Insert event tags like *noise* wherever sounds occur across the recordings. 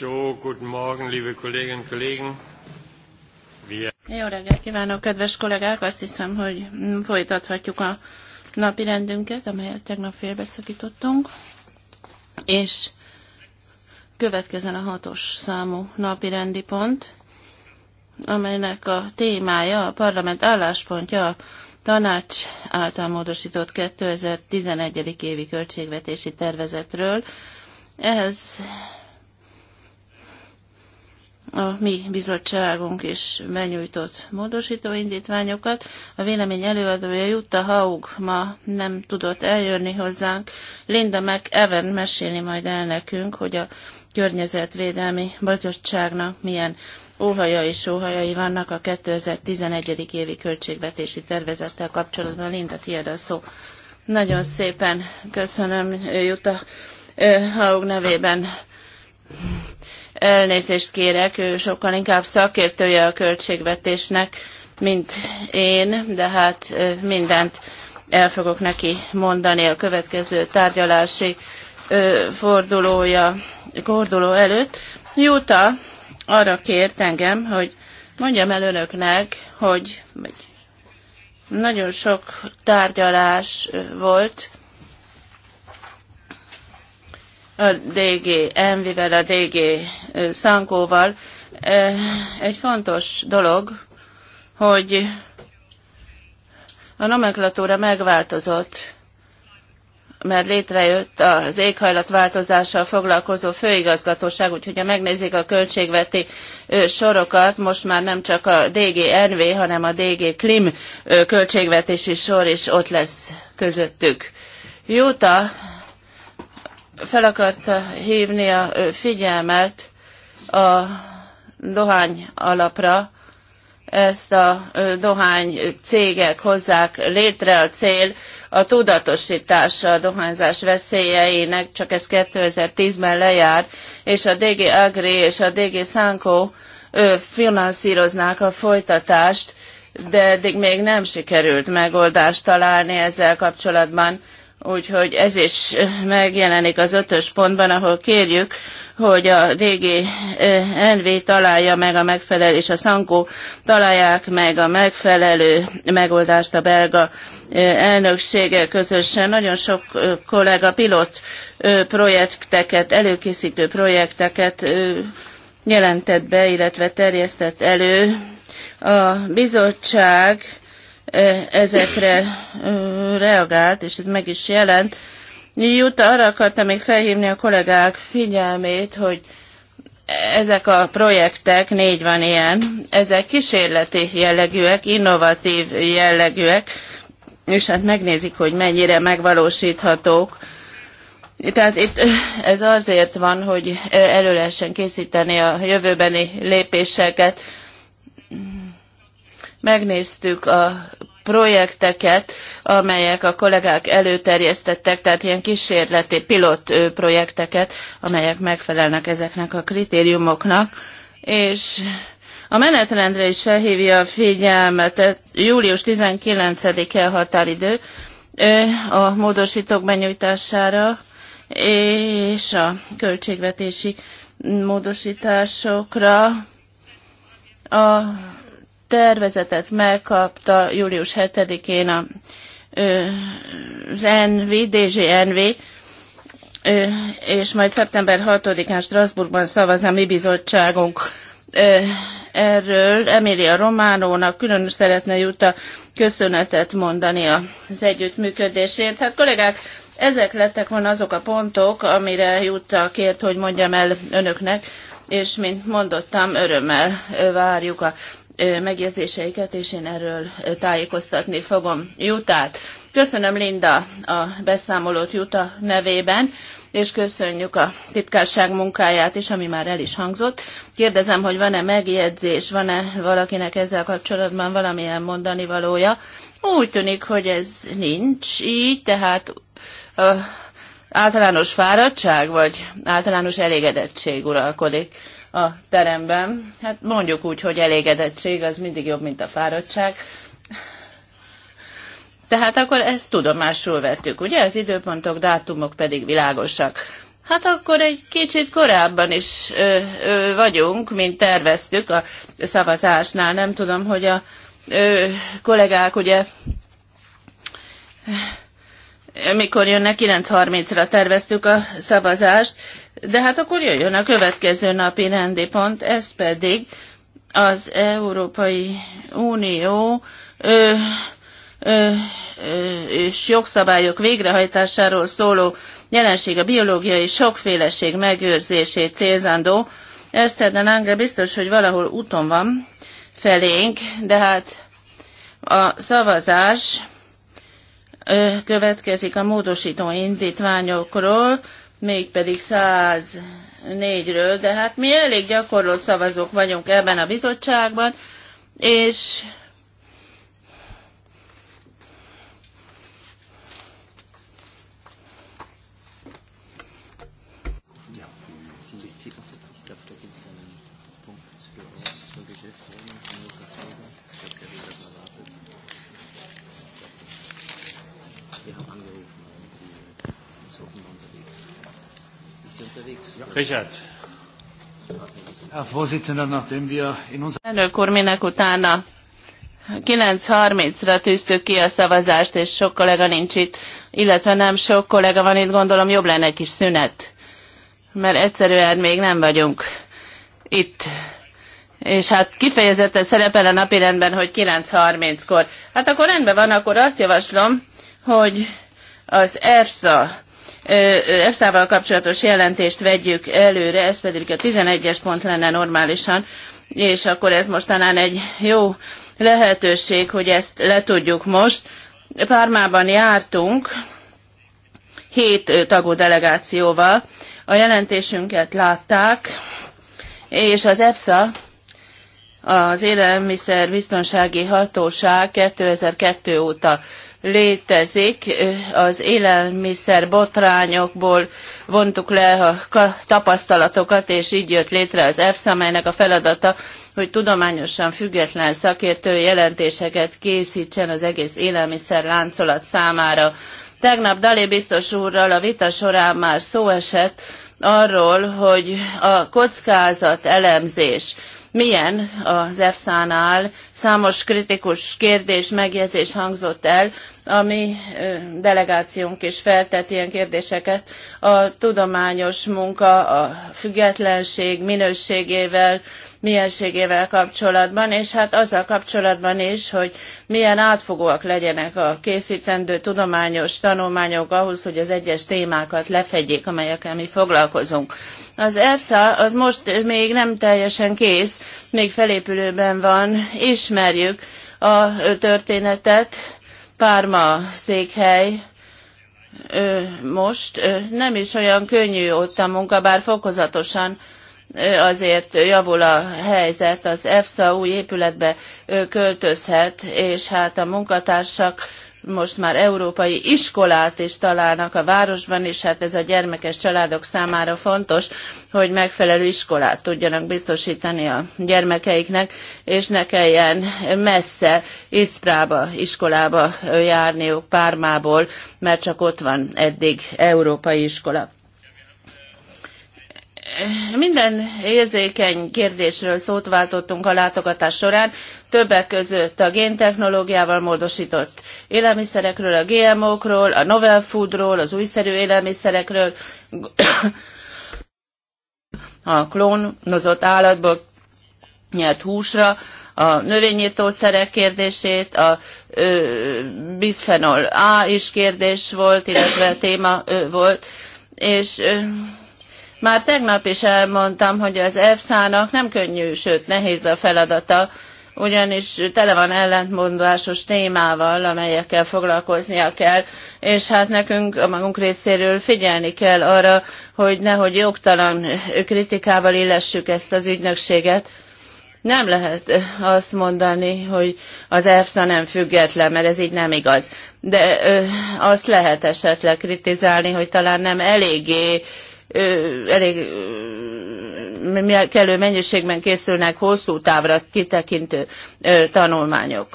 So, guten Morgen, liebe Kolleginnen und Kollegen. Jó reggelt kívánok, kedves kollégák! Azt hiszem, hogy folytathatjuk a napi rendünket, amelyet tegnap félbeszakítottunk, és következzen a hatos számú napi rendi pont, amelynek a témája a parlament álláspontja a tanács által módosított 2011. évi költségvetési tervezetről. Ehhez a mi bizottságunk is benyújtott módosító indítványokat. A vélemény előadója Jutta Haug ma nem tudott eljönni hozzánk. Linda meg Evan mesélni majd el nekünk, hogy a környezetvédelmi bizottságnak milyen óhaja és óhajai vannak a 2011. évi költségvetési tervezettel kapcsolatban. Linda, tiéd a szó. Nagyon szépen köszönöm Jutta eh, Haug nevében elnézést kérek, ő sokkal inkább szakértője a költségvetésnek, mint én, de hát mindent el fogok neki mondani a következő tárgyalási fordulója, forduló előtt. Juta arra kért engem, hogy mondjam el önöknek, hogy nagyon sok tárgyalás volt, a DG Envivel, a DG Szankóval. Egy fontos dolog, hogy a nomenklatúra megváltozott, mert létrejött az éghajlatváltozással foglalkozó főigazgatóság, úgyhogy ha megnézik a költségveti sorokat, most már nem csak a DGNV, hanem a DG Klim költségvetési sor is ott lesz közöttük. Juta fel akarta hívni a figyelmet a dohány alapra, ezt a dohány cégek hozzák létre a cél, a tudatosítása a dohányzás veszélyeinek, csak ez 2010-ben lejár, és a DG Agri és a DG Sanko finanszíroznák a folytatást, de eddig még nem sikerült megoldást találni ezzel kapcsolatban Úgyhogy ez is megjelenik az ötös pontban, ahol kérjük, hogy a DG eh, NV találja meg a megfelelő, és a Szankó találják meg a megfelelő megoldást a belga eh, elnökséggel közösen. Nagyon sok eh, kollega pilot projekteket, előkészítő projekteket jelentett be, illetve terjesztett elő. A bizottság ezekre reagált, és ez meg is jelent. Jutta, arra akartam még felhívni a kollégák figyelmét, hogy ezek a projektek, négy van ilyen, ezek kísérleti jellegűek, innovatív jellegűek, és hát megnézik, hogy mennyire megvalósíthatók. Tehát itt ez azért van, hogy elő lehessen készíteni a jövőbeni lépéseket megnéztük a projekteket, amelyek a kollégák előterjesztettek, tehát ilyen kísérleti pilot projekteket, amelyek megfelelnek ezeknek a kritériumoknak, és a menetrendre is felhívja a figyelmet, július 19-e határidő a módosítók benyújtására, és a költségvetési módosításokra a tervezetet megkapta július 7-én a, az NV, DGNV, és majd szeptember 6-án Strasbourgban szavaz a mi bizottságunk erről. Emilia Románónak külön szeretne jutta köszönetet mondani az együttműködésért. Hát kollégák, ezek lettek volna azok a pontok, amire Jutta kért, hogy mondjam el önöknek, és mint mondottam, örömmel várjuk a megjegyzéseiket, és én erről tájékoztatni fogom Jutát. Köszönöm Linda a beszámolót Juta nevében, és köszönjük a titkárság munkáját is, ami már el is hangzott. Kérdezem, hogy van-e megjegyzés, van-e valakinek ezzel kapcsolatban valamilyen mondani valója. Úgy tűnik, hogy ez nincs így, tehát ö, általános fáradtság vagy általános elégedettség uralkodik a teremben. Hát mondjuk úgy, hogy elégedettség az mindig jobb, mint a fáradtság. Tehát akkor ezt tudomásul vettük, ugye? Az időpontok, dátumok pedig világosak. Hát akkor egy kicsit korábban is ö, ö, vagyunk, mint terveztük a szavazásnál. Nem tudom, hogy a ö, kollégák ugye mikor jönnek, 9.30-ra terveztük a szavazást, de hát akkor jöjjön a következő napi rendi pont, ez pedig az Európai Unió ö, ö, ö, és jogszabályok végrehajtásáról szóló jelenség a biológiai sokféleség megőrzését célzandó. Eszterden Lange biztos, hogy valahol úton van felénk, de hát a szavazás következik a módosító indítványokról mégpedig 104-ről, de hát mi elég gyakorlott szavazók vagyunk ebben a bizottságban, és Richard. Herr Vorsitzender, nachdem wir in unserer... Elnök úr, minek utána 9.30-ra tűztük ki a szavazást, és sok kollega nincs itt, illetve nem sok kollega van itt, gondolom jobb lenne egy kis szünet, mert egyszerűen még nem vagyunk itt. És hát kifejezetten szerepel a napirendben, hogy 9.30-kor. Hát akkor rendben van, akkor azt javaslom, hogy az ERSA EFSA-val kapcsolatos jelentést vegyük előre, ez pedig a 11-es pont lenne normálisan, és akkor ez most talán egy jó lehetőség, hogy ezt letudjuk most. Pármában jártunk, hét tagú delegációval, a jelentésünket látták, és az EFSA, az Élelmiszer Biztonsági Hatóság 2002 óta létezik. Az élelmiszer botrányokból vontuk le a tapasztalatokat, és így jött létre az EFSA, amelynek a feladata, hogy tudományosan független szakértő jelentéseket készítsen az egész élelmiszer láncolat számára. Tegnap Dalé biztos úrral a vita során már szó esett arról, hogy a kockázat elemzés milyen az EFSA-nál. Számos kritikus kérdés, megjegyzés hangzott el, ami delegációnk is feltett ilyen kérdéseket. A tudományos munka, a függetlenség minőségével, mienségével kapcsolatban, és hát azzal kapcsolatban is, hogy milyen átfogóak legyenek a készítendő tudományos tanulmányok ahhoz, hogy az egyes témákat lefedjék, amelyekkel mi foglalkozunk. Az EFSA az most még nem teljesen kész, még felépülőben van, ismerjük a történetet, Párma székhely, most nem is olyan könnyű ott a munka, bár fokozatosan azért javul a helyzet, az EFSA új épületbe költözhet, és hát a munkatársak most már európai iskolát is találnak a városban, és hát ez a gyermekes családok számára fontos, hogy megfelelő iskolát tudjanak biztosítani a gyermekeiknek, és ne kelljen messze Iszprába iskolába járniuk Pármából, mert csak ott van eddig európai iskola minden érzékeny kérdésről szót váltottunk a látogatás során, többek között a géntechnológiával módosított élelmiszerekről, a GMO-król, a novel foodról, az újszerű élelmiszerekről, a klónozott állatból nyert húsra, a növényírtószerek kérdését, a ö, bisphenol A is kérdés volt, illetve téma ö, volt, és ö, már tegnap is elmondtam, hogy az EFSA-nak nem könnyű, sőt nehéz a feladata, ugyanis tele van ellentmondásos témával, amelyekkel foglalkoznia kell, és hát nekünk a magunk részéről figyelni kell arra, hogy nehogy jogtalan kritikával illessük ezt az ügynökséget. Nem lehet azt mondani, hogy az EFSA nem független, mert ez így nem igaz. De ö, azt lehet esetleg kritizálni, hogy talán nem eléggé elég kellő mennyiségben készülnek hosszú távra kitekintő tanulmányok.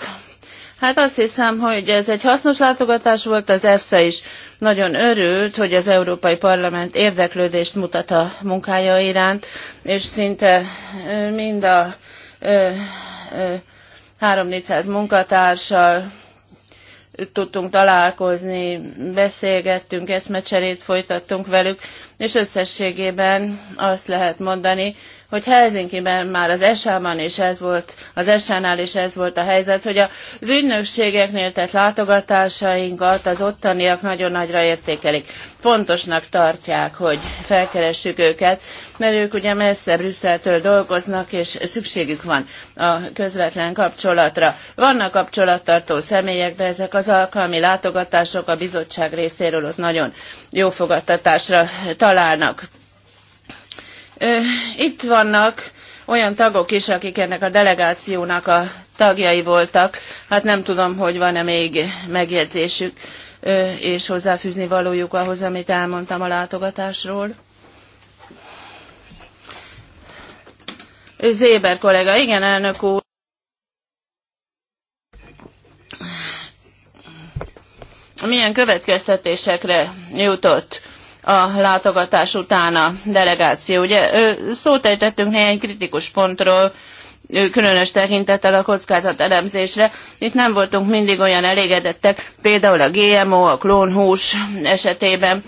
Hát azt hiszem, hogy ez egy hasznos látogatás volt, az EFSA is nagyon örült, hogy az Európai Parlament érdeklődést mutat a munkája iránt, és szinte mind a 3-400 munkatársal tudtunk találkozni, beszélgettünk, eszmecserét folytattunk velük, és összességében azt lehet mondani, hogy Helsinki-ben már az ESA-ban is ez volt, az ESA-nál is ez volt a helyzet, hogy az ügynökségeknél tett látogatásainkat az ottaniak nagyon nagyra értékelik. Fontosnak tartják, hogy felkeressük őket, mert ők ugye messze Brüsszeltől dolgoznak, és szükségük van a közvetlen kapcsolatra. Vannak kapcsolattartó személyek, de ezek az alkalmi látogatások a bizottság részéről ott nagyon jó fogadtatásra találnak. Itt vannak olyan tagok is, akik ennek a delegációnak a tagjai voltak. Hát nem tudom, hogy van-e még megjegyzésük és hozzáfűzni valójuk ahhoz, amit elmondtam a látogatásról. Zéber kollega, igen, elnök úr. Milyen következtetésekre jutott? a látogatás után a delegáció. Ugye szót ejtettünk néhány kritikus pontról, különös tekintettel a kockázat elemzésre. Itt nem voltunk mindig olyan elégedettek, például a GMO, a klónhús esetében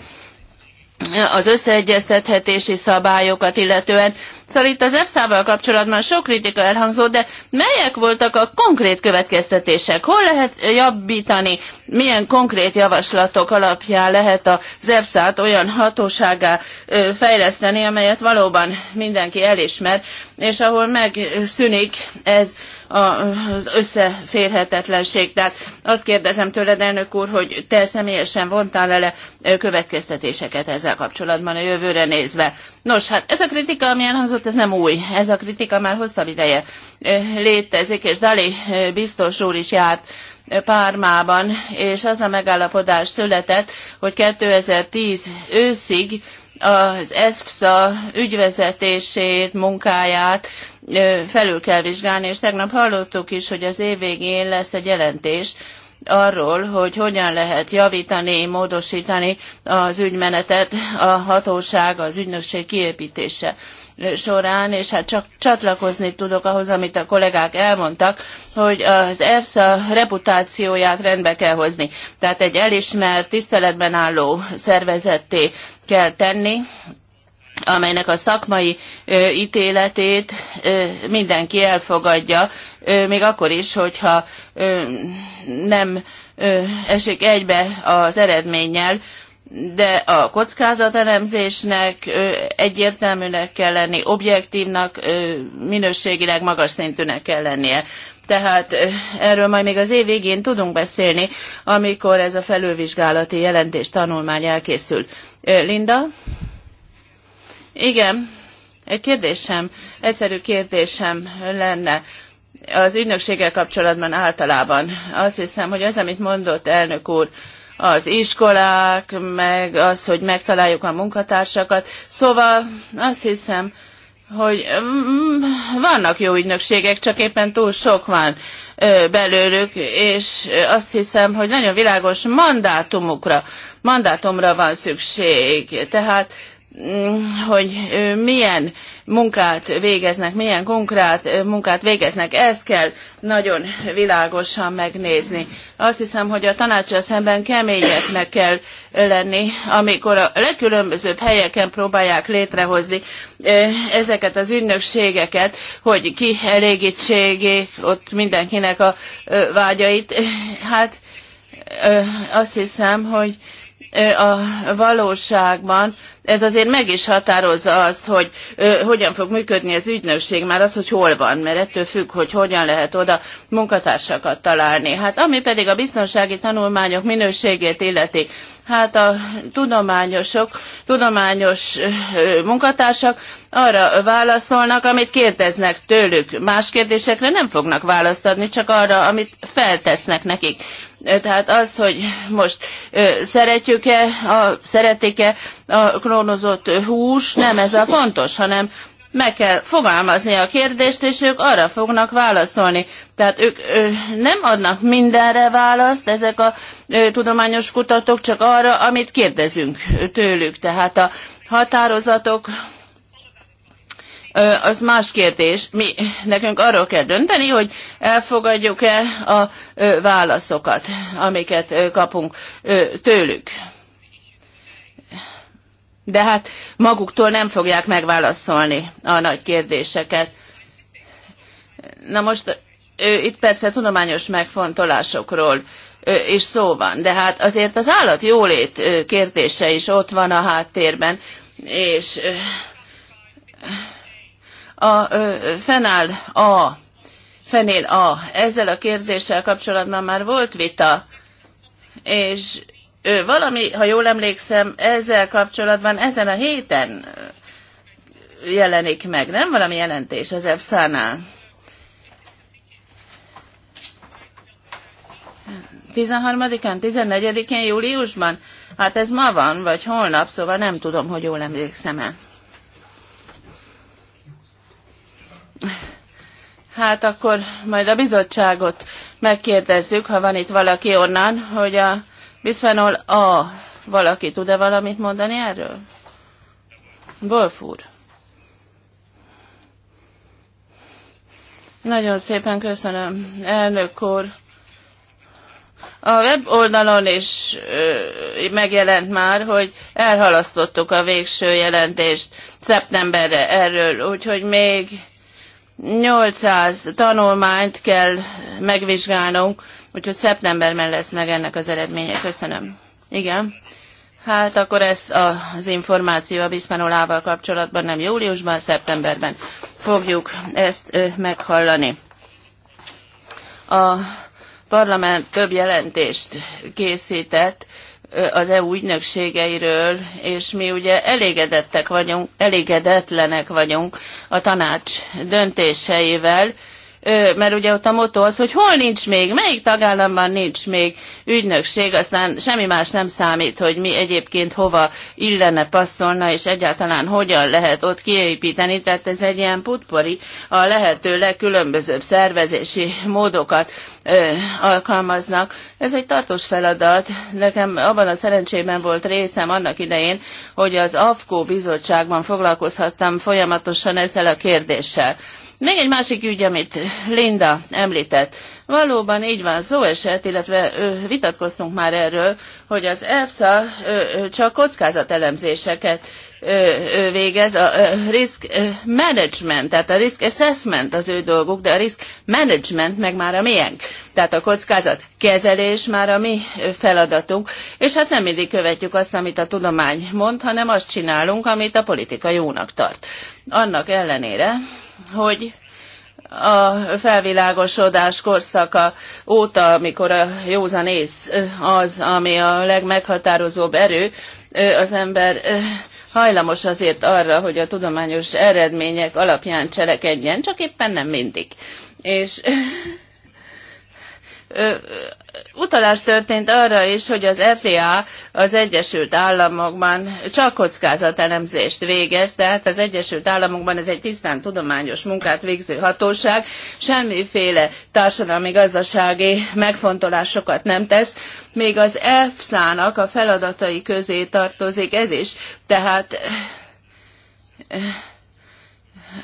az összeegyeztethetési szabályokat illetően. Szóval itt az EFSA-val kapcsolatban sok kritika elhangzott, de melyek voltak a konkrét következtetések? Hol lehet jobbítani? Milyen konkrét javaslatok alapján lehet az EFSA-t olyan hatóságá fejleszteni, amelyet valóban mindenki elismer, és ahol megszűnik ez az összeférhetetlenség. Tehát azt kérdezem tőled, elnök úr, hogy te személyesen vontál ele következtetéseket ezzel kapcsolatban a jövőre nézve. Nos, hát ez a kritika, ami elhangzott, ez nem új. Ez a kritika már hosszabb ideje létezik, és Dali biztos úr is járt Pármában, és az a megállapodás született, hogy 2010 őszig az EFSA ügyvezetését, munkáját felül kell vizsgálni, és tegnap hallottuk is, hogy az év végén lesz egy jelentés arról, hogy hogyan lehet javítani, módosítani az ügymenetet a hatóság, az ügynökség kiépítése során, és hát csak csatlakozni tudok ahhoz, amit a kollégák elmondtak, hogy az EFSA reputációját rendbe kell hozni. Tehát egy elismert, tiszteletben álló szervezetté kell tenni, amelynek a szakmai ö, ítéletét ö, mindenki elfogadja, ö, még akkor is, hogyha ö, nem ö, esik egybe az eredménnyel, de a kockázatelemzésnek ö, egyértelműnek kell lenni, objektívnak, ö, minőségileg magas szintűnek kell lennie. Tehát erről majd még az év végén tudunk beszélni, amikor ez a felülvizsgálati jelentés tanulmány elkészül. Linda? Igen, egy kérdésem, egyszerű kérdésem lenne az ügynökséggel kapcsolatban általában. Azt hiszem, hogy az, amit mondott elnök úr, az iskolák, meg az, hogy megtaláljuk a munkatársakat. Szóval azt hiszem, hogy mm, vannak jó ügynökségek, csak éppen túl sok van belőlük, és azt hiszem, hogy nagyon világos mandátumukra, mandátumra van szükség. Tehát hogy milyen munkát végeznek, milyen konkrét munkát végeznek, ezt kell nagyon világosan megnézni. Azt hiszem, hogy a tanácsal szemben keményeknek kell lenni, amikor a legkülönbözőbb helyeken próbálják létrehozni ezeket az ügynökségeket, hogy ki elégítségék ott mindenkinek a vágyait. Hát azt hiszem, hogy a valóságban ez azért meg is határozza azt, hogy hogyan fog működni az ügynökség, már az, hogy hol van, mert ettől függ, hogy hogyan lehet oda munkatársakat találni. Hát ami pedig a biztonsági tanulmányok minőségét illeti, hát a tudományosok, tudományos munkatársak arra válaszolnak, amit kérdeznek tőlük. Más kérdésekre nem fognak választ adni, csak arra, amit feltesznek nekik. Tehát az, hogy most szeretjük-e, a, szeretik-e a klónozott hús, nem ez a fontos, hanem meg kell fogalmazni a kérdést, és ők arra fognak válaszolni. Tehát ők ö, nem adnak mindenre választ, ezek a ö, tudományos kutatók, csak arra, amit kérdezünk tőlük. Tehát a határozatok az más kérdés. Mi nekünk arról kell dönteni, hogy elfogadjuk-e a válaszokat, amiket kapunk tőlük. De hát maguktól nem fogják megválaszolni a nagy kérdéseket. Na most itt persze tudományos megfontolásokról is szó van, de hát azért az állat jólét kérdése is ott van a háttérben, és a fennáll a fenél a. Ezzel a kérdéssel kapcsolatban már volt vita, és ő valami, ha jól emlékszem, ezzel kapcsolatban ezen a héten jelenik meg, nem valami jelentés az EFSA-nál. 13-án, 14-én júliusban? Hát ez ma van, vagy holnap, szóval nem tudom, hogy jól emlékszem-e. Hát akkor majd a bizottságot megkérdezzük, ha van itt valaki onnan, hogy a bisphenol A valaki tud-e valamit mondani erről? Golf Nagyon szépen köszönöm, elnök úr. A weboldalon is ö, megjelent már, hogy elhalasztottuk a végső jelentést szeptemberre erről, úgyhogy még 800 tanulmányt kell megvizsgálnunk, úgyhogy szeptemberben lesz meg ennek az eredménye. Köszönöm. Igen. Hát akkor ez az információ a Biszmanolával kapcsolatban nem júliusban, szeptemberben fogjuk ezt meghallani. A parlament több jelentést készített, az EU ügynökségeiről, és mi ugye elégedettek vagyunk, elégedetlenek vagyunk a tanács döntéseivel, mert ugye ott a motto az, hogy hol nincs még, melyik tagállamban nincs még ügynökség, aztán semmi más nem számít, hogy mi egyébként hova illene, passzolna, és egyáltalán hogyan lehet ott kiépíteni, tehát ez egy ilyen putpori a lehető legkülönbözőbb szervezési módokat ö, alkalmaznak. Ez egy tartós feladat. Nekem abban a szerencsében volt részem annak idején, hogy az AFKO bizottságban foglalkozhattam folyamatosan ezzel a kérdéssel. Még egy másik ügy, amit Linda említett. Valóban így van, szó esett, illetve vitatkoztunk már erről, hogy az EFSA csak kockázatelemzéseket végez, a risk management, tehát a risk assessment az ő dolguk, de a risk management meg már a miénk. Tehát a kockázat kezelés már a mi feladatunk, és hát nem mindig követjük azt, amit a tudomány mond, hanem azt csinálunk, amit a politika jónak tart. Annak ellenére, hogy a felvilágosodás korszaka óta, amikor a józan ész az, ami a legmeghatározóbb erő, az ember hajlamos azért arra, hogy a tudományos eredmények alapján cselekedjen, csak éppen nem mindig. És utalás történt arra is, hogy az FDA az Egyesült Államokban csak kockázatelemzést végez, tehát az Egyesült Államokban ez egy tisztán tudományos munkát végző hatóság, semmiféle társadalmi-gazdasági megfontolásokat nem tesz, még az EFSA-nak a feladatai közé tartozik ez is, tehát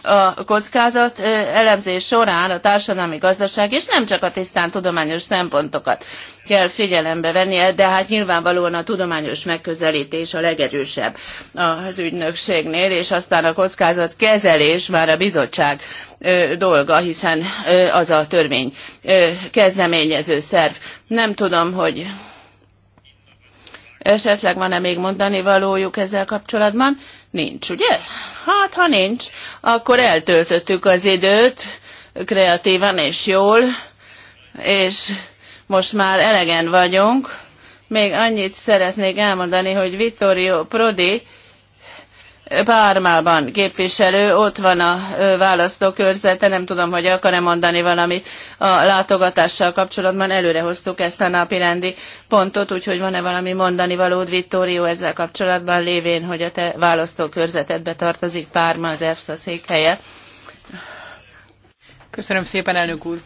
a kockázat elemzés során a társadalmi gazdaság, és nem csak a tisztán tudományos szempontokat kell figyelembe vennie, de hát nyilvánvalóan a tudományos megközelítés a legerősebb az ügynökségnél, és aztán a kockázat kezelés már a bizottság dolga, hiszen az a törvény kezdeményező szerv. Nem tudom, hogy esetleg van-e még mondani valójuk ezzel kapcsolatban. Nincs, ugye? Hát, ha nincs, akkor eltöltöttük az időt kreatívan és jól, és most már elegen vagyunk. Még annyit szeretnék elmondani, hogy Vittorio Prodi Pármában képviselő, ott van a választókörzete, nem tudom, hogy akar-e mondani valamit a látogatással kapcsolatban. Előre hoztuk ezt a napirendi pontot, úgyhogy van-e valami mondani valód Vittorio, ezzel kapcsolatban lévén, hogy a te választókörzetedbe tartozik Párma az EFSA székhelye. Köszönöm szépen, elnök úr!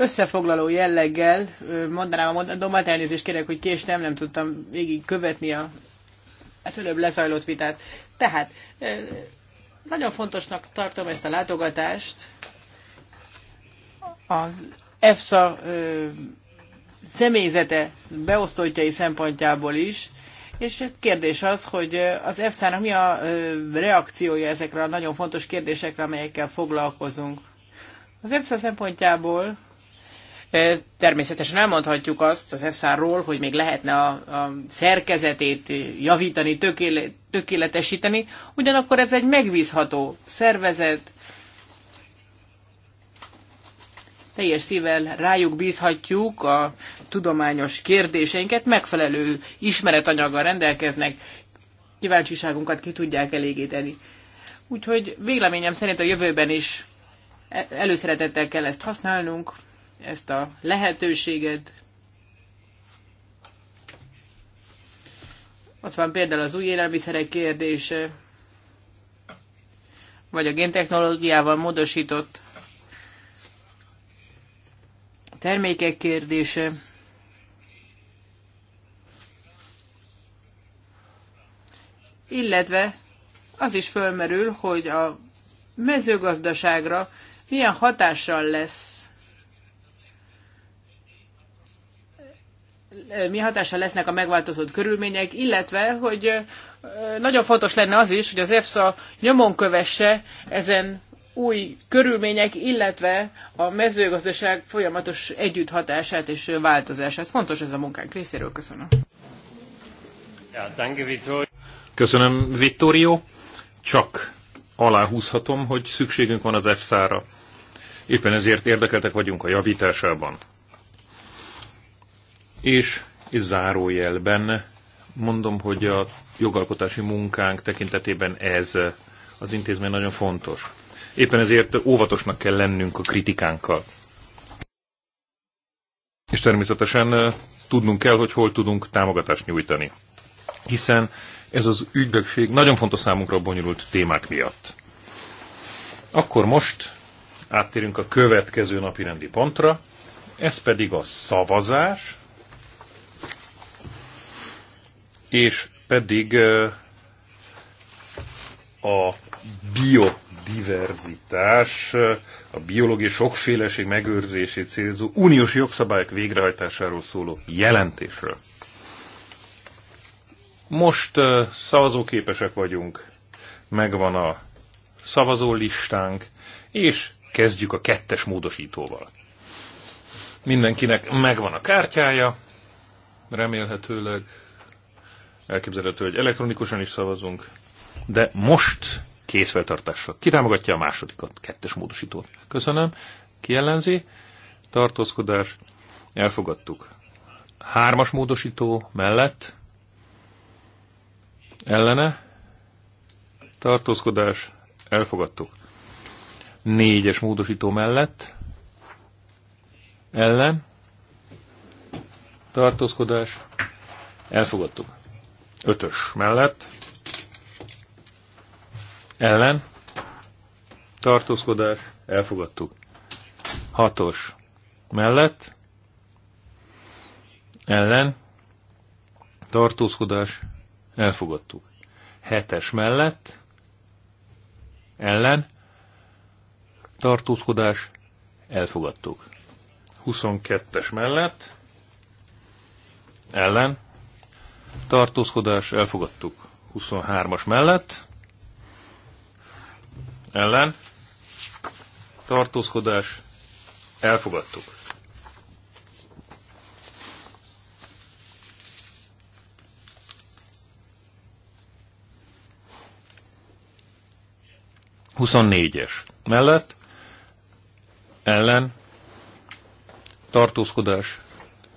összefoglaló jelleggel mondanám a mondatomat, elnézést kérek, hogy késtem, nem tudtam végig követni a ez előbb lezajlott vitát. Tehát nagyon fontosnak tartom ezt a látogatást. Az EFSA személyzete beosztottjai szempontjából is, és kérdés az, hogy az EFSA-nak mi a reakciója ezekre a nagyon fontos kérdésekre, amelyekkel foglalkozunk. Az EFSA szempontjából Természetesen elmondhatjuk azt az EFSA-ról, hogy még lehetne a, a szerkezetét javítani, tökéle, tökéletesíteni, ugyanakkor ez egy megbízható szervezet, teljes szívvel rájuk bízhatjuk a tudományos kérdéseinket, megfelelő ismeretanyaggal rendelkeznek, kíváncsiságunkat ki tudják elégíteni. Úgyhogy véleményem szerint a jövőben is e-, előszeretettel kell ezt használnunk, ezt a lehetőséget. Ott van például az új élelmiszerek kérdése, vagy a géntechnológiával módosított termékek kérdése. Illetve az is fölmerül, hogy a mezőgazdaságra milyen hatással lesz mi hatása lesznek a megváltozott körülmények, illetve, hogy nagyon fontos lenne az is, hogy az EFSA nyomon kövesse ezen új körülmények, illetve a mezőgazdaság folyamatos együtthatását és változását. Fontos ez a munkánk részéről. Köszönöm. Köszönöm, Vittorio. Csak aláhúzhatom, hogy szükségünk van az EFSA-ra. Éppen ezért érdekeltek vagyunk a javításában. És, és zárójelben mondom, hogy a jogalkotási munkánk tekintetében ez az intézmény nagyon fontos. Éppen ezért óvatosnak kell lennünk a kritikánkkal. És természetesen eh, tudnunk kell, hogy hol tudunk támogatást nyújtani. Hiszen ez az ügynökség nagyon fontos számunkra a bonyolult témák miatt. Akkor most áttérünk a következő napi rendi pontra, ez pedig a szavazás, és pedig a biodiverzitás, a biológiai sokféleség megőrzését célzó uniós jogszabályok végrehajtásáról szóló jelentésről. Most szavazóképesek vagyunk, megvan a szavazólistánk, és kezdjük a kettes módosítóval. Mindenkinek megvan a kártyája, remélhetőleg elképzelhető, hogy elektronikusan is szavazunk, de most készfeltartással. Ki támogatja a másodikat, kettes módosítót? Köszönöm. Ki ellenzi? Tartózkodás. Elfogadtuk. Hármas módosító mellett. Ellene. Tartózkodás. Elfogadtuk. Négyes módosító mellett. Ellen. Tartózkodás. Elfogadtuk. Ötös mellett. Ellen. Tartózkodás. Elfogadtuk. Hatos mellett. Ellen. Tartózkodás. Elfogadtuk. Hetes mellett. Ellen. Tartózkodás. Elfogadtuk. 22-es mellett. Ellen tartózkodás, elfogadtuk 23-as mellett, ellen, tartózkodás, elfogadtuk. Huszonnégyes mellett, ellen, tartózkodás,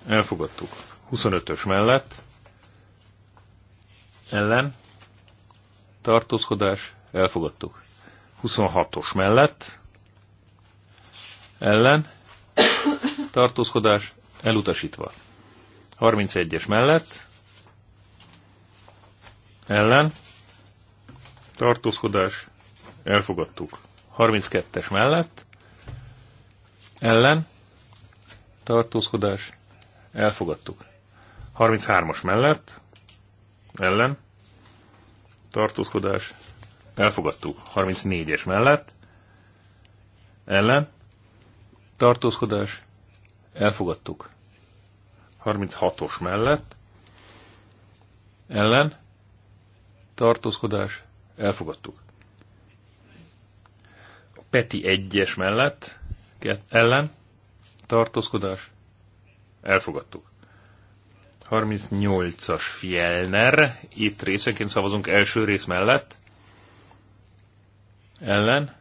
elfogadtuk. 25-ös mellett, ellen tartózkodás elfogadtuk. 26-os mellett ellen tartózkodás elutasítva. 31-es mellett ellen tartózkodás elfogadtuk. 32-es mellett ellen tartózkodás elfogadtuk. 33-as mellett ellen tartózkodás, elfogadtuk 34-es mellett, ellen, tartózkodás, elfogadtuk 36-os mellett, ellen, tartózkodás, elfogadtuk. A Peti 1-es mellett, ellen, tartózkodás, elfogadtuk. 38-as Fjellner, itt részenként szavazunk első rész mellett. Ellen.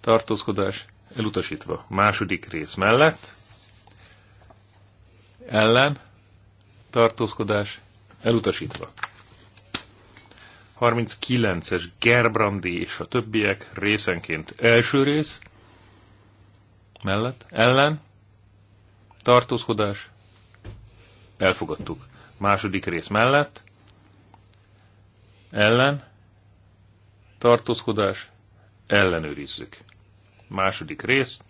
Tartózkodás elutasítva. Második rész mellett. Ellen. Tartózkodás elutasítva. 39-es Gerbrandi és a többiek részenként első rész mellett. Ellen. Tartózkodás Elfogadtuk. Második rész mellett. Ellen. Tartózkodás. Ellenőrizzük. Második rész.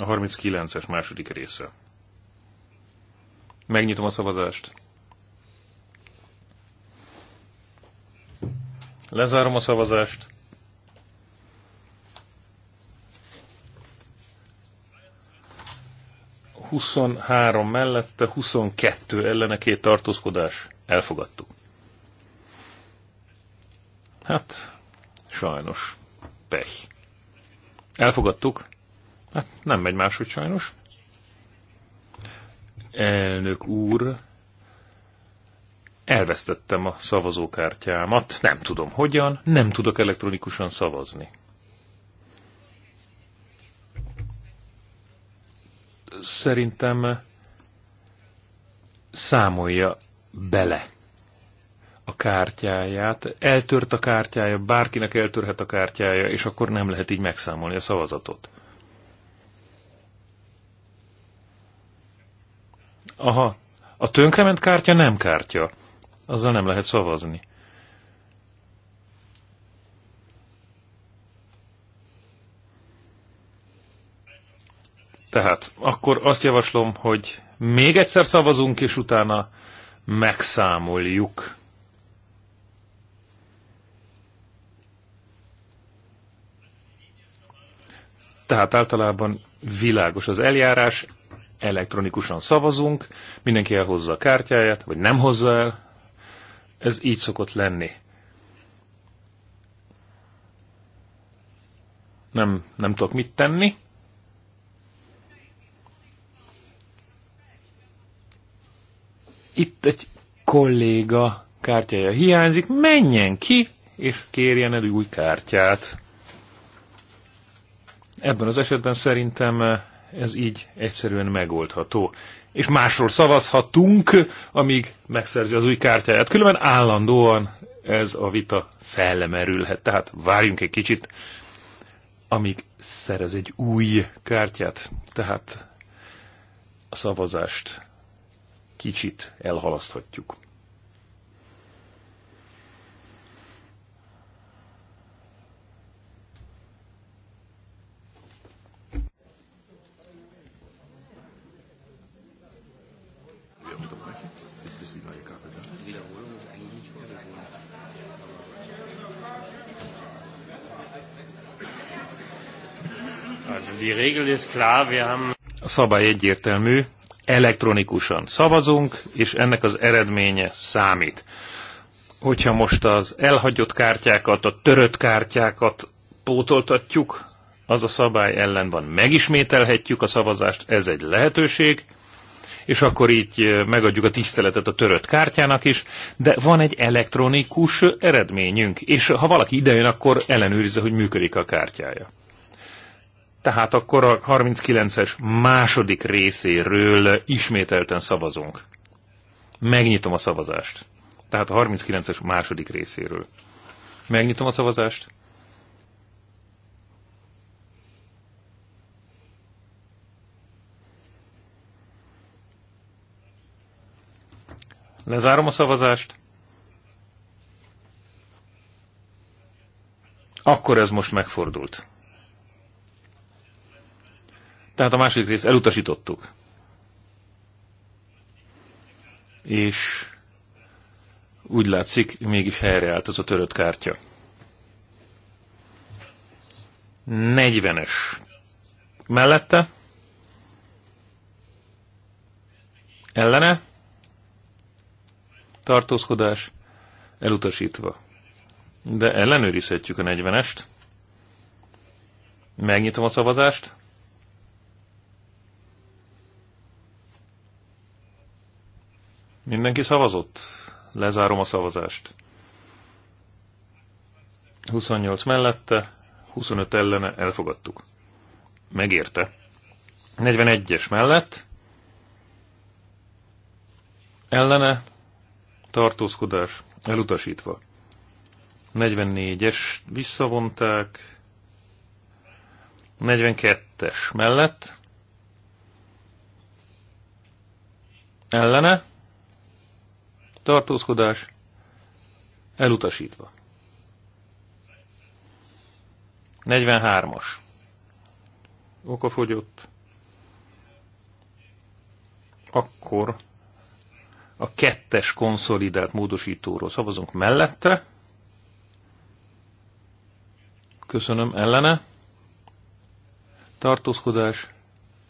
A 39-es második része. Megnyitom a szavazást. Lezárom a szavazást. 23 mellette, 22 ellene két tartózkodás. Elfogadtuk. Hát, sajnos. Pech. Elfogadtuk. Hát nem megy máshogy sajnos. Elnök úr, elvesztettem a szavazókártyámat, nem tudom hogyan, nem tudok elektronikusan szavazni. szerintem számolja bele a kártyáját. Eltört a kártyája, bárkinek eltörhet a kártyája, és akkor nem lehet így megszámolni a szavazatot. Aha, a tönkrement kártya nem kártya. Azzal nem lehet szavazni. Tehát akkor azt javaslom, hogy még egyszer szavazunk, és utána megszámoljuk. Tehát általában világos az eljárás, elektronikusan szavazunk, mindenki elhozza a kártyáját, vagy nem hozza el. Ez így szokott lenni. Nem, nem tudok mit tenni. itt egy kolléga kártyája hiányzik, menjen ki, és kérjen el új kártyát. Ebben az esetben szerintem ez így egyszerűen megoldható. És másról szavazhatunk, amíg megszerzi az új kártyáját. Különben állandóan ez a vita felmerülhet. Tehát várjunk egy kicsit, amíg szerez egy új kártyát. Tehát a szavazást kicsit elhalaszthatjuk. A szabály egyértelmű, elektronikusan szavazunk, és ennek az eredménye számít. Hogyha most az elhagyott kártyákat, a törött kártyákat pótoltatjuk, az a szabály ellen van. Megismételhetjük a szavazást, ez egy lehetőség, és akkor így megadjuk a tiszteletet a törött kártyának is, de van egy elektronikus eredményünk, és ha valaki idejön, akkor ellenőrizze, hogy működik a kártyája. Tehát akkor a 39-es második részéről ismételten szavazunk. Megnyitom a szavazást. Tehát a 39-es második részéről. Megnyitom a szavazást. Lezárom a szavazást. Akkor ez most megfordult. Tehát a második részt elutasítottuk. És úgy látszik, mégis helyreállt az a törött kártya. 40-es. Mellette? Ellene? Tartózkodás? Elutasítva. De ellenőrizhetjük a 40-est. Megnyitom a szavazást. Mindenki szavazott? Lezárom a szavazást. 28 mellette, 25 ellene elfogadtuk. Megérte. 41-es mellett ellene tartózkodás elutasítva. 44-es visszavonták. 42-es mellett ellene tartózkodás elutasítva. 43-as. Okafogyott. Akkor a kettes konszolidált módosítóról szavazunk mellette. Köszönöm ellene. Tartózkodás.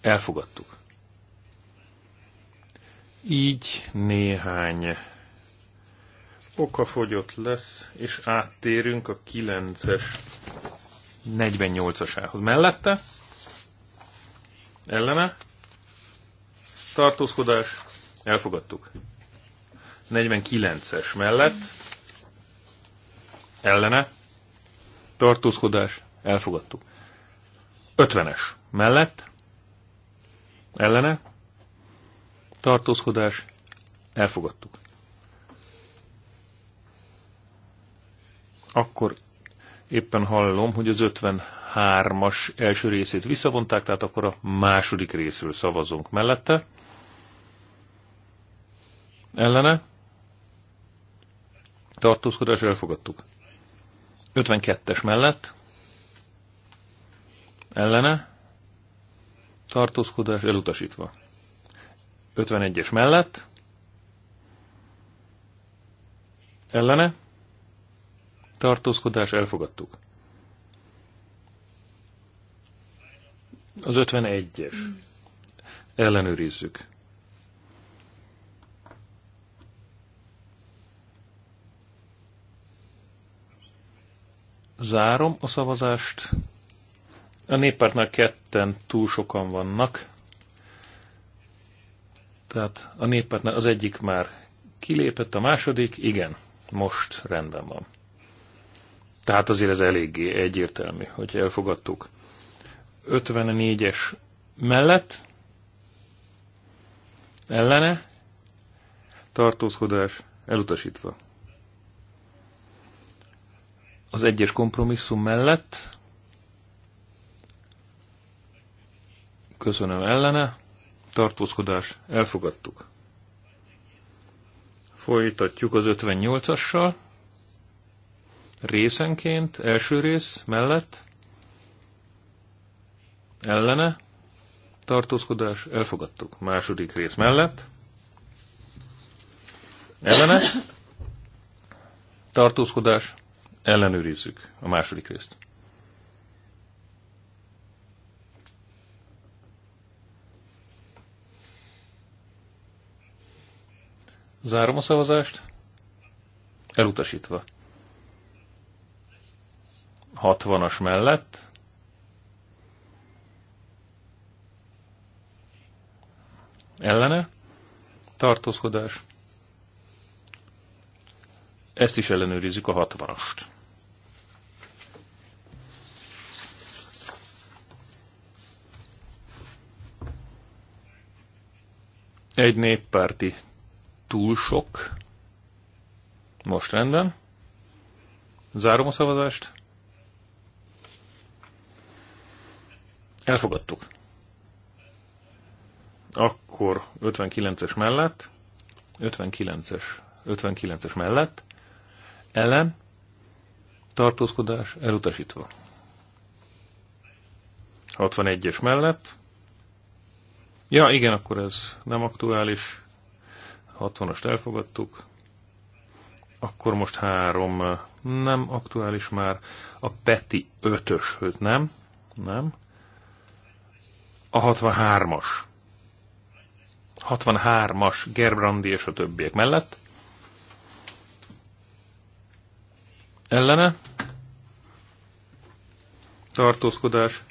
Elfogadtuk. Így néhány okafogyott lesz, és áttérünk a 9-es 48-asához. Mellette ellene tartózkodás elfogadtuk. 49-es mellett ellene tartózkodás elfogadtuk. 50-es mellett ellene tartózkodás elfogadtuk. akkor éppen hallom, hogy az 53-as első részét visszavonták, tehát akkor a második részről szavazunk mellette. Ellene? Tartózkodás elfogadtuk. 52-es mellett? Ellene? Tartózkodás elutasítva. 51-es mellett? Ellene? tartózkodás elfogadtuk. Az 51-es. Ellenőrizzük. Zárom a szavazást. A néppártnál ketten túl sokan vannak. Tehát a néppártnál az egyik már kilépett, a második, igen, most rendben van. Tehát azért ez eléggé egyértelmű, hogy elfogadtuk. 54-es mellett ellene tartózkodás elutasítva. Az egyes kompromisszum mellett köszönöm ellene tartózkodás elfogadtuk. Folytatjuk az 58-assal részenként, első rész mellett, ellene, tartózkodás, elfogadtuk. Második rész mellett, ellene, tartózkodás, ellenőrizzük a második részt. Zárom a szavazást. Elutasítva. 60-as mellett. Ellene. Tartózkodás. Ezt is ellenőrizzük a 60-ast. Egy néppárti túl sok. Most rendben. Zárom a szavazást. Elfogadtuk. Akkor 59-es mellett, 59-es, 59-es mellett, ellen, tartózkodás elutasítva. 61-es mellett. Ja, igen, akkor ez nem aktuális. 60-ast elfogadtuk. Akkor most három nem aktuális már. A Peti 5-ös, nem? Nem? a 63-as. 63-as Gerbrandi és a többiek mellett. Ellene. Tartózkodás.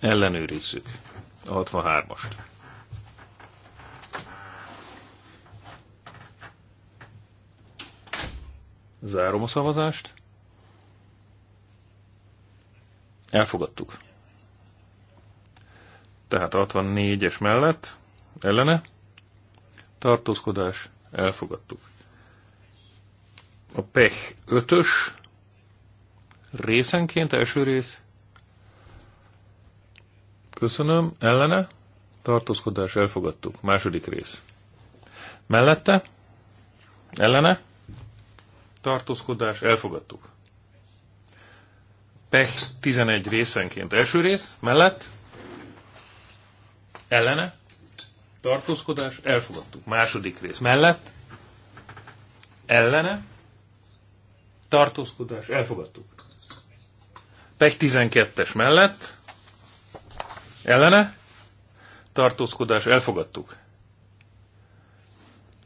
Ellenőrizzük a 63-ast. Zárom a szavazást. Elfogadtuk. Tehát 64-es mellett ellene tartózkodás elfogadtuk. A Pech 5-ös részenként első rész köszönöm ellene tartózkodás elfogadtuk. Második rész. Mellette ellene tartózkodás elfogadtuk. Pech 11 részenként első rész mellett ellene, tartózkodás, elfogadtuk. Második rész mellett, ellene, tartózkodás, elfogadtuk. Pech 12-es mellett, ellene, tartózkodás, elfogadtuk.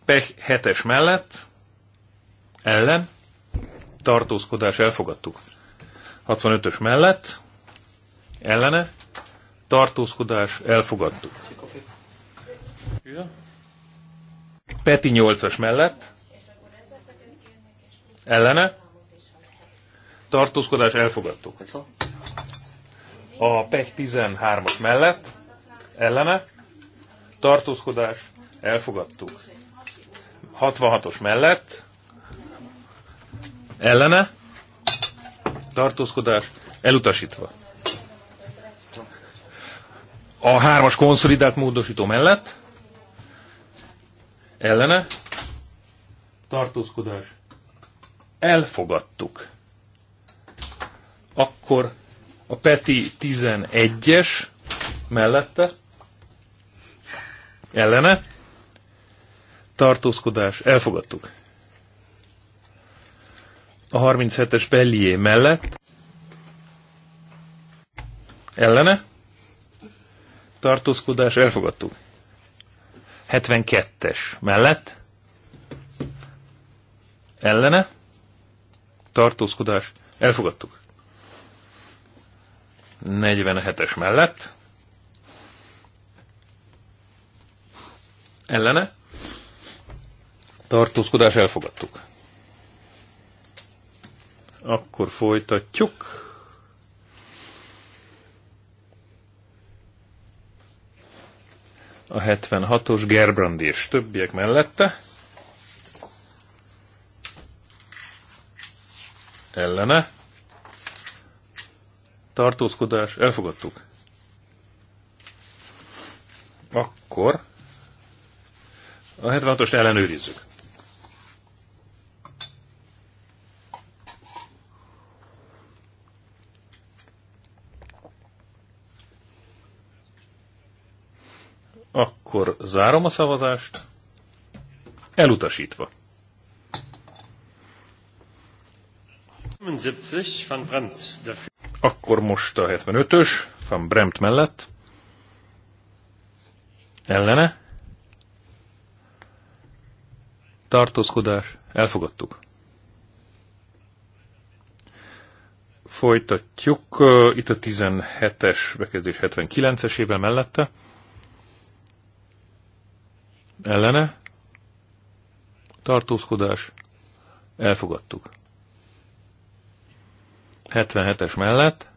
Pech 7-es mellett, ellen, tartózkodás, elfogadtuk. 65-ös mellett, ellene, tartózkodás, elfogadtuk. Peti 8-as mellett, ellene, tartózkodás, elfogadtuk. A PEC 13-as mellett, ellene, tartózkodás, elfogadtuk. 66-os mellett, ellene, tartózkodás, elutasítva a hármas konszolidált módosító mellett ellene tartózkodás elfogadtuk. Akkor a Peti 11-es mellette ellene tartózkodás elfogadtuk. A 37-es Bellié mellett ellene tartózkodás, elfogadtuk. 72-es mellett, ellene, tartózkodás, elfogadtuk. 47-es mellett, ellene, tartózkodás, elfogadtuk. Akkor folytatjuk. a 76-os Gerbrandi és többiek mellette. Ellene. Tartózkodás. Elfogadtuk. Akkor a 76-ost ellenőrizzük. Akkor zárom a szavazást. Elutasítva. 75 van Brandt. Akkor most a 75-ös van Bremt mellett. Ellene. Tartózkodás. Elfogadtuk. Folytatjuk. Uh, itt a 17-es bekezdés 79-esével mellette ellene, tartózkodás, elfogadtuk. 77-es mellett,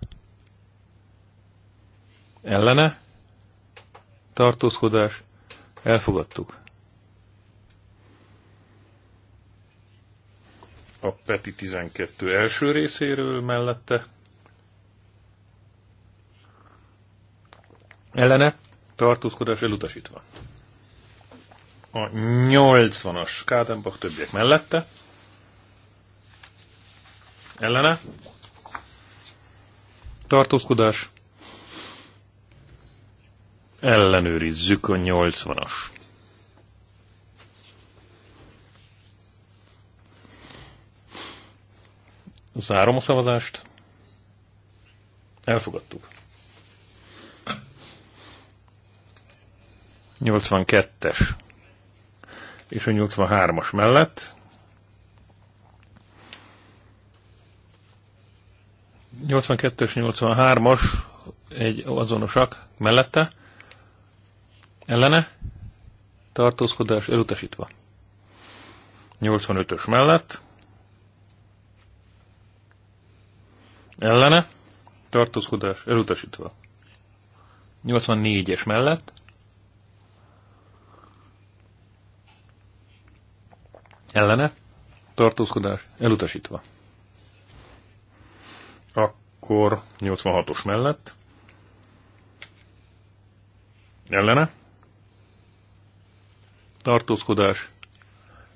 ellene, tartózkodás, elfogadtuk. A Peti 12 első részéről mellette, ellene, tartózkodás elutasítva a 80-as Kádenbach többiek mellette. Ellene. Tartózkodás. Ellenőrizzük a 80-as. Zárom a szavazást. Elfogadtuk. 82-es és a 83-as mellett. 82-es, 83-as egy azonosak mellette, ellene, tartózkodás elutasítva. 85-ös mellett, ellene, tartózkodás elutasítva. 84-es mellett, Ellene? Tartózkodás elutasítva. Akkor 86-os mellett. Ellene? Tartózkodás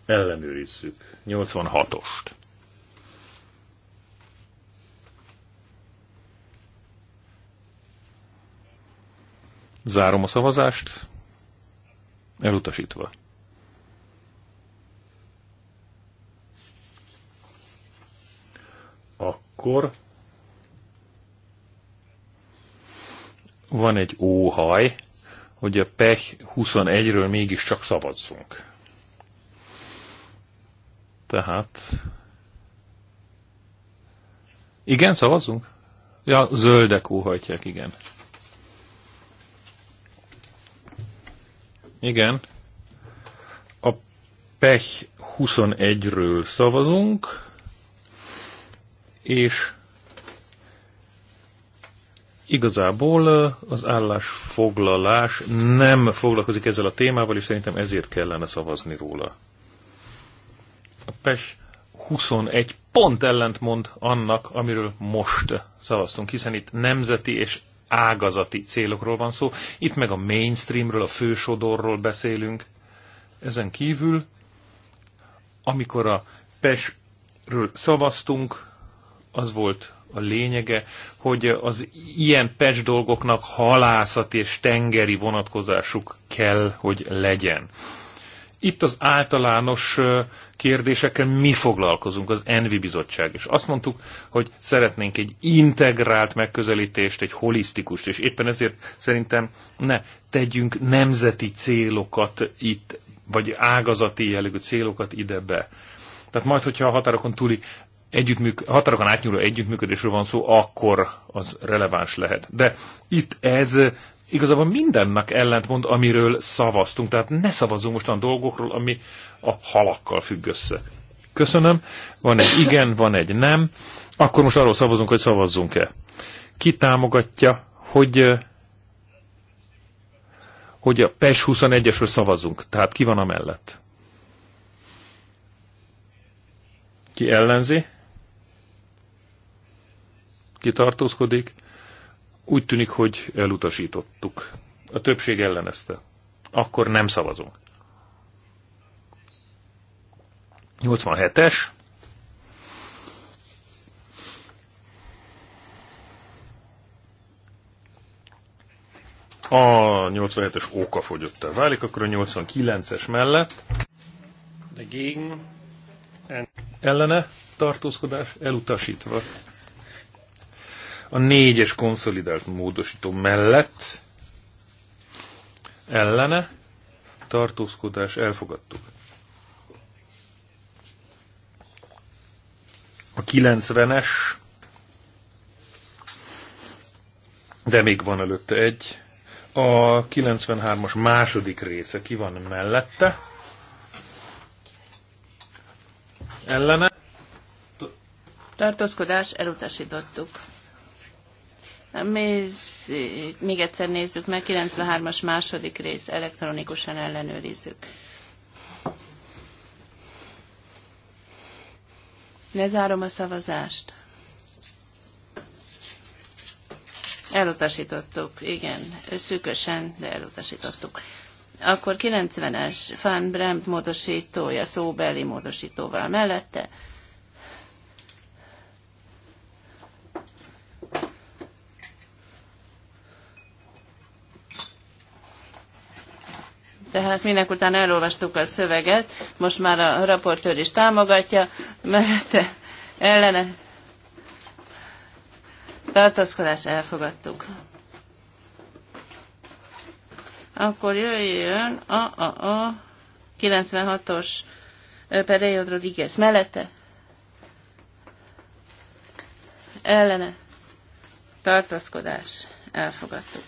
ellenőrizzük. 86-ost. Zárom a szavazást, elutasítva. akkor van egy óhaj, hogy a PEH 21-ről mégiscsak szavazzunk. Tehát... Igen, szavazzunk? Ja, zöldek óhajtják, igen. Igen. A PEH 21-ről szavazunk és igazából az állásfoglalás nem foglalkozik ezzel a témával, és szerintem ezért kellene szavazni róla. A PES 21 pont mond annak, amiről most szavaztunk, hiszen itt nemzeti és ágazati célokról van szó, itt meg a mainstreamről, a fősodorról beszélünk. Ezen kívül, amikor a PES-ről szavaztunk, az volt a lényege, hogy az ilyen pecs dolgoknak halászat és tengeri vonatkozásuk kell, hogy legyen. Itt az általános kérdésekkel mi foglalkozunk, az Envi Bizottság is. Azt mondtuk, hogy szeretnénk egy integrált megközelítést, egy holisztikust, és éppen ezért szerintem ne tegyünk nemzeti célokat itt, vagy ágazati jellegű célokat ide be. Tehát majd, hogyha a határokon túli együttműk, határokon átnyúló együttműködésről van szó, akkor az releváns lehet. De itt ez igazából mindennek ellentmond, amiről szavaztunk. Tehát ne szavazzunk most olyan dolgokról, ami a halakkal függ össze. Köszönöm. Van egy igen, van egy nem. Akkor most arról szavazunk, hogy szavazzunk-e. Ki támogatja, hogy, hogy a PES 21-esről szavazunk? Tehát ki van amellett? Ki ellenzi? kitartózkodik. Úgy tűnik, hogy elutasítottuk. A többség ellenezte. Akkor nem szavazunk. 87-es. a 87-es óka el. válik, akkor a 89-es mellett ellene tartózkodás elutasítva a négyes konszolidált módosító mellett ellene tartózkodás elfogadtuk. A 90-es, de még van előtte egy, a 93-as második része ki van mellette, ellene. Tartózkodás elutasítottuk. Méz, még egyszer nézzük meg, 93-as második rész, elektronikusan ellenőrizzük. Lezárom a szavazást. Elutasítottuk, igen, szűkösen, de elutasítottuk. Akkor 90-es Fan Bremt módosítója szóbeli módosítóval mellette Tehát minek után elolvastuk a szöveget, most már a raportőr is támogatja, mellette ellene tartózkodás elfogadtuk. Akkor jöjjön a, a, a 96-os Pereod Rodriguez mellette. Ellene tartózkodás elfogadtuk.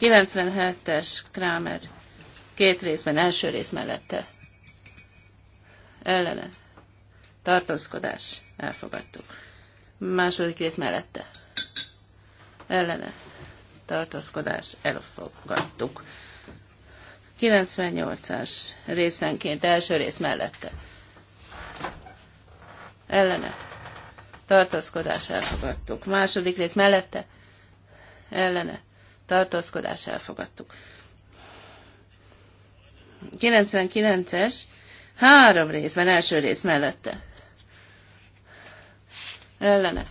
97-es Kramer két részben, első rész mellette. Ellene. Tartózkodás. Elfogadtuk. Második rész mellette. Ellene. Tartózkodás. Elfogadtuk. 98-as részenként első rész mellette. Ellene. Tartózkodás elfogadtuk. Második rész mellette. Ellene tartózkodás elfogadtuk. 99-es, három részben, első rész mellette. Ellene.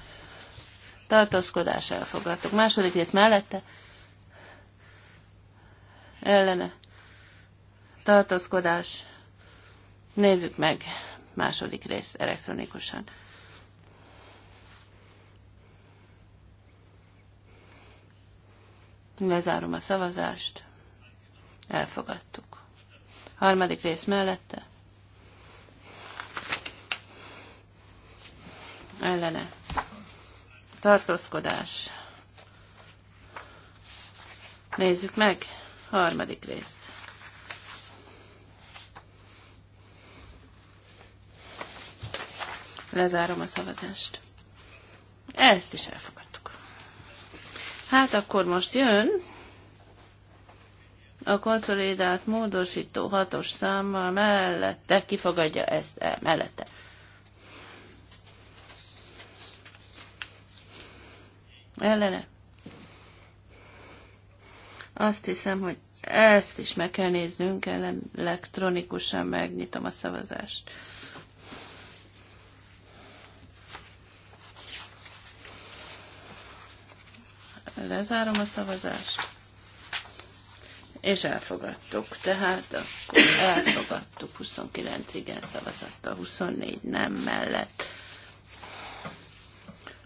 Tartózkodás elfogadtuk. Második rész mellette. Ellene. Tartózkodás. Nézzük meg második részt elektronikusan. Lezárom a szavazást. Elfogadtuk. Harmadik rész mellette. Ellene. Tartózkodás. Nézzük meg. Harmadik részt. Lezárom a szavazást. Ezt is elfogadom. Hát akkor most jön a konszolidált módosító hatos számmal mellette, kifogadja ezt el, mellette. Ellene. Azt hiszem, hogy ezt is meg kell néznünk, elektronikusan megnyitom a szavazást. Lezárom a szavazást. És elfogadtuk. Tehát akkor elfogadtuk 29 igen szavazattal, 24 nem mellett.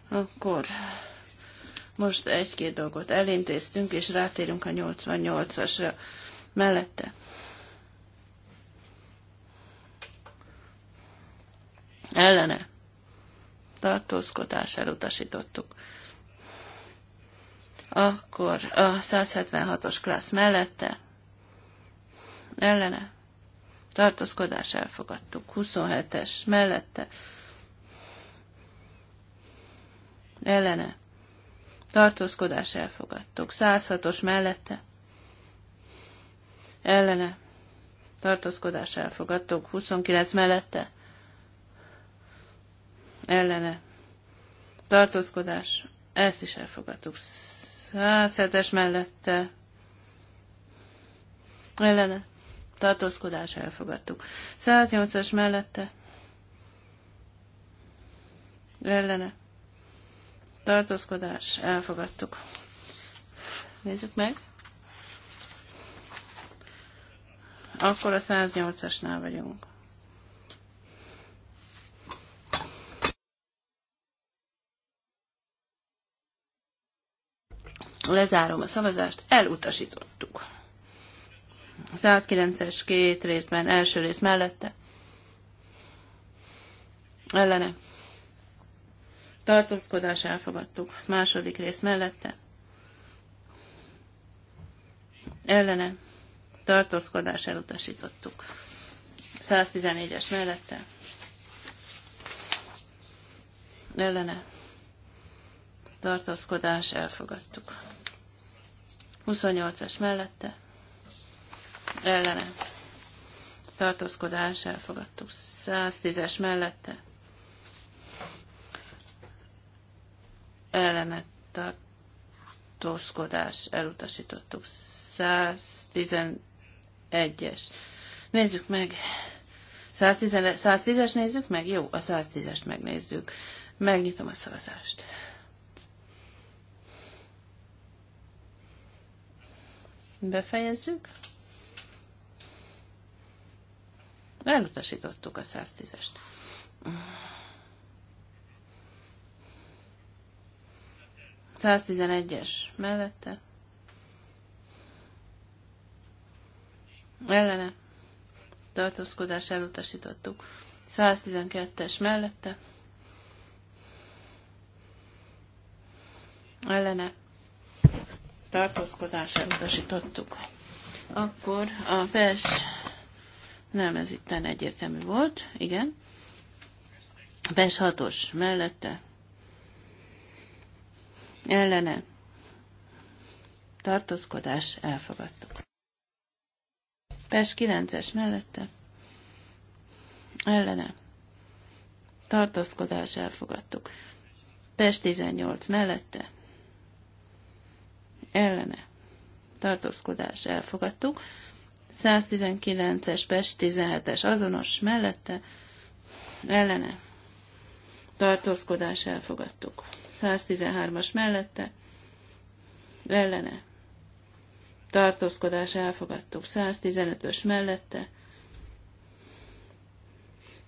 Akkor most egy-két dolgot elintéztünk, és rátérünk a 88-asra mellette. Ellene. Tartózkodás elutasítottuk. Akkor a 176-os klassz mellette ellene tartózkodás elfogadtuk. 27-es mellette ellene tartózkodás elfogadtuk. 106-os mellette ellene tartózkodás elfogadtuk. 29 mellette ellene tartózkodás, ezt is elfogadtuk szedes es mellette ellene tartózkodás elfogadtuk. 108-as mellette ellene tartózkodás elfogadtuk. Nézzük meg. Akkor a 108-asnál vagyunk. Szóval lezárom a szavazást, elutasítottuk. 109-es két részben, első rész mellette. Ellene. Tartózkodás elfogadtuk. Második rész mellette. Ellene. Tartózkodás elutasítottuk. 114-es mellette. Ellene. Tartózkodás elfogadtuk. 28-as mellette ellene tartózkodás elfogadtuk. 110-es mellette ellene tartózkodás elutasítottuk. 111-es. Nézzük meg. 110-es nézzük meg? Jó, a 110-est megnézzük. Megnyitom a szavazást. Befejezzük. Elutasítottuk a 110-est. es mellette. Ellene. Tartózkodás elutasítottuk. 112-es mellette. Ellene tartózkodását elutasítottuk. Akkor a PES, nem, ez itt egyértelmű volt, igen. A PES 6 mellette, ellene, tartózkodás elfogadtuk. PES 9-es mellette, ellene, tartózkodás elfogadtuk. PES 18 mellette, ellene tartózkodás elfogadtuk. 119-es, Pest 17-es azonos mellette ellene tartózkodás elfogadtuk. 113-as mellette ellene tartózkodás elfogadtuk. 115-ös mellette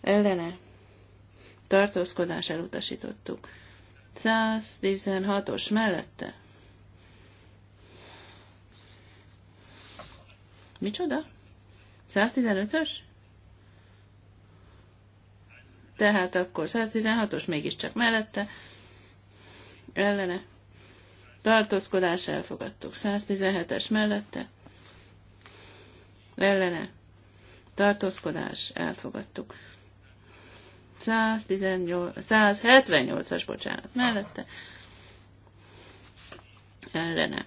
ellene tartózkodás elutasítottuk. 116-os mellette Micsoda? 115-ös? Tehát akkor 116-os mégiscsak mellette. Ellene. Tartózkodás elfogadtuk. 117-es mellette. Ellene. Tartózkodás elfogadtuk. 118, 178-as, bocsánat, mellette. Ellene.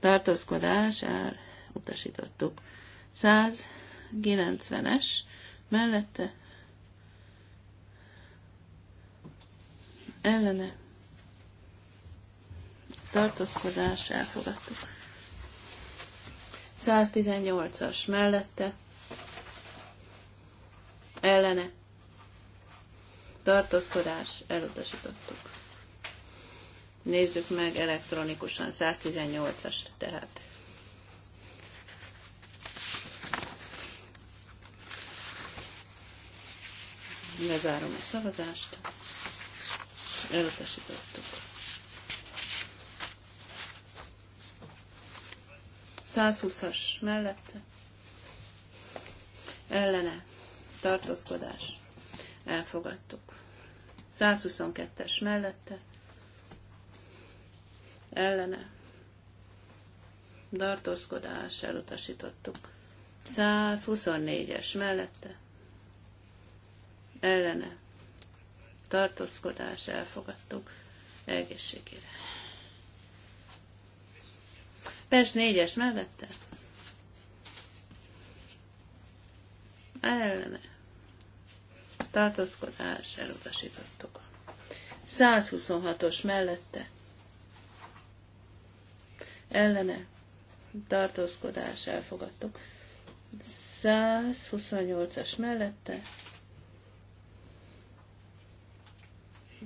Tartózkodás el, elutasítottuk. 190-es mellette ellene tartózkodás elfogadtuk. 118-as mellette ellene tartózkodás elutasítottuk. Nézzük meg elektronikusan 118-as tehát. Lezárom a szavazást. Elutasítottuk. 120-as mellette. Ellene. Tartózkodás. Elfogadtuk. 122-es mellette. Ellene. Tartózkodás. Elutasítottuk. 124-es mellette ellene tartózkodás elfogadtuk egészségére. Pest négyes mellette ellene tartózkodás elutasítottuk. 126-os mellette ellene tartózkodás elfogadtuk. 128-as mellette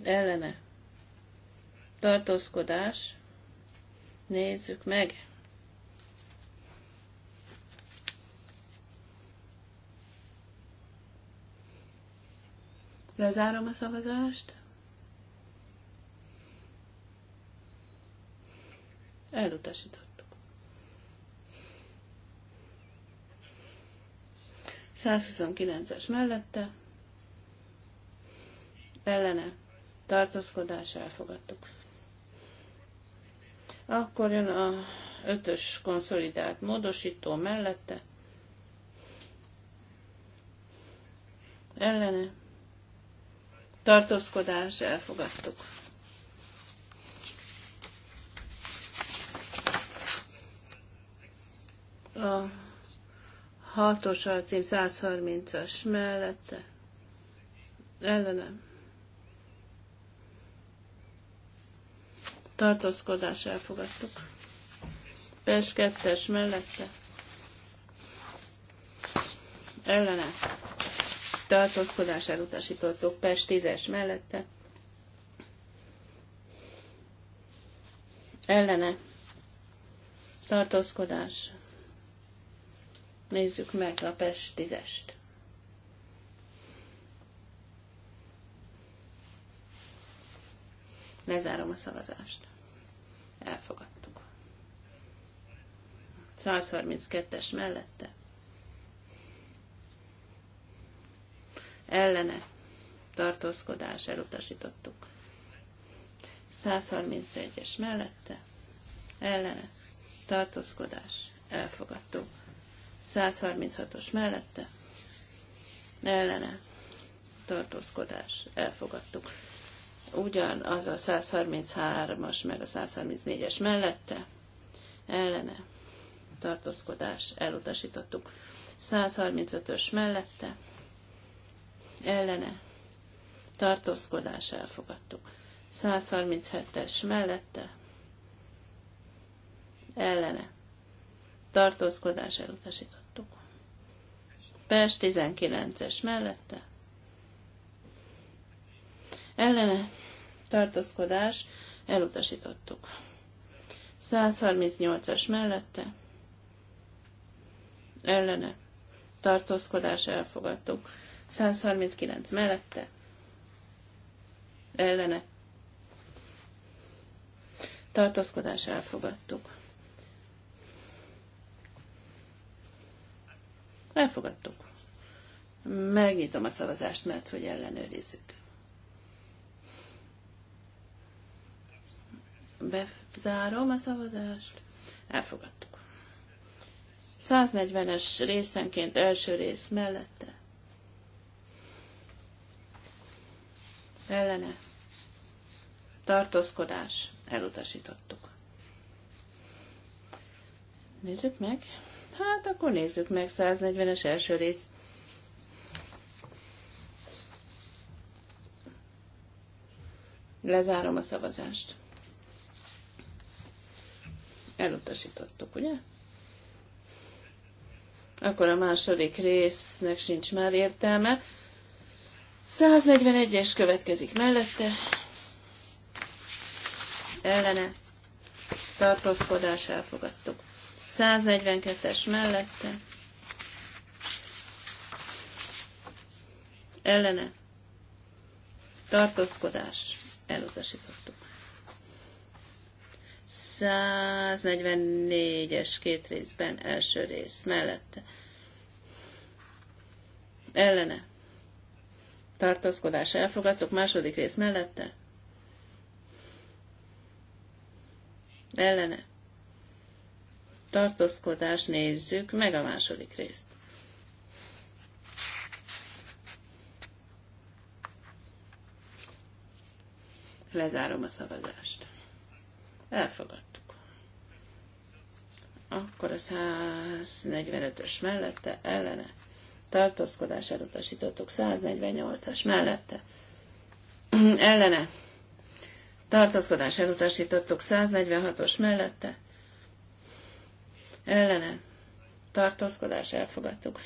ellene tartózkodás, nézzük meg. Lezárom a szavazást. Elutasítottuk. 129-es mellette. Ellene tartózkodás elfogadtuk. Akkor jön a ötös konszolidált módosító mellette. Ellene. Tartózkodás elfogadtuk. A hatos alcím 130-as mellette. Ellenem tartózkodás elfogadtuk. Pes kettes mellette ellene tartózkodás elutasítottuk. Pes tízes mellette ellene tartózkodás. Nézzük meg a Pes tízest. Lezárom a szavazást. Elfogadtuk. 132-es mellette. Ellene tartózkodás elutasítottuk. 131-es mellette. Ellene tartózkodás elfogadtuk. 136-os mellette. Ellene tartózkodás elfogadtuk ugyanaz a 133-as meg a 134-es mellette ellene tartózkodás elutasítottuk. 135-ös mellette ellene tartózkodás elfogadtuk. 137-es mellette ellene tartózkodás elutasítottuk. Pest 19-es mellette ellene tartózkodás elutasítottuk. 138-as mellette ellene tartózkodás elfogadtuk. 139 mellette ellene tartózkodás elfogadtuk. Elfogadtuk. Megnyitom a szavazást, mert hogy ellenőrizzük. Bezárom a szavazást. Elfogadtuk. 140-es részenként első rész mellette. Ellene. Tartózkodás. Elutasítottuk. Nézzük meg. Hát akkor nézzük meg 140-es első rész. Lezárom a szavazást. Elutasítottuk, ugye? Akkor a második résznek sincs már értelme. 141-es következik mellette. Ellene. Tartózkodás elfogadtuk. 142-es mellette. Ellene. Tartózkodás elutasítottuk. 144-es két részben első rész mellette. Ellene. Tartózkodás elfogadtok második rész mellette. Ellene. Tartózkodás nézzük meg a második részt. Lezárom a szavazást. Elfogadtuk. Akkor a 145-ös mellette ellene tartózkodás elutasítottuk. 148-as *clears throat* mellette ellene tartózkodás elutasítottuk. 146-os mellette ellene tartózkodás elfogadtuk.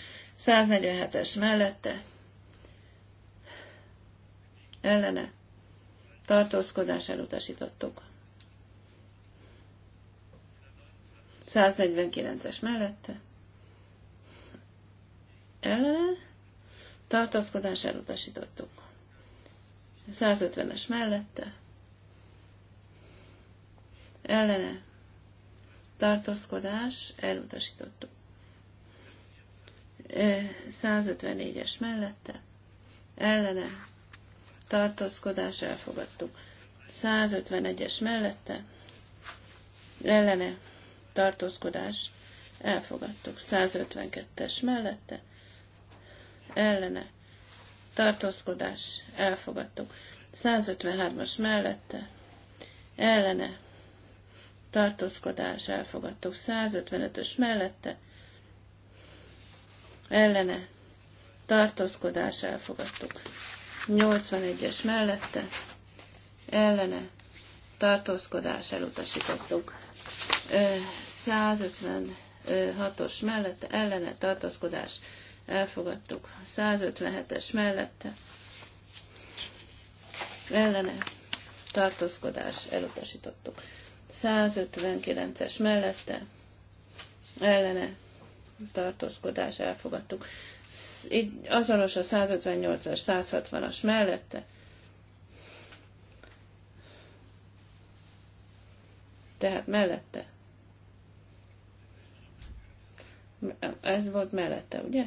147-es mellette ellene tartózkodás elutasítottuk. 149-es mellette. Ellene. Tartózkodás elutasítottuk. 150-es mellette. Ellene. Tartózkodás elutasítottuk. 154-es e, mellette. Ellene. Tartózkodás elfogadtuk. 151-es mellette. Ellene tartózkodás elfogadtuk. 152-es mellette ellene tartózkodás elfogadtuk. 153-as mellette ellene tartózkodás elfogadtuk. 155-ös mellette ellene tartózkodás elfogadtuk. 81-es mellette ellene tartózkodás elutasítottuk. 156-os mellette ellene tartaszkodás elfogadtuk. 157-es mellette ellene tartózkodás elutasítottuk. 159-es mellette ellene tartózkodás elfogadtuk. Így azonos a 158-as, 160-as mellette. Tehát mellette ez volt mellette, ugye?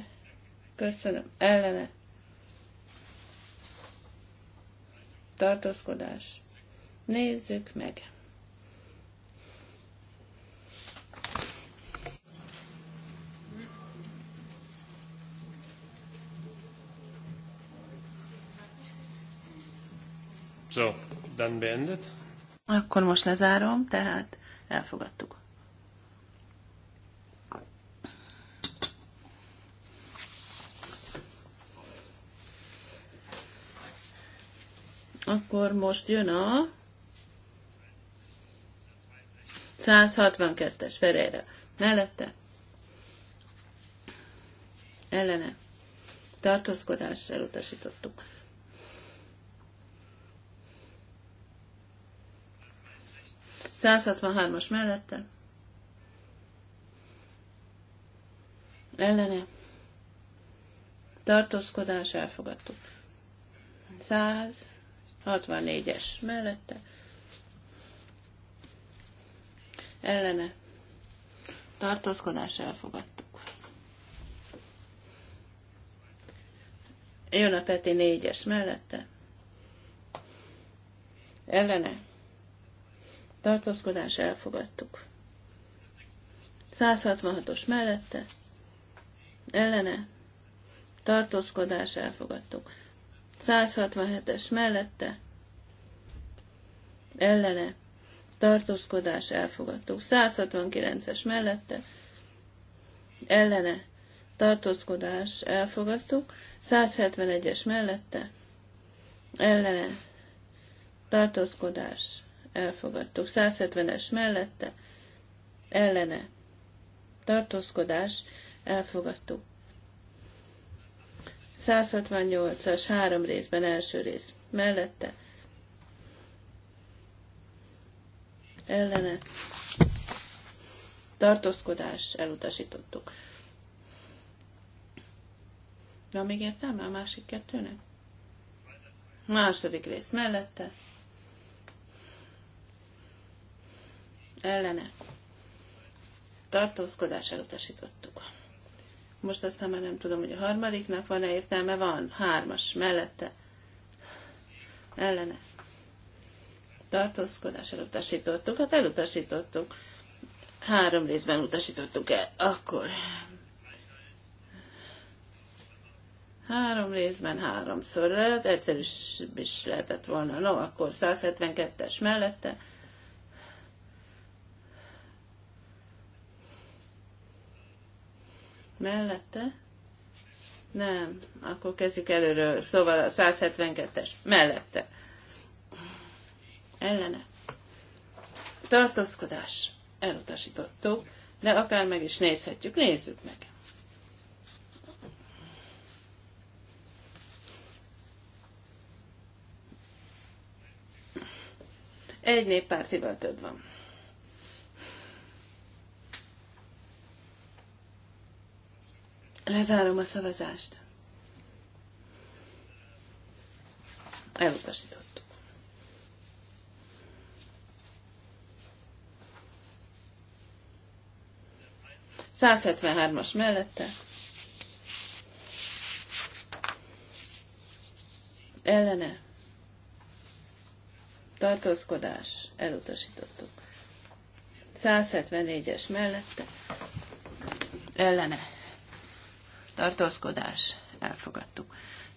Köszönöm. Ellene. Tartózkodás. Nézzük meg. So, dann beendet. Akkor most lezárom, tehát elfogadtuk. Akkor most jön a 162-es Ferreira. Mellette. Ellene. Tartózkodás elutasítottuk. as mellette. Ellene. Tartózkodás elfogadtuk. 100. 64-es mellette, ellene tartózkodás elfogadtuk. Jön a Peti 4-es mellette, ellene tartózkodás elfogadtuk. 166-os mellette, ellene tartózkodás elfogadtuk. 167-es mellette ellene tartózkodás elfogadó. 169-es mellette ellene tartózkodás elfogadtuk. 171-es mellette ellene tartózkodás elfogadtuk. 170-es mellette ellene tartózkodás elfogadtuk. 168-as három részben első rész mellette ellene tartózkodás elutasítottuk. Na, még értelme a másik kettőnek? Második rész mellette. Ellene. Tartózkodás elutasítottuk. Most aztán már nem tudom, hogy a harmadiknak van-e értelme, van. Hármas, mellette. Ellene. Tartózkodás elutasítottuk, hát elutasítottuk. Három részben utasítottuk el. Akkor Három részben háromszor lehet, egyszerűs is lehetett volna. No, akkor 172-es mellette mellette, nem, akkor kezdjük előről, szóval a 172-es, mellette, ellene, tartózkodás, elutasítottuk, de akár meg is nézhetjük, nézzük meg. Egy néppártival több van. Lezárom a szavazást. Elutasítottuk. as mellette. Ellene. Tartózkodás. Elutasítottuk. 174-es mellette. Ellene tartózkodás, elfogadtuk.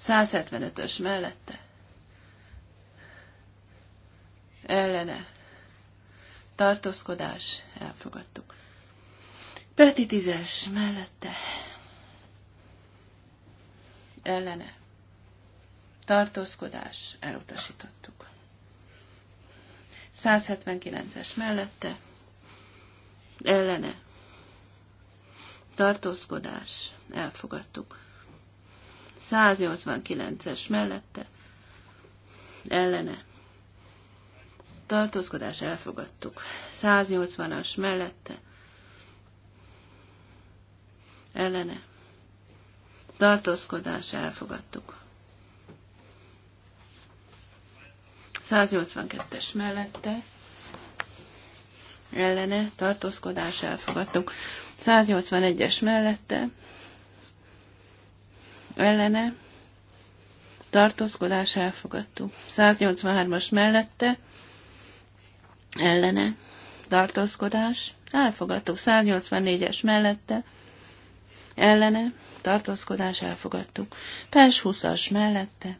175-ös mellette, ellene, tartózkodás, elfogadtuk. Peti 10-es mellette, ellene, tartózkodás, elutasítottuk. 179-es mellette, ellene, tartózkodás, elfogadtuk. 189-es mellette, ellene, tartózkodás, elfogadtuk. 180-as mellette, ellene, tartózkodás, elfogadtuk. 182-es mellette, ellene, tartózkodás, elfogadtuk. 181-es mellette ellene tartózkodás elfogadtuk. 183-as mellette ellene tartózkodás elfogadtuk. 184-es mellette ellene tartózkodás elfogadtuk. Pes 20-as mellette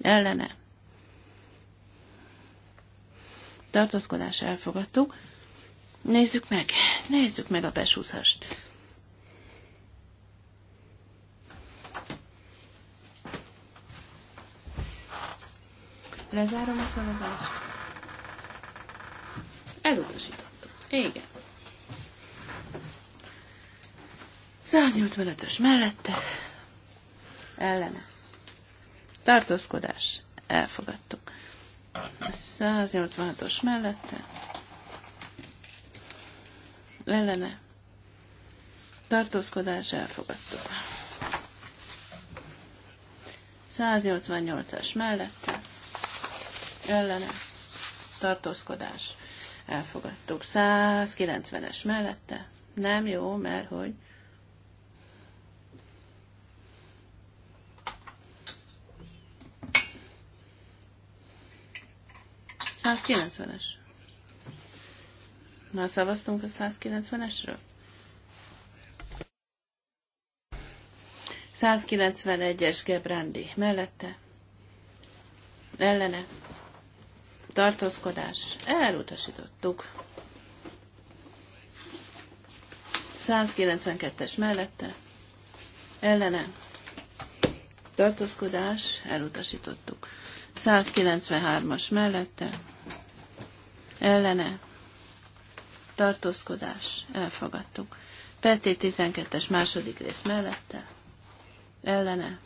ellene tartózkodás elfogadtuk. Nézzük meg, nézzük meg a besúszást. Lezárom a szavazást. Elutasítottam. Igen. 185-ös mellette. Ellene. Tartózkodás. Elfogadtuk. 186-os mellette ellene tartózkodás elfogadta. 188-as mellette ellene tartózkodás elfogadtuk. 190-es mellette nem jó, mert hogy Hát 90-es. Már szavaztunk a 190-esről? 191-es Gebrandi mellette. Ellene. Tartózkodás. Elutasítottuk. 192-es mellette. Ellene. Tartózkodás. Elutasítottuk. 193-as mellette. Ellene tartózkodás, elfogadtuk. Peti 12-es második rész mellette, ellene,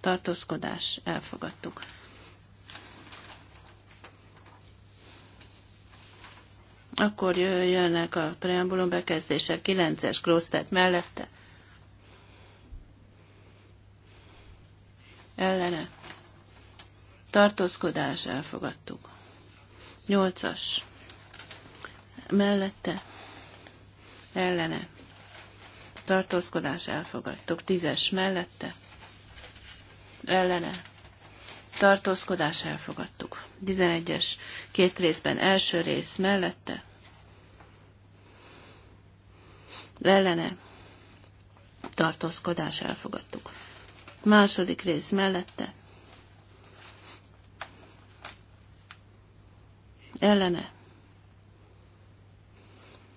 tartózkodás, elfogadtuk. Akkor jönnek a preambulum bekezdése 9-es Grosztet mellette, ellene, tartózkodás, elfogadtuk. 8-as mellette ellene tartózkodás elfogadtok, Tízes mellette ellene tartózkodás elfogadtuk. Tizenegyes két részben első rész mellette ellene tartózkodás elfogadtuk. Második rész mellette ellene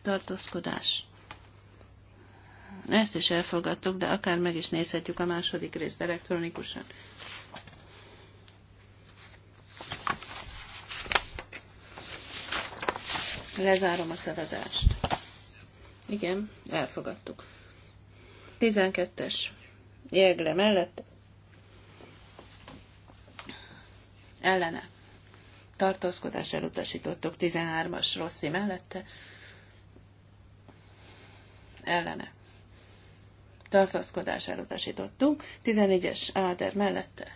tartózkodás. Ezt is elfogadtuk, de akár meg is nézhetjük a második részt elektronikusan. Lezárom a szavazást. Igen, elfogadtuk. 12-es jegle mellett ellene tartózkodás elutasítottuk 13-as Rosszi mellette ellene. Tartaszkodás elutasítottunk. 14-es áder mellette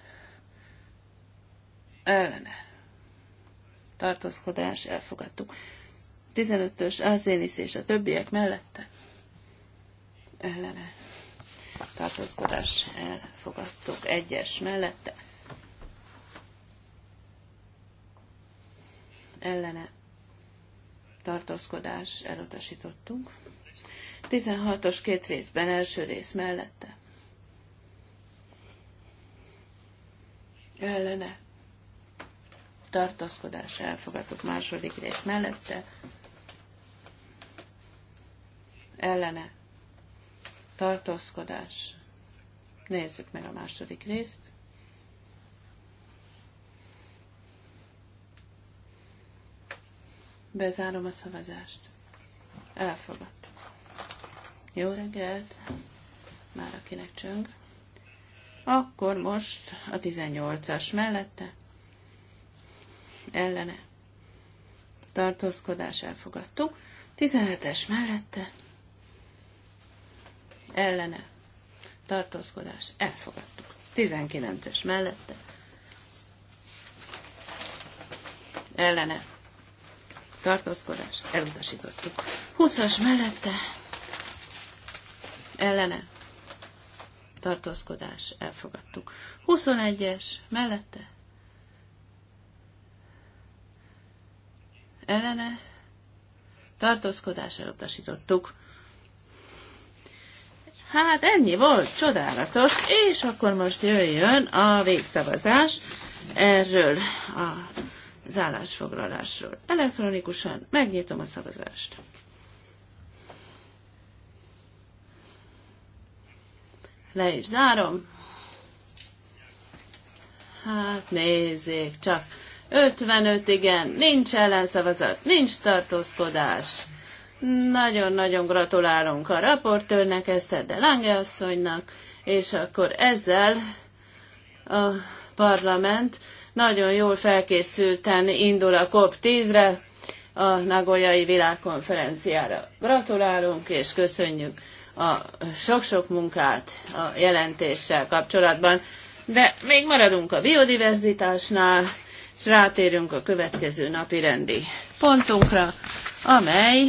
ellene. Tartózkodás elfogadtuk. 15-ös Arzénisz és a többiek mellette ellene. Tartózkodás elfogadtuk. Egyes mellette ellene tartózkodás elutasítottunk. 16-os két részben első rész mellette. Ellene. Tartaszkodás elfogadtuk második rész mellette. Ellene. Tartózkodás. Nézzük meg a második részt. Bezárom a szavazást. Elfogad. Jó reggelt! Már akinek csöng. Akkor most a 18-as mellette ellene tartózkodás elfogadtuk. 17-es mellette ellene tartózkodás elfogadtuk. 19-es mellette ellene tartózkodás elutasítottuk. 20-as mellette ellene tartózkodás elfogadtuk. 21-es mellette ellene tartózkodás elutasítottuk. Hát ennyi volt, csodálatos, és akkor most jöjjön a végszavazás erről a az állásfoglalásról. Elektronikusan megnyitom a szavazást. Le is zárom. Hát nézzék csak. 55 igen, nincs ellenszavazat, nincs tartózkodás. Nagyon-nagyon gratulálunk a raportőrnek, Eszter de Lange asszonynak, és akkor ezzel a parlament nagyon jól felkészülten indul a COP10-re, a Nagoyai világkonferenciára. Gratulálunk és köszönjük! a sok-sok munkát a jelentéssel kapcsolatban, de még maradunk a biodiverzitásnál, és rátérünk a következő napi rendi pontunkra, amely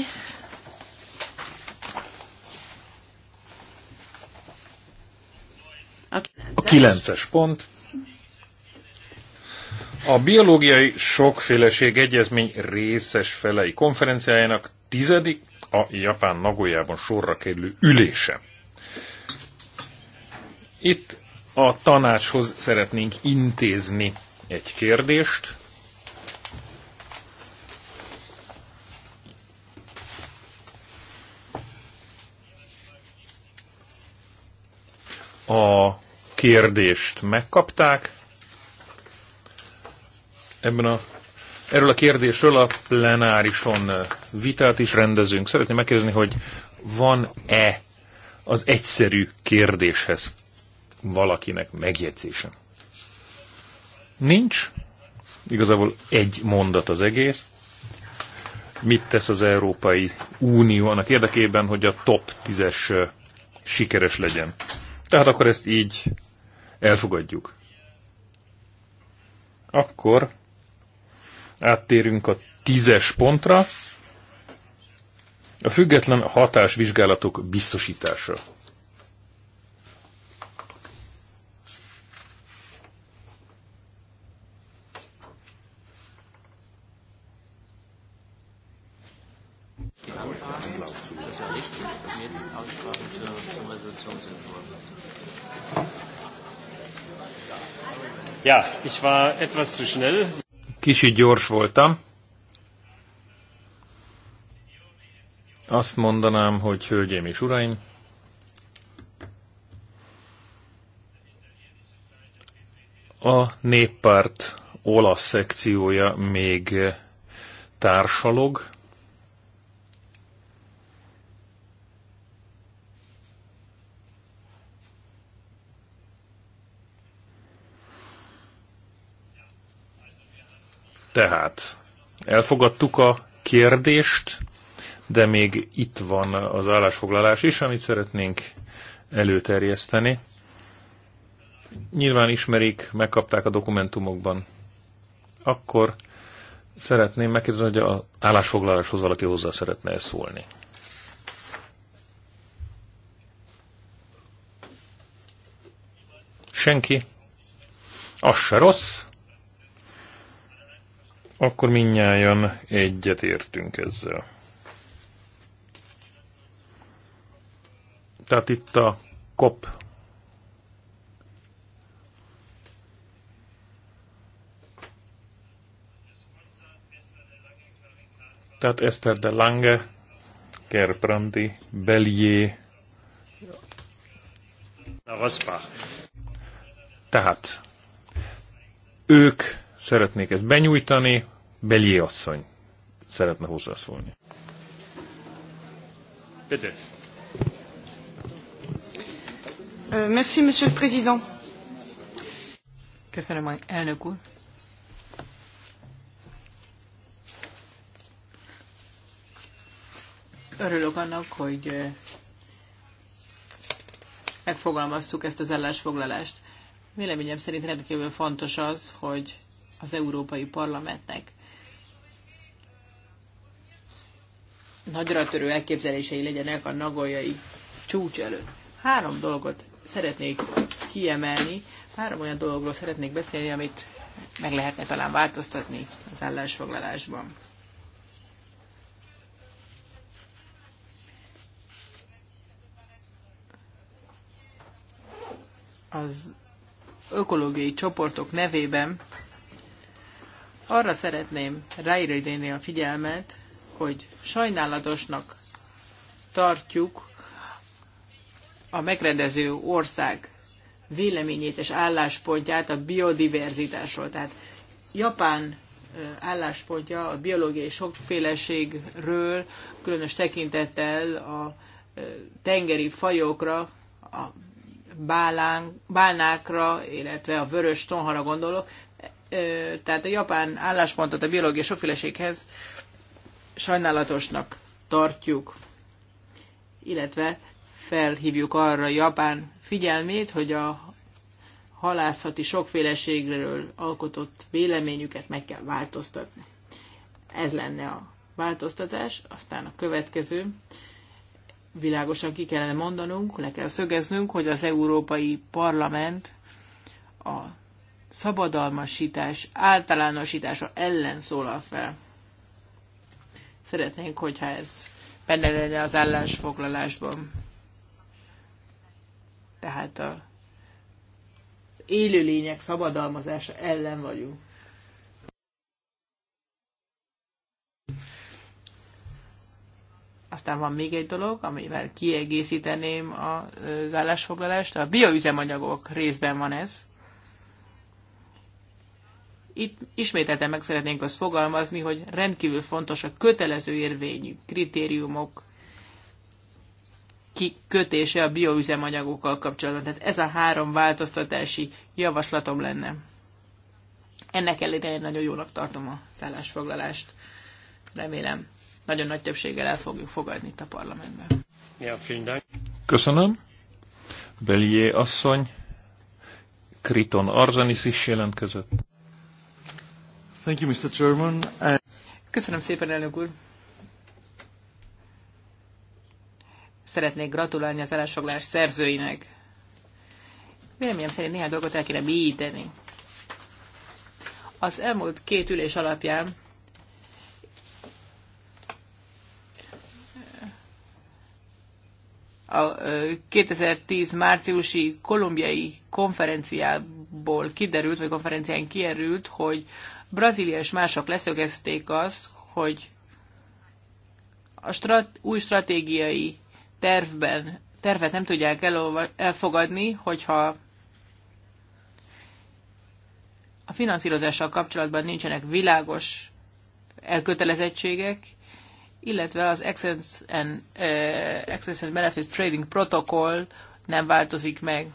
a kilences pont. A biológiai sokféleség egyezmény részes felei konferenciájának tizedik a Japán Nagójában sorra kerülő ülése. Itt a tanácshoz szeretnénk intézni egy kérdést. A kérdést megkapták. Ebben a Erről a kérdésről a plenárison eh, vitát is rendezünk. Szeretném megkérdezni, hogy van-e az egyszerű kérdéshez valakinek megjegyzése? Nincs. Igazából egy mondat az egész. Mit tesz az Európai Unió annak érdekében, hogy a top 10-es eh, sikeres legyen? Tehát akkor ezt így elfogadjuk. Akkor áttérünk a tízes pontra, a független hatásvizsgálatok biztosítása. Ja, ich war etwas zu schnell. Kicsit gyors voltam. Azt mondanám, hogy hölgyeim és uraim, a néppárt olasz szekciója még társalog, Tehát elfogadtuk a kérdést, de még itt van az állásfoglalás is, amit szeretnénk előterjeszteni. Nyilván ismerik, megkapták a dokumentumokban. Akkor szeretném megkérdezni, hogy az állásfoglaláshoz valaki hozzá szeretne -e szólni. Senki? Az se rossz. Akkor minnyáján egyet értünk ezzel. Tehát itt a kop Tehát Eszter de Lange, Kerprandi, Bellier, Tehát ők szeretnék ezt benyújtani, Belié asszony szeretne hozzászólni. Euh, merci, Monsieur le Président. Köszönöm, elnök úr. Örülök annak, hogy euh, megfogalmaztuk ezt az ellensfoglalást. Véleményem szerint rendkívül fontos az, hogy az Európai Parlamentnek nagyra törő elképzelései legyenek a nagoljai csúcs előtt. Három dolgot szeretnék kiemelni, három olyan dologról szeretnék beszélni, amit meg lehetne talán változtatni az állásfoglalásban. Az ökológiai csoportok nevében arra szeretném ráirényelni a figyelmet, hogy sajnálatosnak tartjuk a megrendező ország véleményét és álláspontját a biodiverzitásról. Tehát Japán álláspontja a biológiai sokféleségről, különös tekintettel a tengeri fajokra, a bálán, bálnákra, illetve a vörös tonhara gondolok. Tehát a japán álláspontot a biológiai sokféleséghez sajnálatosnak tartjuk, illetve felhívjuk arra Japán figyelmét, hogy a halászati sokféleségről alkotott véleményüket meg kell változtatni. Ez lenne a változtatás, aztán a következő. Világosan ki kellene mondanunk, le kell szögeznünk, hogy az Európai Parlament a szabadalmasítás általánosítása ellen szólal fel. Szeretnénk, hogyha ez benne lenne az állásfoglalásban. Tehát a élőlények szabadalmazása ellen vagyunk. Aztán van még egy dolog, amivel kiegészíteném az állásfoglalást. A bioüzemanyagok részben van ez. Itt ismételten meg szeretnénk azt fogalmazni, hogy rendkívül fontos a kötelező érvényű kritériumok kikötése a bioüzemanyagokkal kapcsolatban. Tehát ez a három változtatási javaslatom lenne. Ennek ellenére nagyon jónak tartom a szállásfoglalást. Remélem, nagyon nagy többséggel el fogjuk fogadni itt a parlamentben. Ja, Köszönöm. Belié asszony, Kriton Arzenis is jelentkezett. Thank you, Mr. Chairman. Köszönöm szépen, elnök úr. Szeretnék gratulálni az állásfoglalás szerzőinek. Véleményem szerint néhány dolgot el kéne bíjíteni. Az elmúlt két ülés alapján a 2010 márciusi kolumbiai konferenciából kiderült, vagy konferencián kierült, hogy Brazília és mások leszögezték azt, hogy a strat- új stratégiai tervben, tervet nem tudják elfogadni, hogyha a finanszírozással kapcsolatban nincsenek világos elkötelezettségek, illetve az Access and, uh, Access and Benefits Trading Protocol nem változik meg.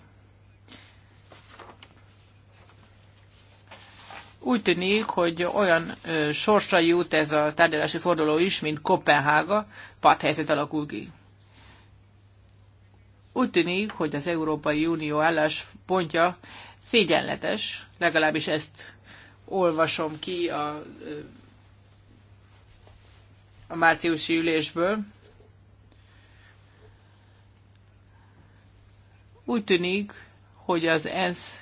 Úgy tűnik, hogy olyan ö, sorsra jut ez a tárgyalási forduló is, mint Kopenhága, padhelyzet alakul ki. Úgy tűnik, hogy az Európai Unió álláspontja szégyenletes, legalábbis ezt olvasom ki a, a márciusi ülésből. Úgy tűnik, hogy az ENSZ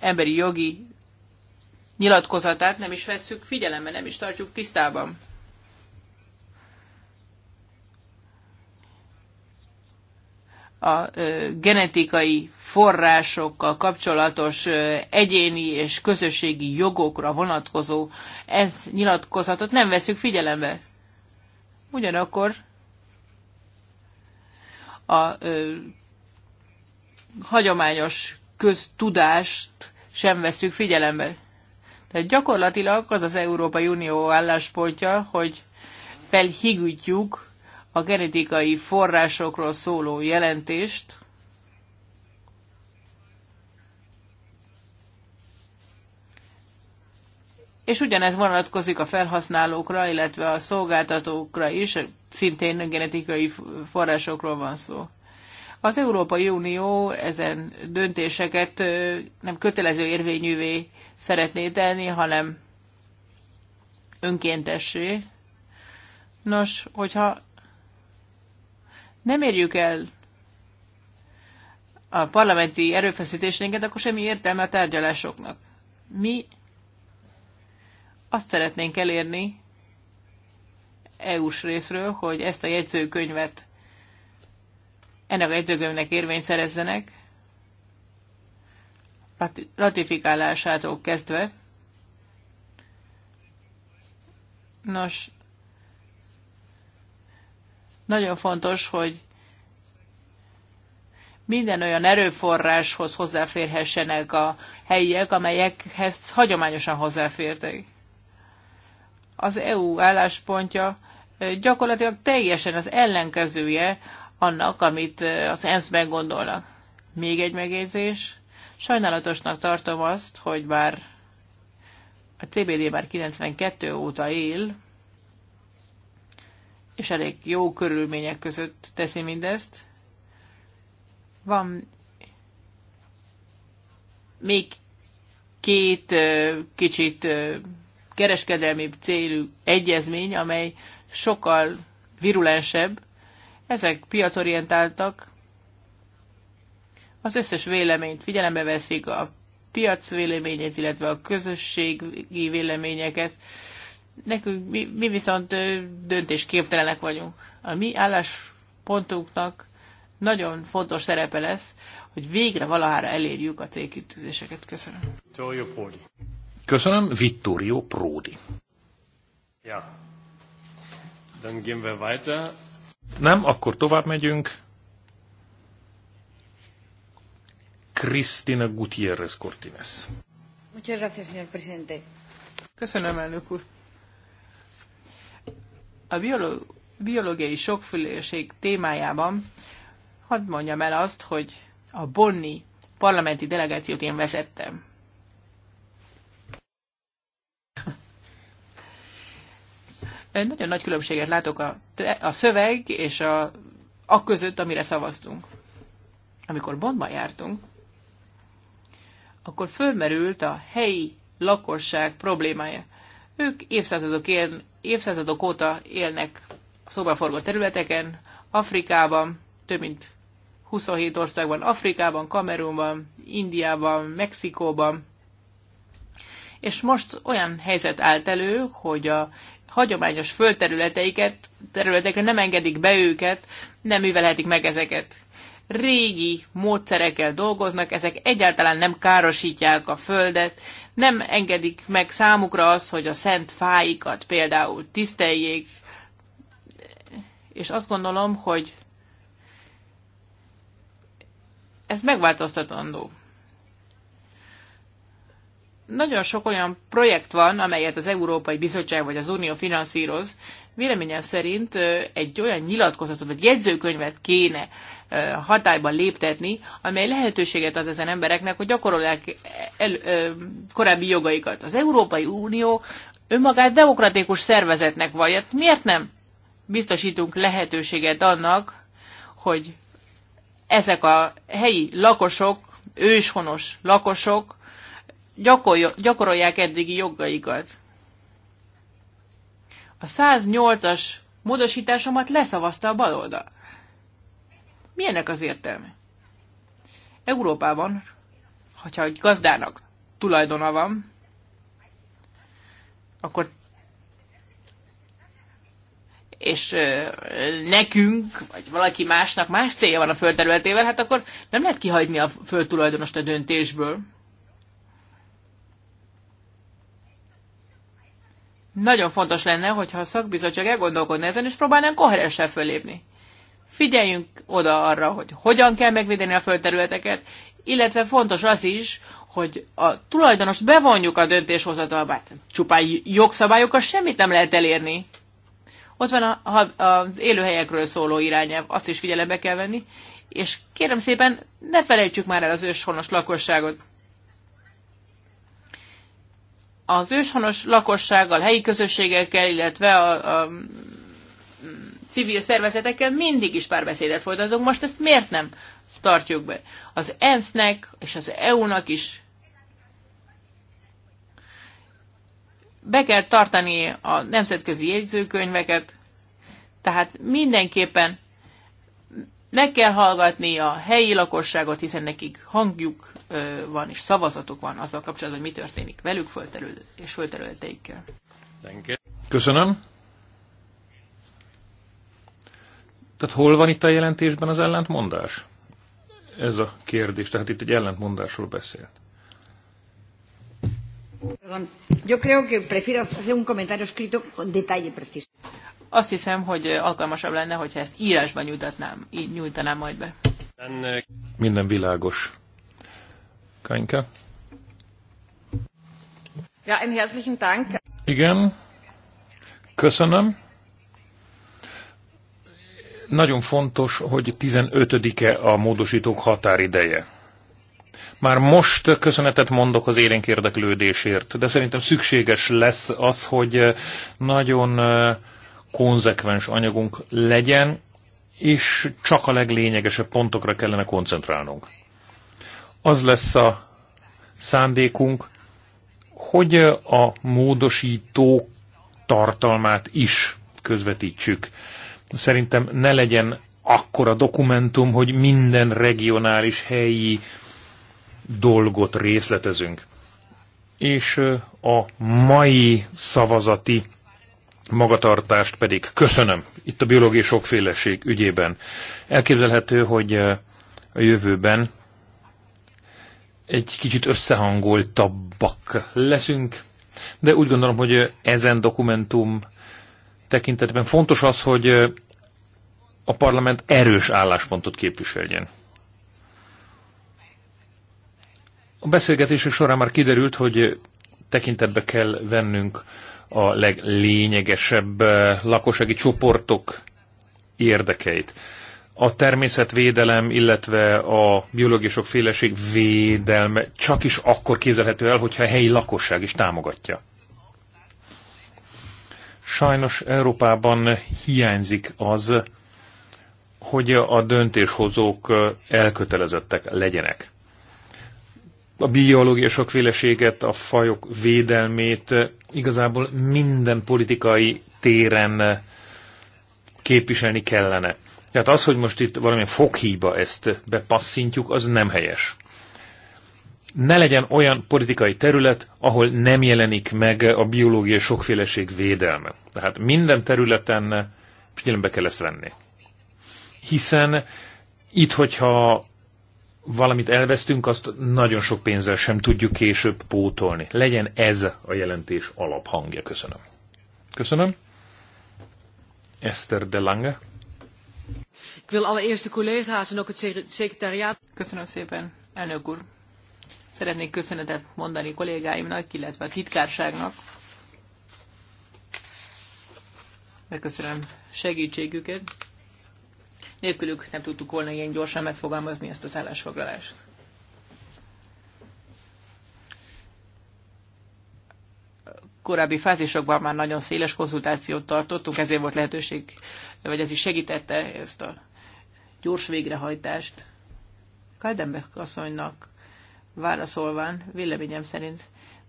emberi jogi nyilatkozatát nem is vesszük figyelembe, nem is tartjuk tisztában. a genetikai forrásokkal kapcsolatos egyéni és közösségi jogokra vonatkozó ez nyilatkozatot nem veszük figyelembe. Ugyanakkor a ö, hagyományos köztudást sem veszük figyelembe. Tehát gyakorlatilag az az Európai Unió álláspontja, hogy felhigítjük a genetikai forrásokról szóló jelentést, és ugyanez vonatkozik a felhasználókra, illetve a szolgáltatókra is, szintén genetikai forrásokról van szó. Az Európai Unió ezen döntéseket nem kötelező érvényűvé szeretné tenni, hanem önkéntessé. Nos, hogyha nem érjük el a parlamenti erőfeszítésnénket, akkor semmi értelme a tárgyalásoknak. Mi azt szeretnénk elérni EU-s részről, hogy ezt a jegyzőkönyvet ennek a jegyzőkönyvnek érvényt szerezzenek, ratifikálásától kezdve. Nos, nagyon fontos, hogy minden olyan erőforráshoz hozzáférhessenek a helyiek, amelyekhez hagyományosan hozzáfértek. Az EU álláspontja gyakorlatilag teljesen az ellenkezője annak, amit az ENSZ-ben gondolnak. Még egy megjegyzés. Sajnálatosnak tartom azt, hogy bár a CBD már 92 óta él, és elég jó körülmények között teszi mindezt. Van még két kicsit kereskedelmi célú egyezmény, amely sokkal virulensebb, ezek piacorientáltak, az összes véleményt figyelembe veszik, a piac véleményét, illetve a közösségi véleményeket. Nekünk mi, mi viszont döntésképtelenek vagyunk. A mi álláspontunknak nagyon fontos szerepe lesz, hogy végre valahára elérjük a célkitűzéseket. Köszönöm. Prodi. Köszönöm, Vittorio Prodi. Ja. Dann gehen wir weiter. Nem, akkor tovább megyünk. Cristina Gutierrez Cortines. Muchas gracias, señor presidente. Köszönöm, elnök úr. A biolo- biológiai sokféleség témájában hadd mondjam el azt, hogy a Bonni parlamenti delegációt én vezettem. nagyon nagy különbséget látok a, a szöveg és a, a között, amire szavaztunk. Amikor Bondban jártunk, akkor fölmerült a helyi lakosság problémája. Ők évszázadok, él, évszázadok óta élnek szobaforgó területeken, Afrikában, több mint 27 országban, Afrikában, Kamerunban, Indiában, Mexikóban, és most olyan helyzet állt elő, hogy a hagyományos földterületeiket, területekre nem engedik be őket, nem művelhetik meg ezeket. Régi módszerekkel dolgoznak, ezek egyáltalán nem károsítják a földet, nem engedik meg számukra azt, hogy a szent fáikat például tiszteljék, és azt gondolom, hogy ez megváltoztatandó nagyon sok olyan projekt van, amelyet az Európai Bizottság vagy az Unió finanszíroz. Véleményem szerint egy olyan nyilatkozatot vagy jegyzőkönyvet kéne hatályban léptetni, amely lehetőséget az ezen embereknek, hogy gyakorolják el, el, korábbi jogaikat. Az Európai Unió önmagát demokratikus szervezetnek vallja. Miért nem biztosítunk lehetőséget annak, hogy ezek a helyi lakosok, őshonos lakosok gyakorolják eddigi jogaikat. A 108-as módosításomat leszavazta a baloldal. Mi ennek az értelme? Európában, hogyha egy gazdának tulajdona van, akkor és nekünk, vagy valaki másnak más célja van a földterületével, hát akkor nem lehet kihagyni a földtulajdonost a döntésből. Nagyon fontos lenne, hogyha a szakbizottság elgondolkodna ezen, és próbálnánk koherensen fölépni. Figyeljünk oda arra, hogy hogyan kell megvédeni a földterületeket, illetve fontos az is, hogy a tulajdonos bevonjuk a döntéshozatalba. Hát csupán jogszabályokkal semmit nem lehet elérni. Ott van a, a, az élőhelyekről szóló irányelv, azt is figyelembe kell venni. És kérem szépen, ne felejtsük már el az őshonos lakosságot az őshonos lakossággal, helyi közösségekkel, illetve a, a civil szervezetekkel mindig is párbeszédet folytatunk. Most ezt miért nem tartjuk be? Az ENSZ-nek és az EU-nak is be kell tartani a nemzetközi jegyzőkönyveket, tehát mindenképpen meg kell hallgatni a helyi lakosságot, hiszen nekik hangjuk van és szavazatuk van azzal kapcsolatban, hogy mi történik velük fölterül és fölterületeikkel. Köszönöm. Tehát hol van itt a jelentésben az ellentmondás? Ez a kérdés, tehát itt egy ellentmondásról beszélt. Azt hiszem, hogy alkalmasabb lenne, hogyha ezt írásban nyújtatnám, így nyújtanám majd be. Minden világos. Kanyka? Ja, ein herzlichen Dank. Igen. Köszönöm. Nagyon fontos, hogy 15-e a módosítók határideje. Már most köszönetet mondok az élénk érdeklődésért, de szerintem szükséges lesz az, hogy nagyon konzekvens anyagunk legyen, és csak a leglényegesebb pontokra kellene koncentrálnunk. Az lesz a szándékunk, hogy a módosító tartalmát is közvetítsük. Szerintem ne legyen akkora dokumentum, hogy minden regionális, helyi dolgot részletezünk. És a mai szavazati magatartást pedig köszönöm itt a biológiai sokféleség ügyében. Elképzelhető, hogy eh, a jövőben egy kicsit összehangoltabbak leszünk, de úgy gondolom, hogy eh, ezen dokumentum tekintetben fontos az, hogy eh, a parlament erős álláspontot képviseljen. A beszélgetések során már kiderült, hogy tekintetbe kell vennünk a leglényegesebb eh, lakossági csoportok érdekeit. A természetvédelem, illetve a biológiai sokféleség védelme csak is akkor képzelhető el, hogyha a helyi lakosság is támogatja. Sajnos Európában hiányzik az, hogy a döntéshozók eh, elkötelezettek legyenek a biológia sokféleséget, a fajok védelmét eh, igazából minden politikai téren eh, képviselni kellene. Tehát az, hogy most itt valamilyen foghíba ezt bepasszintjuk, az nem helyes. Ne legyen olyan politikai terület, ahol nem jelenik meg a biológiai sokféleség védelme. Tehát minden területen eh, figyelembe kell ezt venni. Hiszen itt, hogyha valamit elvesztünk, azt nagyon sok pénzzel sem tudjuk később pótolni. Legyen ez a jelentés alaphangja. Köszönöm. Köszönöm. Esther de Lange. Ik wil allereerst de collega's en ook het secretariaat. Köszönöm szépen, elnök úr. Szeretnék köszönetet mondani kollégáimnak, illetve a titkárságnak. Megköszönöm segítségüket. Nélkülük nem tudtuk volna ilyen gyorsan megfogalmazni ezt az állásfoglalást. korábbi fázisokban már nagyon széles konzultációt tartottunk, ezért volt lehetőség, vagy ez is segítette ezt a gyors végrehajtást. Kaldenbeck asszonynak válaszolván véleményem szerint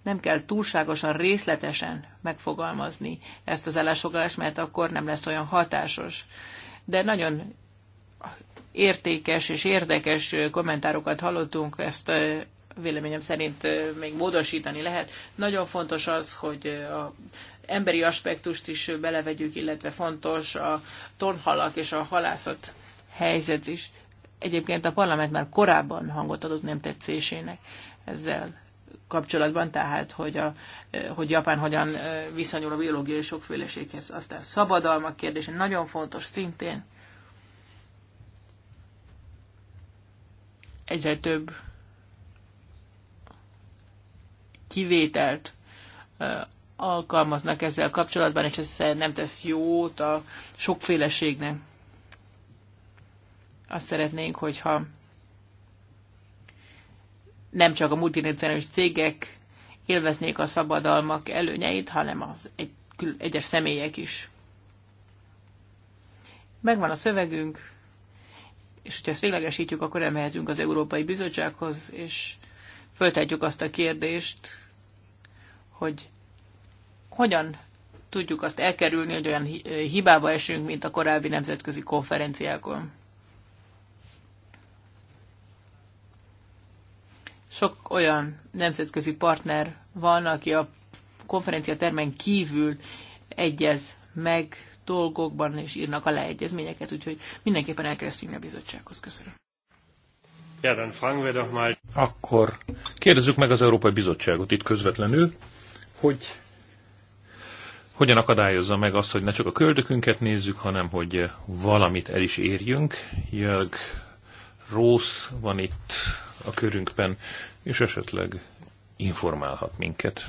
nem kell túlságosan részletesen megfogalmazni ezt az állásfoglalást, mert akkor nem lesz olyan hatásos. De nagyon értékes és érdekes kommentárokat hallottunk, ezt véleményem szerint még módosítani lehet. Nagyon fontos az, hogy a emberi aspektust is belevegyük, illetve fontos a tonhalak és a halászat helyzet is. Egyébként a parlament már korábban hangot adott nem tetszésének ezzel kapcsolatban, tehát hogy, a, hogy Japán hogyan viszonyul a biológiai sokféleséghez. Aztán szabadalmak kérdése nagyon fontos szintén. egyre több kivételt alkalmaznak ezzel kapcsolatban, és ez nem tesz jót a sokféleségnek. Azt szeretnénk, hogyha nem csak a multinacionális cégek élveznék a szabadalmak előnyeit, hanem az egy, egyes személyek is. Megvan a szövegünk, és hogyha ezt véglegesítjük, akkor elmehetünk az Európai Bizottsághoz, és föltetjük azt a kérdést, hogy hogyan tudjuk azt elkerülni, hogy olyan hibába esünk, mint a korábbi nemzetközi konferenciákon. Sok olyan nemzetközi partner van, aki a konferencia termen kívül egyez meg dolgokban, és írnak a leegyezményeket, úgyhogy mindenképpen el kell a bizottsághoz. Köszönöm. Ja, dann fragen wir doch mal. Akkor kérdezzük meg az Európai Bizottságot itt közvetlenül, hogy hogyan akadályozza meg azt, hogy ne csak a köldökünket nézzük, hanem hogy valamit el is érjünk. Jörg Rósz van itt a körünkben, és esetleg informálhat minket.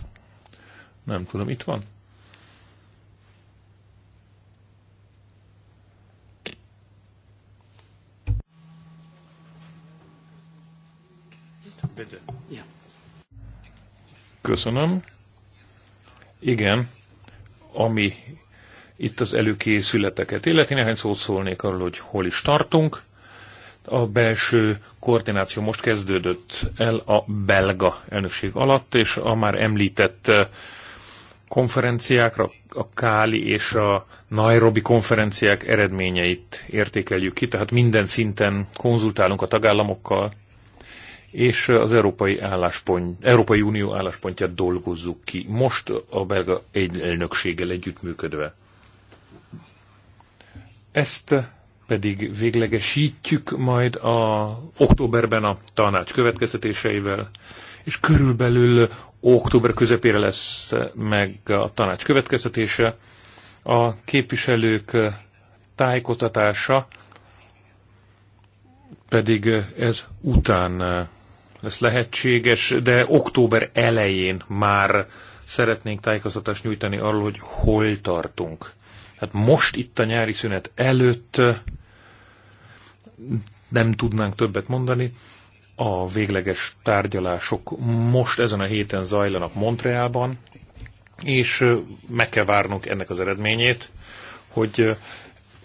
Nem tudom, itt van? Bitte. Ja. Köszönöm. Igen, ami itt az előkészületeket illeti, néhány szót szólnék arról, hogy hol is tartunk. A belső koordináció most kezdődött el a belga elnökség alatt, és a már említett eh, konferenciákra, a Káli és a Nairobi konferenciák eredményeit értékeljük ki, tehát minden szinten konzultálunk a tagállamokkal, és az Európai, álláspont, Európai Unió álláspontját dolgozzuk ki, most a belga egy elnökséggel együttműködve. Ezt pedig véglegesítjük majd a októberben a tanács következtetéseivel, és körülbelül október közepére lesz meg a tanács következtetése, a képviselők tájékoztatása pedig ez után ez lehetséges, de október elején már szeretnénk tájékoztatást nyújtani arról, hogy hol tartunk. Hát most itt a nyári szünet előtt nem tudnánk többet mondani. A végleges tárgyalások most ezen a héten zajlanak Montreában, és meg kell várnunk ennek az eredményét, hogy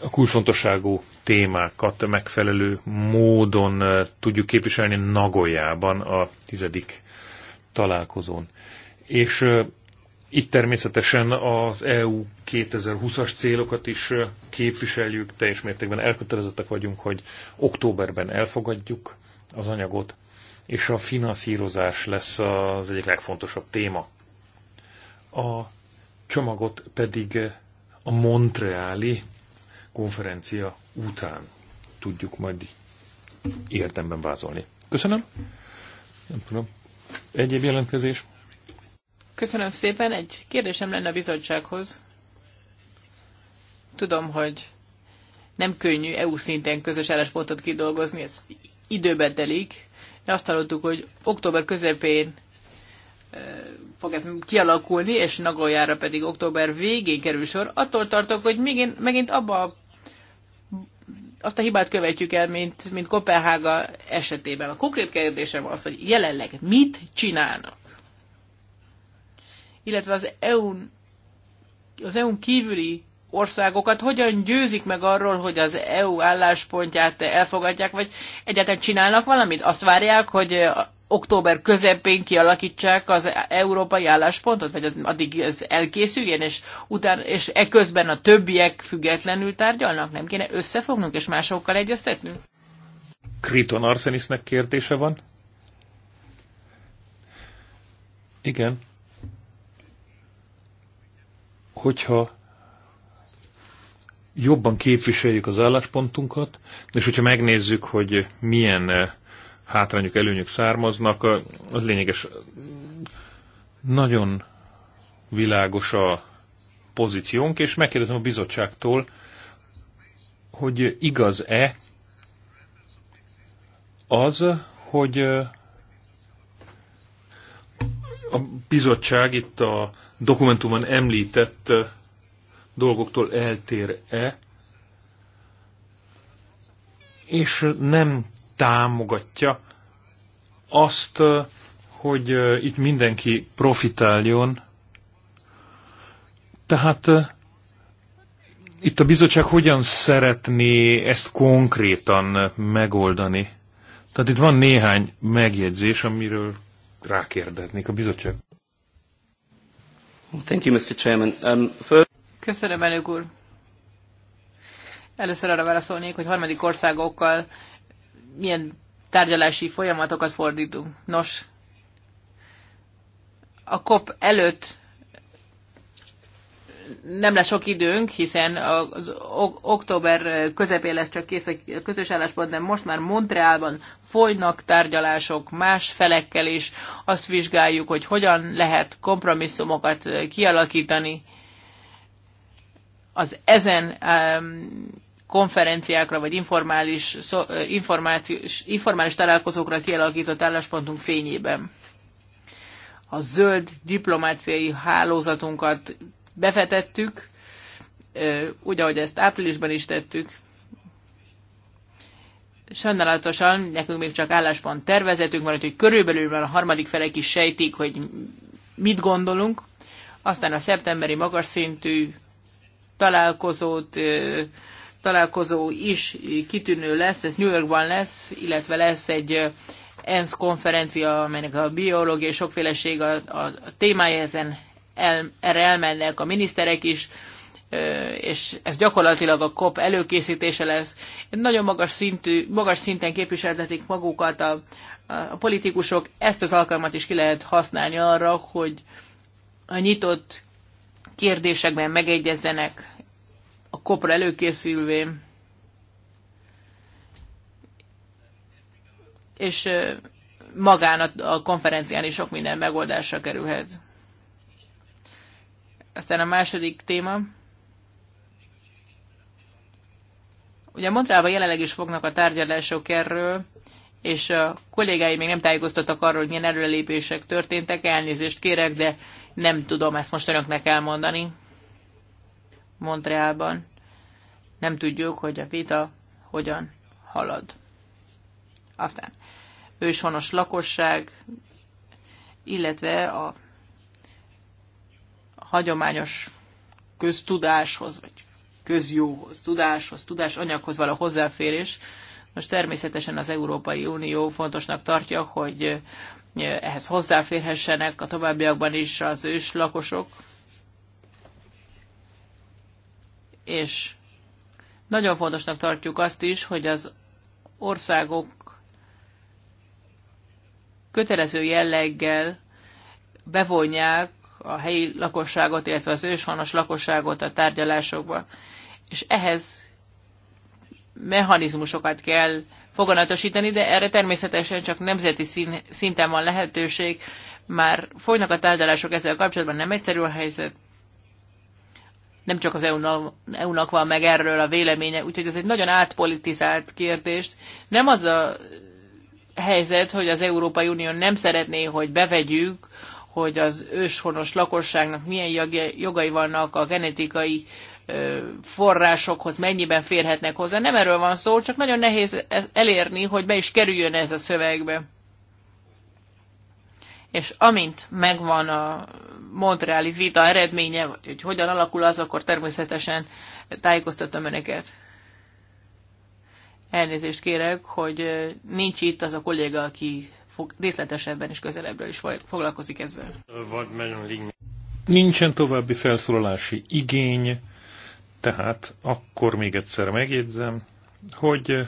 a kulcsfontosságú témákat megfelelő módon tudjuk képviselni Nagoyában a tizedik találkozón. És itt természetesen az EU 2020-as célokat is képviseljük, teljes mértékben elkötelezettek vagyunk, hogy októberben elfogadjuk az anyagot, és a finanszírozás lesz az egyik legfontosabb téma. A csomagot pedig a Montreali konferencia után tudjuk majd értemben vázolni. Köszönöm. Nem tudom. Egyéb jelentkezés? Köszönöm szépen. Egy kérdésem lenne a bizottsághoz. Tudom, hogy nem könnyű EU szinten közös álláspontot kidolgozni, ez időben telik, de azt hallottuk, hogy október közepén fog ez kialakulni, és Nagoljára pedig október végén kerül sor. Attól tartok, hogy még megint abba a azt a hibát követjük el, mint, mint Kopenhága esetében. A konkrét kérdésem az, hogy jelenleg mit csinálnak? Illetve az EU-n az EU-n kívüli országokat hogyan győzik meg arról, hogy az EU álláspontját elfogadják, vagy egyáltalán csinálnak valamit? Azt várják, hogy október közepén kialakítsák az európai álláspontot, vagy addig ez elkészüljen és, után, és eközben a többiek függetlenül tárgyalnak? Nem kéne összefognunk és másokkal egyeztetnünk? Kriton Arsenisnek kérdése van. Igen. Hogyha jobban képviseljük az álláspontunkat, és hogyha megnézzük, hogy milyen eh, hátrányok, előnyök származnak, az lényeges. Nagyon világos a pozíciónk, és megkérdezem a bizottságtól, hogy igaz-e az, hogy a bizottság itt a dokumentumon említett dolgoktól eltér-e, és nem támogatja azt, hogy itt mindenki profitáljon. Tehát itt a bizottság hogyan szeretné ezt konkrétan megoldani? Tehát itt van néhány megjegyzés, amiről rákérdeznék a bizottság. Thank you, Mr. Chairman. Um, for... Köszönöm, elnök úr. Először arra válaszolnék, hogy harmadik országokkal milyen tárgyalási folyamatokat fordítunk. Nos, a COP előtt nem lesz sok időnk, hiszen az október közepén lesz csak kész a közös álláspont, de most már Montrealban folynak tárgyalások más felekkel is. Azt vizsgáljuk, hogy hogyan lehet kompromisszumokat kialakítani. Az ezen um, konferenciákra vagy informális, információs, informális találkozókra kialakított álláspontunk fényében. A zöld diplomáciai hálózatunkat befetettük, úgy, ahogy ezt áprilisban is tettük. Sajnálatosan nekünk még csak álláspont tervezetünk van, hogy körülbelül már a harmadik felek is sejtik, hogy mit gondolunk. Aztán a szeptemberi magas szintű találkozót találkozó is kitűnő lesz, ez New Yorkban lesz, illetve lesz egy ENSZ konferencia, amelynek a biológiai sokféleség a, a témája, ezen el, erre elmennek a miniszterek is, és ez gyakorlatilag a COP előkészítése lesz. Nagyon magas, szintű, magas szinten képviseltetik magukat a, a politikusok, ezt az alkalmat is ki lehet használni arra, hogy a nyitott kérdésekben megegyezzenek a kopra előkészülvén, és magán a konferencián is sok minden megoldásra kerülhet. Aztán a második téma. Ugye Montrában jelenleg is fognak a tárgyalások erről, és a kollégái még nem tájékoztattak arról, hogy milyen előrelépések történtek, elnézést kérek, de nem tudom ezt most önöknek elmondani. Montrealban. Nem tudjuk, hogy a vita hogyan halad. Aztán őshonos lakosság, illetve a hagyományos köztudáshoz, vagy közjóhoz, tudáshoz, tudásanyaghoz való hozzáférés. Most természetesen az Európai Unió fontosnak tartja, hogy ehhez hozzáférhessenek a továbbiakban is az őslakosok, és nagyon fontosnak tartjuk azt is, hogy az országok kötelező jelleggel bevonják a helyi lakosságot, illetve az őshonos lakosságot a tárgyalásokba. És ehhez mechanizmusokat kell foganatosítani, de erre természetesen csak nemzeti szín, szinten van lehetőség. Már folynak a tárgyalások ezzel kapcsolatban, nem egyszerű a helyzet, nem csak az EU-nak, van meg erről a véleménye, úgyhogy ez egy nagyon átpolitizált kérdést. Nem az a helyzet, hogy az Európai Unió nem szeretné, hogy bevegyük, hogy az őshonos lakosságnak milyen jogai vannak a genetikai forrásokhoz mennyiben férhetnek hozzá. Nem erről van szó, csak nagyon nehéz e- elérni, hogy be is kerüljön ez a szövegbe és amint megvan a Montreali vita eredménye, vagy hogy hogyan alakul az, akkor természetesen tájékoztatom önöket. Elnézést kérek, hogy nincs itt az a kolléga, aki részletesebben és közelebbről is foglalkozik ezzel. Nincsen további felszólalási igény, tehát akkor még egyszer megjegyzem, hogy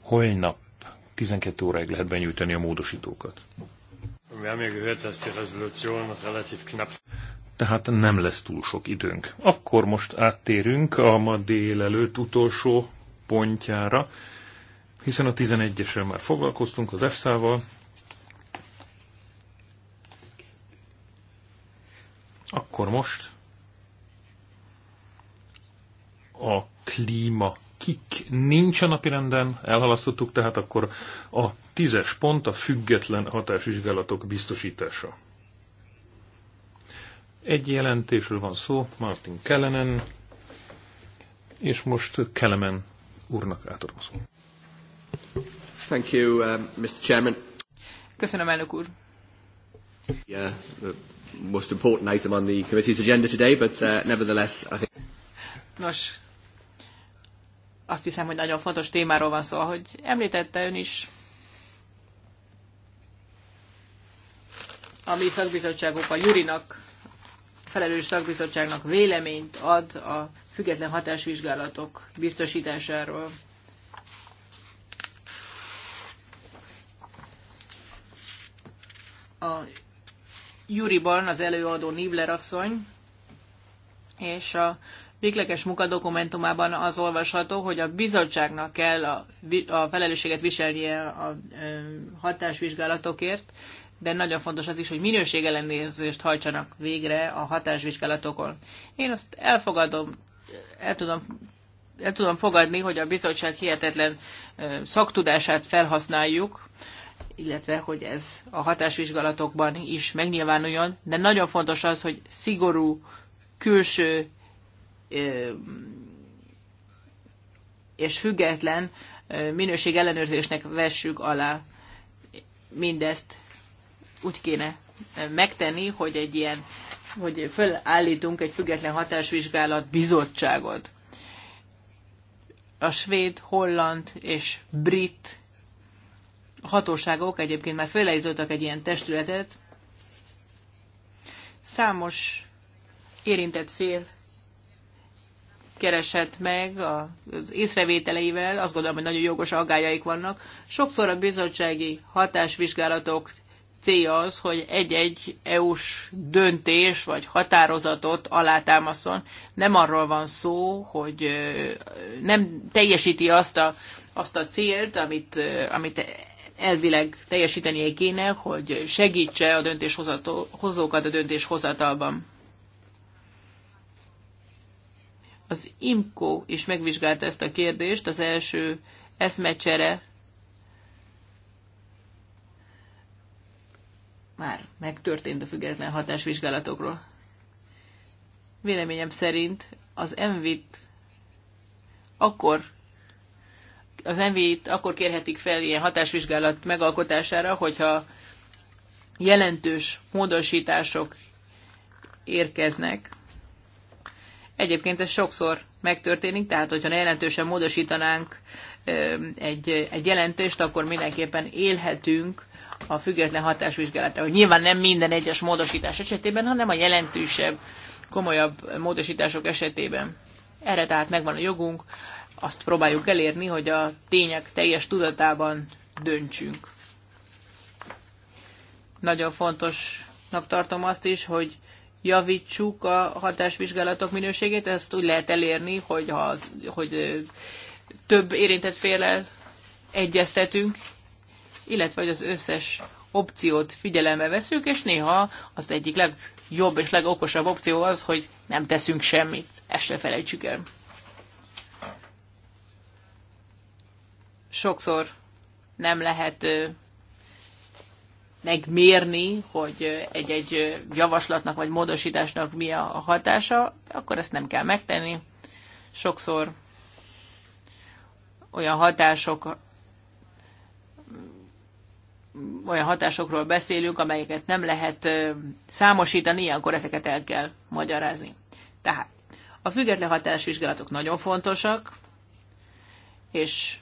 holnap 12 óráig lehet benyújtani a módosítókat. Tehát nem lesz túl sok időnk. Akkor most áttérünk a ma délelőtt utolsó pontjára, hiszen a 11 esen már foglalkoztunk az EFSA-val. Akkor most a klíma kik nincs a napirenden, elhalasztottuk, tehát akkor a tízes pont a független hatásvizsgálatok biztosítása. Egy jelentésről van szó, Martin Kellenen, és most Kelemen úrnak átadom szó. Thank you, uh, Mr. Chairman. Köszönöm, elnök úr. Yeah, the most important item on the committee's agenda today, but uh, nevertheless, I think... Nos, azt hiszem, hogy nagyon fontos témáról van szó, ahogy említette ön is. A mi szakbizottságunk a Jurinak, felelős szakbizottságnak véleményt ad a független hatásvizsgálatok biztosításáról. A Juriban az előadó Nibler asszony, és a végleges munkadokumentumában az olvasható, hogy a bizottságnak kell a, a felelősséget viselnie a hatásvizsgálatokért, de nagyon fontos az is, hogy minőségellenőrzést hajtsanak végre a hatásvizsgálatokon. Én azt elfogadom, el tudom, el tudom fogadni, hogy a bizottság hihetetlen szaktudását felhasználjuk, illetve hogy ez a hatásvizsgálatokban is megnyilvánuljon, de nagyon fontos az, hogy szigorú külső és független minőség ellenőrzésnek vessük alá mindezt úgy kéne megtenni, hogy egy ilyen, hogy fölállítunk egy független hatásvizsgálat bizottságot. A svéd, holland és brit hatóságok egyébként már fölállítottak egy ilyen testületet. Számos érintett fél keresett meg az észrevételeivel, azt gondolom, hogy nagyon jogos aggájaik vannak. Sokszor a bizottsági hatásvizsgálatok célja az, hogy egy-egy EU-s döntés vagy határozatot alátámaszon. Nem arról van szó, hogy nem teljesíti azt a, azt a célt, amit, amit elvileg teljesítenie kéne, hogy segítse a döntéshozókat a döntéshozatalban. Az IMCO is megvizsgálta ezt a kérdést, az első eszmecsere már megtörtént a független hatásvizsgálatokról. Véleményem szerint az envit akkor az envit akkor kérhetik fel ilyen hatásvizsgálat megalkotására, hogyha jelentős módosítások érkeznek Egyébként ez sokszor megtörténik, tehát hogyha jelentősen módosítanánk egy, egy jelentést, akkor mindenképpen élhetünk a független hatásvizsgálata, hogy nyilván nem minden egyes módosítás esetében, hanem a jelentősebb, komolyabb módosítások esetében. Erre tehát megvan a jogunk, azt próbáljuk elérni, hogy a tények teljes tudatában döntsünk. Nagyon fontosnak tartom azt is, hogy javítsuk a hatásvizsgálatok minőségét. Ezt úgy lehet elérni, hogy, ha, hogy több érintett félel egyeztetünk, illetve hogy az összes opciót figyelembe veszünk, és néha az egyik legjobb és legokosabb opció az, hogy nem teszünk semmit. Ezt se felejtsük el. Sokszor nem lehet megmérni, hogy egy-egy javaslatnak vagy módosításnak mi a hatása, akkor ezt nem kell megtenni. Sokszor olyan hatások olyan hatásokról beszélünk, amelyeket nem lehet számosítani, ilyenkor ezeket el kell magyarázni. Tehát a független hatásvizsgálatok nagyon fontosak, és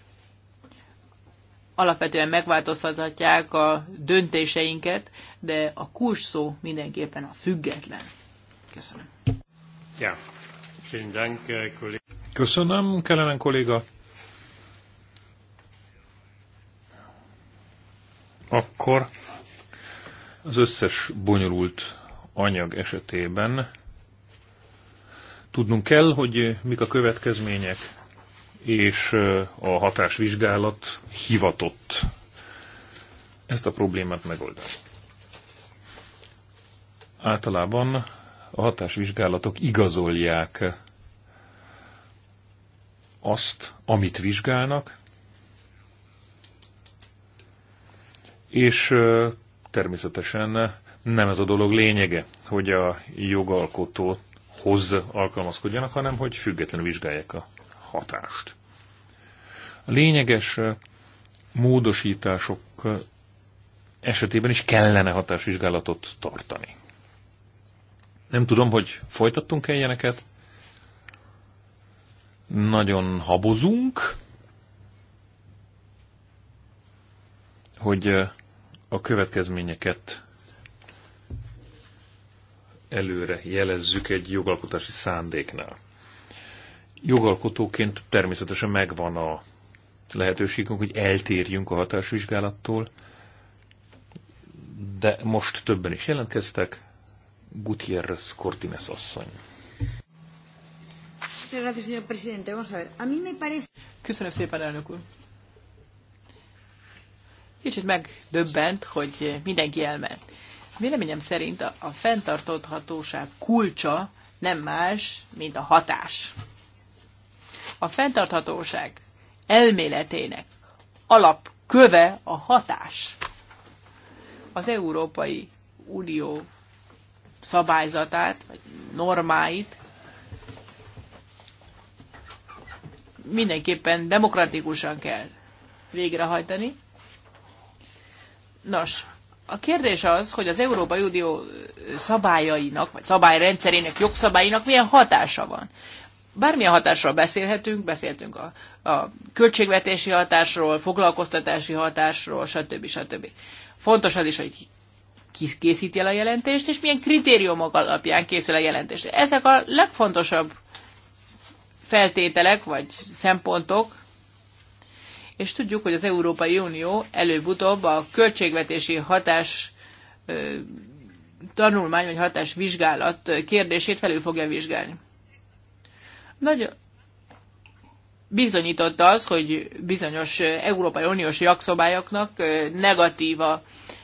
alapvetően megváltoztathatják a döntéseinket, de a kulcs szó mindenképpen a független. Köszönöm. Ja. Eh, Köszönöm, kellene kolléga. Akkor az összes bonyolult anyag esetében tudnunk kell, hogy mik a következmények és a hatásvizsgálat hivatott ezt a problémát megoldani. Általában a hatásvizsgálatok igazolják azt, amit vizsgálnak, és természetesen nem ez a dolog lényege, hogy a jogalkotó hoz alkalmazkodjanak, hanem hogy függetlenül vizsgálják a hatást. A lényeges módosítások esetében is kellene hatásvizsgálatot tartani. Nem tudom, hogy folytattunk-e ilyeneket. Nagyon habozunk, hogy a következményeket előre jelezzük egy jogalkotási szándéknál jogalkotóként természetesen megvan a lehetőségünk, hogy eltérjünk a hatásvizsgálattól, de most többen is jelentkeztek. Gutiérrez Cortines asszony. Köszönöm szépen, elnök úr. Kicsit megdöbbent, hogy mindenki elment. Véleményem szerint a, a fenntarthatóság kulcsa nem más, mint a hatás. A fenntarthatóság elméletének alapköve a hatás. Az Európai Unió szabályzatát, vagy normáit mindenképpen demokratikusan kell végrehajtani. Nos, a kérdés az, hogy az Európai Unió szabályainak, vagy szabályrendszerének, jogszabályainak milyen hatása van bármilyen hatásról beszélhetünk, beszéltünk a, a költségvetési hatásról, foglalkoztatási hatásról, stb. stb. Fontos az is, hogy ki készíti el a jelentést, és milyen kritériumok alapján készül a jelentést. Ezek a legfontosabb feltételek, vagy szempontok, és tudjuk, hogy az Európai Unió előbb-utóbb a költségvetési hatás tanulmány vagy vizsgálat, kérdését felül fogja vizsgálni. Nagyon bizonyította az, hogy bizonyos Európai Uniós jogszabályoknak negatíva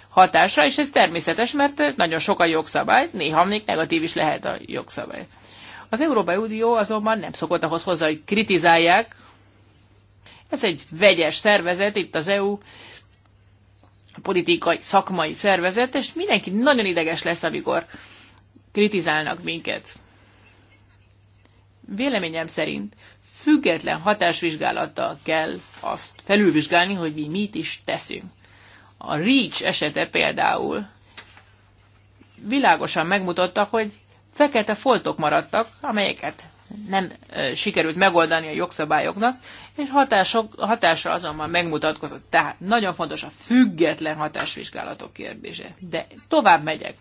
hatása, és ez természetes, mert nagyon sok a jogszabály, néha még negatív is lehet a jogszabály. Az Európai Unió azonban nem szokott ahhoz hozzá, hogy kritizálják. Ez egy vegyes szervezet, itt az EU politikai, szakmai szervezet, és mindenki nagyon ideges lesz, amikor kritizálnak minket. Véleményem szerint független hatásvizsgálattal kell azt felülvizsgálni, hogy mi mit is teszünk. A REACH esete például világosan megmutatta, hogy fekete foltok maradtak, amelyeket nem sikerült megoldani a jogszabályoknak, és hatások, hatása azonban megmutatkozott. Tehát nagyon fontos a független hatásvizsgálatok kérdése. De tovább megyek.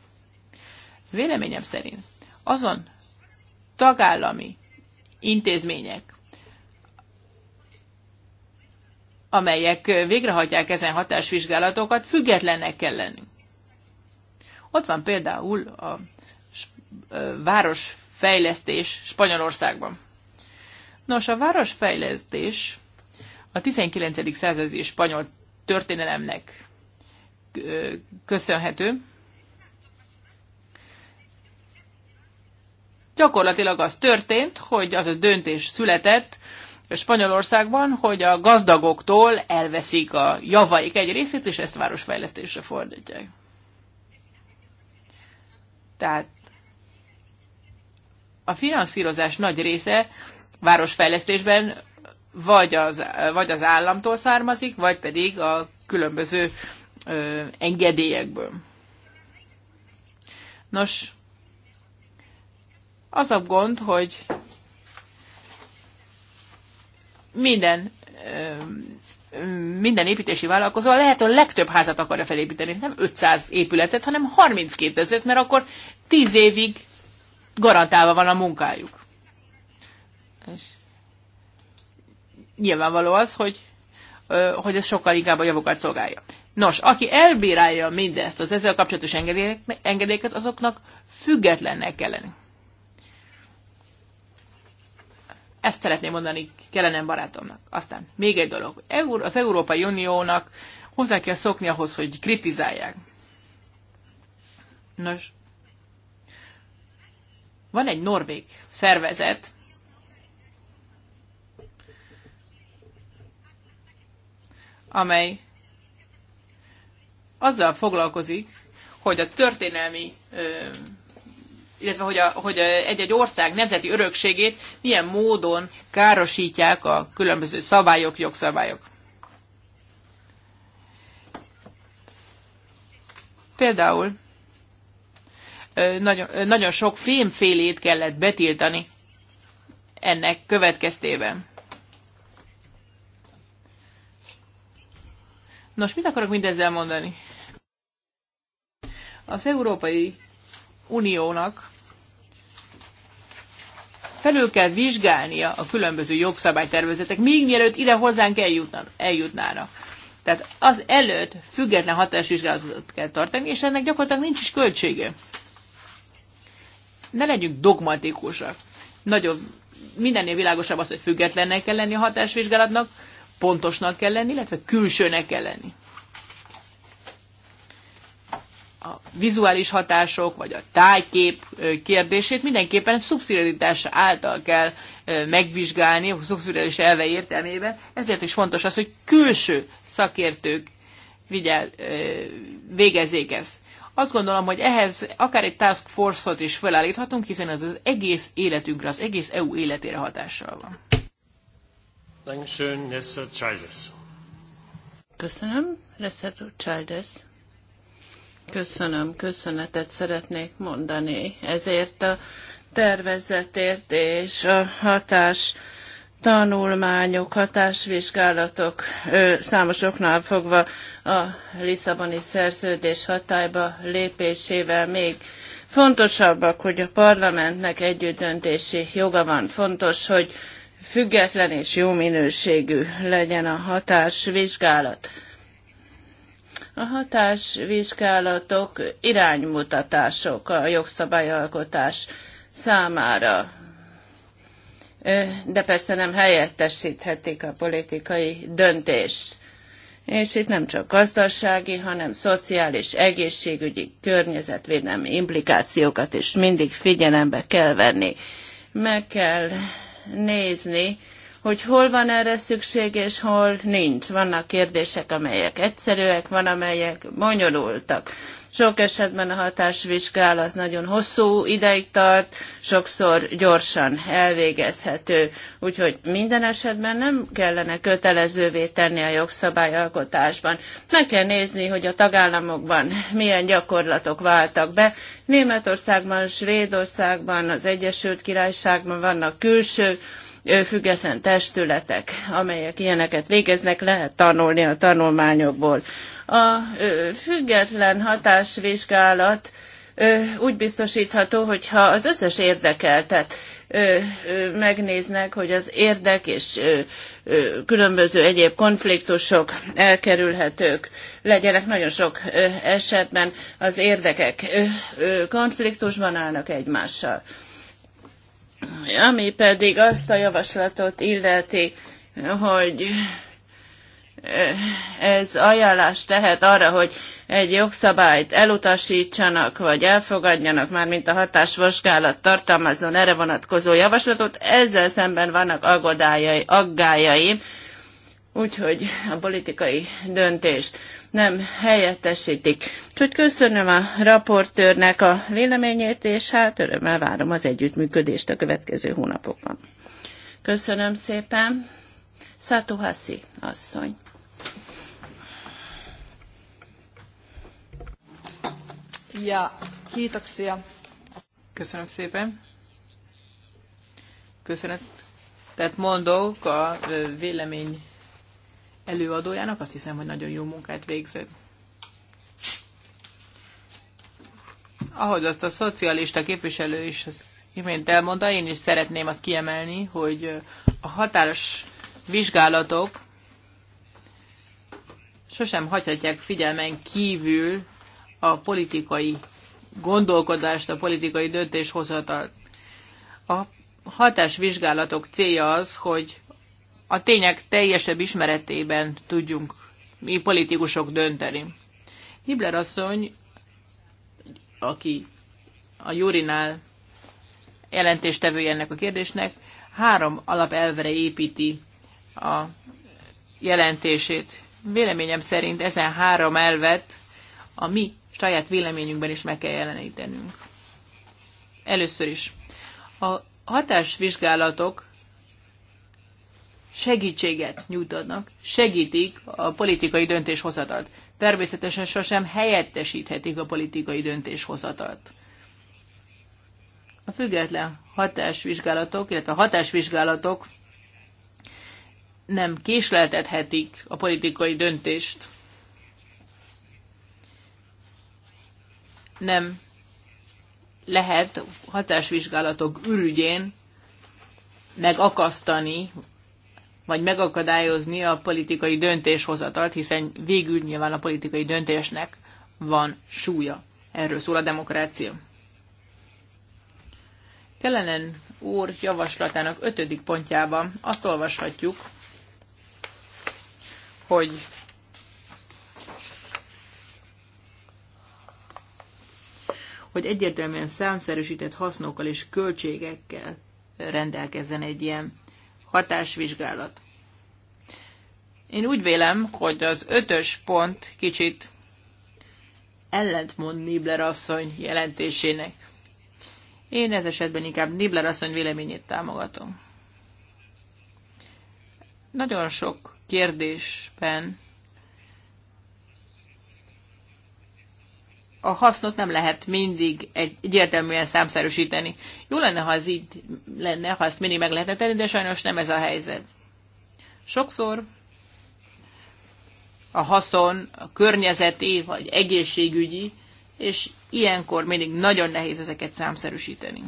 Véleményem szerint azon tagállami intézmények, amelyek végrehajtják ezen hatásvizsgálatokat, függetlenek kell lenni. Ott van például a városfejlesztés Spanyolországban. Nos, a városfejlesztés a 19. századi spanyol történelemnek köszönhető. Gyakorlatilag az történt, hogy az a döntés született Spanyolországban, hogy a gazdagoktól elveszik a javaik egy részét, és ezt városfejlesztésre fordítják. Tehát a finanszírozás nagy része városfejlesztésben vagy az, vagy az államtól származik, vagy pedig a különböző ö, engedélyekből. Nos, az a gond, hogy minden minden építési vállalkozó a lehető legtöbb házat akarja felépíteni, nem 500 épületet, hanem 32 ezeret, mert akkor 10 évig garantálva van a munkájuk. És nyilvánvaló az, hogy, hogy ez sokkal inkább a javukat szolgálja. Nos, aki elbírálja mindezt, az ezzel kapcsolatos engedélyeket, azoknak függetlennek kell lenni. Ezt szeretném mondani kellene barátomnak. Aztán még egy dolog. Az Európai Uniónak hozzá kell szokni ahhoz, hogy kritizálják. Nos, van egy norvég szervezet, amely azzal foglalkozik, hogy a történelmi ö, illetve hogy, a, hogy egy-egy ország nemzeti örökségét milyen módon károsítják a különböző szabályok, jogszabályok. Például nagyon, nagyon sok fémfélét kellett betiltani ennek következtében. Nos, mit akarok mindezzel mondani? Az Európai Uniónak felül kell vizsgálnia a különböző jogszabálytervezetek, még mielőtt ide hozzánk eljutnának. Tehát az előtt független hatásvizsgálatot kell tartani, és ennek gyakorlatilag nincs is költsége. Ne legyünk dogmatikusak. Nagyon mindennél világosabb az, hogy függetlennek kell lenni a hatásvizsgálatnak, pontosnak kell lenni, illetve külsőnek kell lenni a vizuális hatások, vagy a tájkép kérdését mindenképpen szubszidiaritás által kell megvizsgálni, a szubszidiaritás elve értelmében. Ezért is fontos az, hogy külső szakértők vigyel, végezzék ezt. Azt gondolom, hogy ehhez akár egy task force-ot is felállíthatunk, hiszen ez az egész életünkre, az egész EU életére hatással van. Köszönöm, Resetú Csaldes. Köszönöm, köszönetet szeretnék mondani ezért a tervezetért és a hatás tanulmányok, hatásvizsgálatok ö, számos oknál fogva a Lisszaboni szerződés hatályba lépésével még fontosabbak, hogy a parlamentnek együttdöntési joga van. Fontos, hogy független és jó minőségű legyen a hatásvizsgálat. A hatásvizsgálatok iránymutatások a jogszabályalkotás számára, de persze nem helyettesíthetik a politikai döntést. És itt nem csak gazdasági, hanem szociális, egészségügyi, környezetvédelmi implikációkat is mindig figyelembe kell venni. Meg kell nézni, hogy hol van erre szükség, és hol nincs. Vannak kérdések, amelyek egyszerűek, van amelyek bonyolultak. Sok esetben a hatásvizsgálat nagyon hosszú ideig tart, sokszor gyorsan elvégezhető, úgyhogy minden esetben nem kellene kötelezővé tenni a jogszabályalkotásban. Meg kell nézni, hogy a tagállamokban milyen gyakorlatok váltak be. Németországban, Svédországban, az Egyesült Királyságban vannak külső független testületek, amelyek ilyeneket végeznek, lehet tanulni a tanulmányokból. A független hatásvizsgálat úgy biztosítható, hogyha az összes érdekeltet megnéznek, hogy az érdek és különböző egyéb konfliktusok elkerülhetők legyenek. Nagyon sok esetben az érdekek konfliktusban állnak egymással. Ami pedig azt a javaslatot illeti, hogy ez ajánlás tehet arra, hogy egy jogszabályt elutasítsanak, vagy elfogadjanak, már mint a hatásvosgálat tartalmazon erre vonatkozó javaslatot. Ezzel szemben vannak aggodájai, aggájaim, úgyhogy a politikai döntést nem helyettesítik. Úgyhogy köszönöm a raportőrnek a véleményét, és hát örömmel várom az együttműködést a következő hónapokban. Köszönöm szépen. Szátó Haszi asszony. Ja, kiitoksia. Köszönöm szépen. Köszönöm. Tehát mondok a vélemény előadójának, azt hiszem, hogy nagyon jó munkát végzett. Ahogy azt a szocialista képviselő is az imént elmondta, én is szeretném azt kiemelni, hogy a határos vizsgálatok sosem hagyhatják figyelmen kívül a politikai gondolkodást, a politikai döntéshozatalt. A hatásvizsgálatok célja az, hogy a tények teljesebb ismeretében tudjunk mi politikusok dönteni. Hibler asszony, aki a Jurinál jelentéstevője ennek a kérdésnek, három alapelvre építi a jelentését. Véleményem szerint ezen három elvet a mi saját véleményünkben is meg kell jelenítenünk. Először is. A hatásvizsgálatok segítséget nyújtanak, segítik a politikai döntéshozatalt. Természetesen sosem helyettesíthetik a politikai döntéshozatalt. A független hatásvizsgálatok, illetve a hatásvizsgálatok nem késleltethetik a politikai döntést. Nem lehet hatásvizsgálatok ürügyén megakasztani vagy megakadályozni a politikai döntéshozatalt, hiszen végül nyilván a politikai döntésnek van súlya. Erről szól a demokrácia. Kellenen úr javaslatának ötödik pontjában azt olvashatjuk, hogy hogy egyértelműen számszerűsített hasznokkal és költségekkel rendelkezzen egy ilyen hatásvizsgálat. Én úgy vélem, hogy az ötös pont kicsit ellentmond Nibler asszony jelentésének. Én ez esetben inkább Nibler asszony véleményét támogatom. Nagyon sok kérdésben a hasznot nem lehet mindig egy, egyértelműen számszerűsíteni. Jó lenne, ha ez így lenne, ha ezt mindig meg lehetne tenni, de sajnos nem ez a helyzet. Sokszor a haszon, a környezeti vagy egészségügyi, és ilyenkor mindig nagyon nehéz ezeket számszerűsíteni.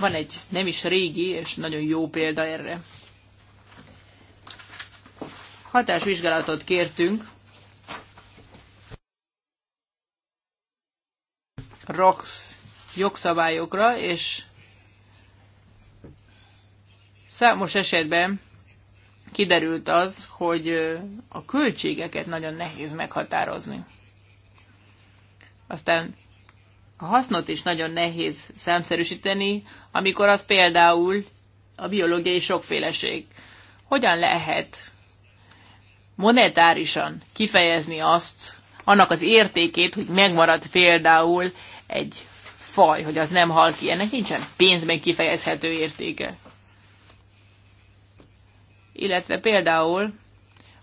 Van egy nem is régi, és nagyon jó példa erre hatásvizsgálatot kértünk ROX jogszabályokra, és számos esetben kiderült az, hogy a költségeket nagyon nehéz meghatározni. Aztán a hasznot is nagyon nehéz számszerűsíteni, amikor az például a biológiai sokféleség. Hogyan lehet monetárisan kifejezni azt, annak az értékét, hogy megmarad például egy faj, hogy az nem hal ki. Ennek nincsen pénzben kifejezhető értéke. Illetve például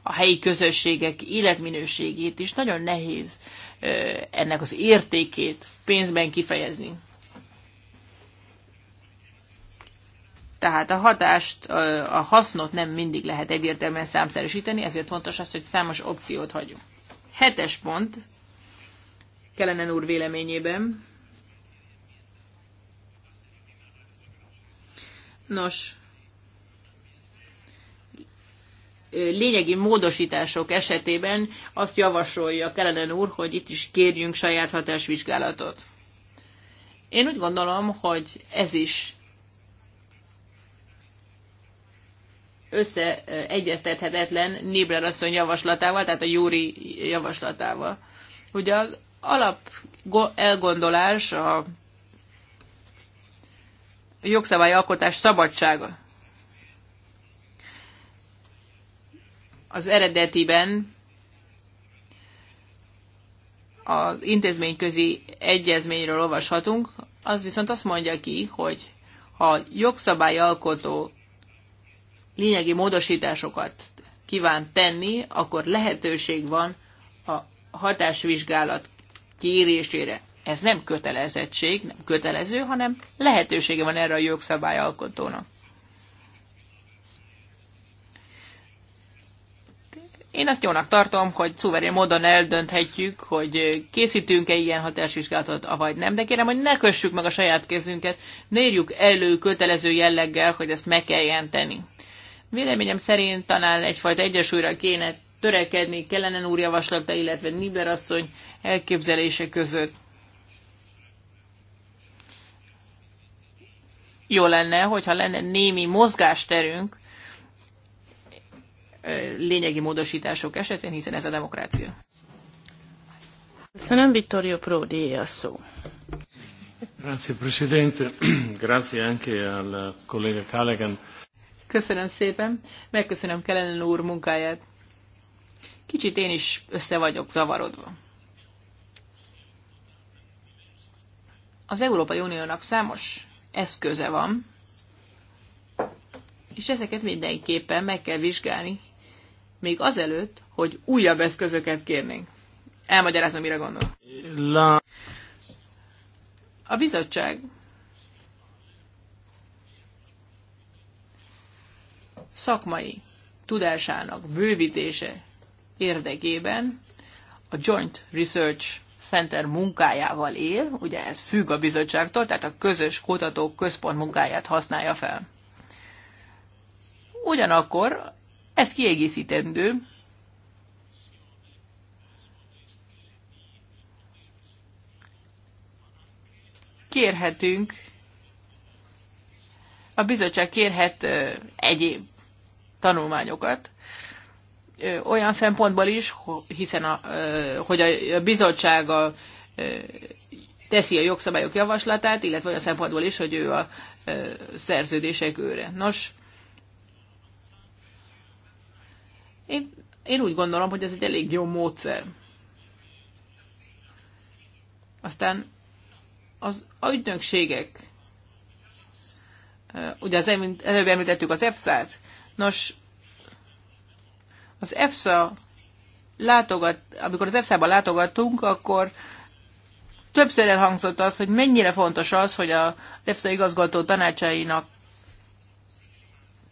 a helyi közösségek életminőségét is nagyon nehéz ennek az értékét pénzben kifejezni. Tehát a hatást, a hasznot nem mindig lehet egyértelműen számszerűsíteni, ezért fontos az, hogy számos opciót hagyunk. Hetes pont, Kellenen úr véleményében. Nos, lényegi módosítások esetében azt javasolja Kellenen úr, hogy itt is kérjünk saját hatásvizsgálatot. Én úgy gondolom, hogy ez is összeegyeztethetetlen Nébler asszony javaslatával, tehát a Júri javaslatával. Ugye az alap elgondolás a jogszabályalkotás szabadsága. Az eredetiben az intézményközi egyezményről olvashatunk, az viszont azt mondja ki, hogy ha jogszabályalkotó lényegi módosításokat kíván tenni, akkor lehetőség van a hatásvizsgálat kérésére. Ez nem kötelezettség, nem kötelező, hanem lehetősége van erre a jogszabályalkotónak. Én azt jónak tartom, hogy szuverén módon eldönthetjük, hogy készítünk-e ilyen hatásvizsgálatot, avagy nem, de kérem, hogy ne kössük meg a saját kezünket, nérjük elő kötelező jelleggel, hogy ezt meg kell jelenteni. Véleményem szerint talán egyfajta egyesúlyra kéne törekedni kellene úr javaslata, illetve Nibler asszony elképzelése között. Jó lenne, hogyha lenne némi mozgásterünk lényegi módosítások esetén, hiszen ez a demokrácia. Köszönöm, Vittorio Prodi, a szó. Grazie Presidente, *clears throat* grazie anche al collega Callaghan. Köszönöm szépen, megköszönöm Kellen úr munkáját. Kicsit én is össze vagyok zavarodva. Az Európai Uniónak számos eszköze van, és ezeket mindenképpen meg kell vizsgálni, még azelőtt, hogy újabb eszközöket kérnénk. Elmagyarázom, mire gondol. A bizottság szakmai tudásának bővítése érdekében a Joint Research Center munkájával él, ugye ez függ a bizottságtól, tehát a közös kutatók központ munkáját használja fel. Ugyanakkor ez kiegészítendő kérhetünk, a bizottság kérhet egyéb tanulmányokat, olyan szempontból is, hiszen a, hogy a bizottság a, teszi a jogszabályok javaslatát, illetve olyan szempontból is, hogy ő a szerződések őre. Nos, én, én úgy gondolom, hogy ez egy elég jó módszer. Aztán az a ügynökségek, ugye az előbb említettük az EFSA-t, Nos, az EFSA látogat, amikor az EFSA-ba látogattunk, akkor többször elhangzott az, hogy mennyire fontos az, hogy az EFSA igazgató tanácsainak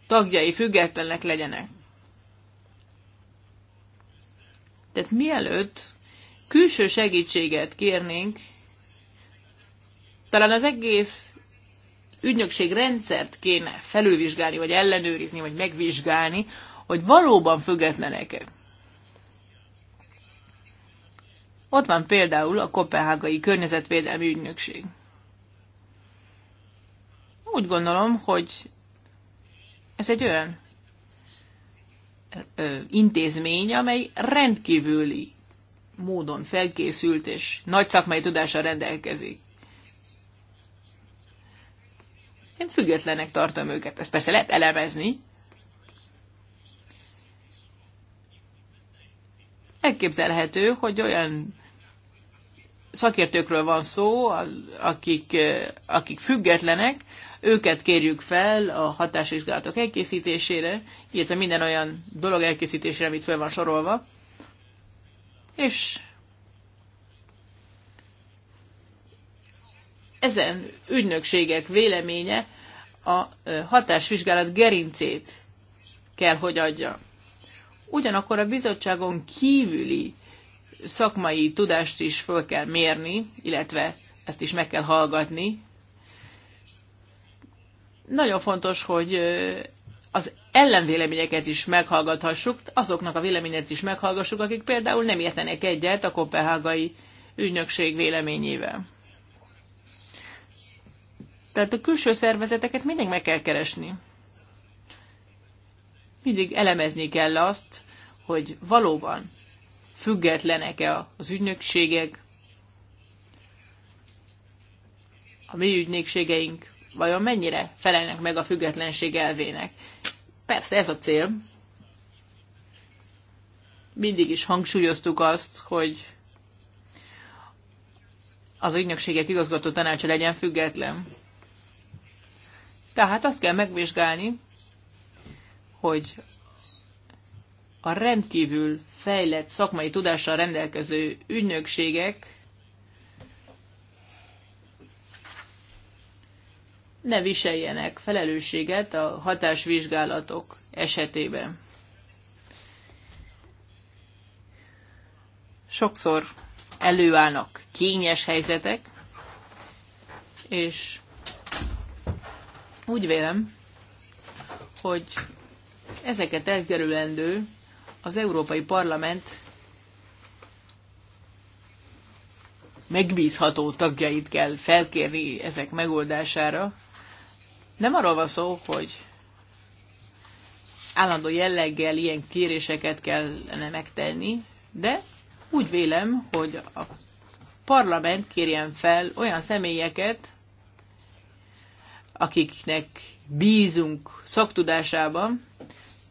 tagjai függetlenek legyenek. Tehát mielőtt külső segítséget kérnénk, talán az egész ügynökség rendszert kéne felülvizsgálni, vagy ellenőrizni, vagy megvizsgálni, hogy valóban függetlenek-e. Ott van például a Kopenhágai Környezetvédelmi Ügynökség. Úgy gondolom, hogy ez egy olyan ö, intézmény, amely rendkívüli módon felkészült és nagy szakmai tudással rendelkezik. Én függetlenek tartom őket. Ezt persze lehet elemezni. Elképzelhető, hogy olyan szakértőkről van szó, akik, akik függetlenek, őket kérjük fel a hatásvizsgálatok elkészítésére, illetve minden olyan dolog elkészítésére, amit fel van sorolva, és ezen ügynökségek véleménye a hatásvizsgálat gerincét kell, hogy adja. Ugyanakkor a bizottságon kívüli szakmai tudást is föl kell mérni, illetve ezt is meg kell hallgatni. Nagyon fontos, hogy az ellenvéleményeket is meghallgathassuk, azoknak a véleményet is meghallgassuk, akik például nem értenek egyet a kopenhágai ügynökség véleményével. Tehát a külső szervezeteket mindig meg kell keresni. Mindig elemezni kell azt, hogy valóban függetlenek-e az ügynökségek, a mi ügynökségeink vajon mennyire felelnek meg a függetlenség elvének. Persze ez a cél. Mindig is hangsúlyoztuk azt, hogy az ügynökségek igazgató tanácsa legyen független. Tehát azt kell megvizsgálni, hogy a rendkívül fejlett szakmai tudással rendelkező ügynökségek ne viseljenek felelősséget a hatásvizsgálatok esetében. Sokszor előállnak kényes helyzetek, és úgy vélem, hogy ezeket elkerülendő az Európai Parlament megbízható tagjait kell felkérni ezek megoldására. Nem arról van szó, hogy állandó jelleggel ilyen kéréseket kellene megtenni, de úgy vélem, hogy a parlament kérjen fel olyan személyeket, akiknek bízunk szaktudásában,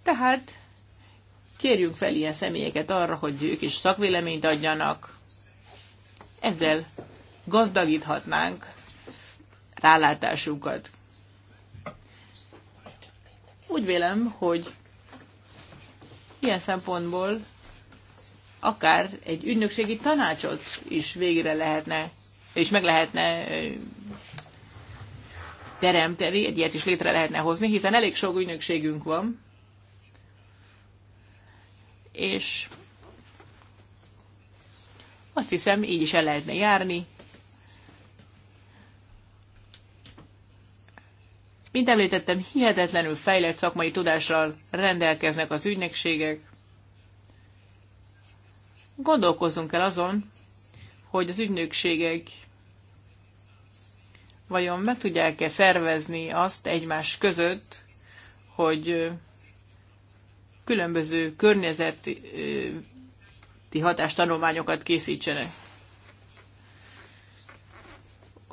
tehát kérjünk fel ilyen személyeket arra, hogy ők is szakvéleményt adjanak. Ezzel gazdagíthatnánk rálátásunkat. Úgy vélem, hogy ilyen szempontból akár egy ügynökségi tanácsot is végre lehetne, és meg lehetne teremteni, egy ilyet is létre lehetne hozni, hiszen elég sok ügynökségünk van, és azt hiszem, így is el lehetne járni. Mint említettem, hihetetlenül fejlett szakmai tudással rendelkeznek az ügynökségek. Gondolkozzunk el azon, hogy az ügynökségek vajon meg tudják-e szervezni azt egymás között, hogy különböző környezeti hatástanulmányokat készítsenek.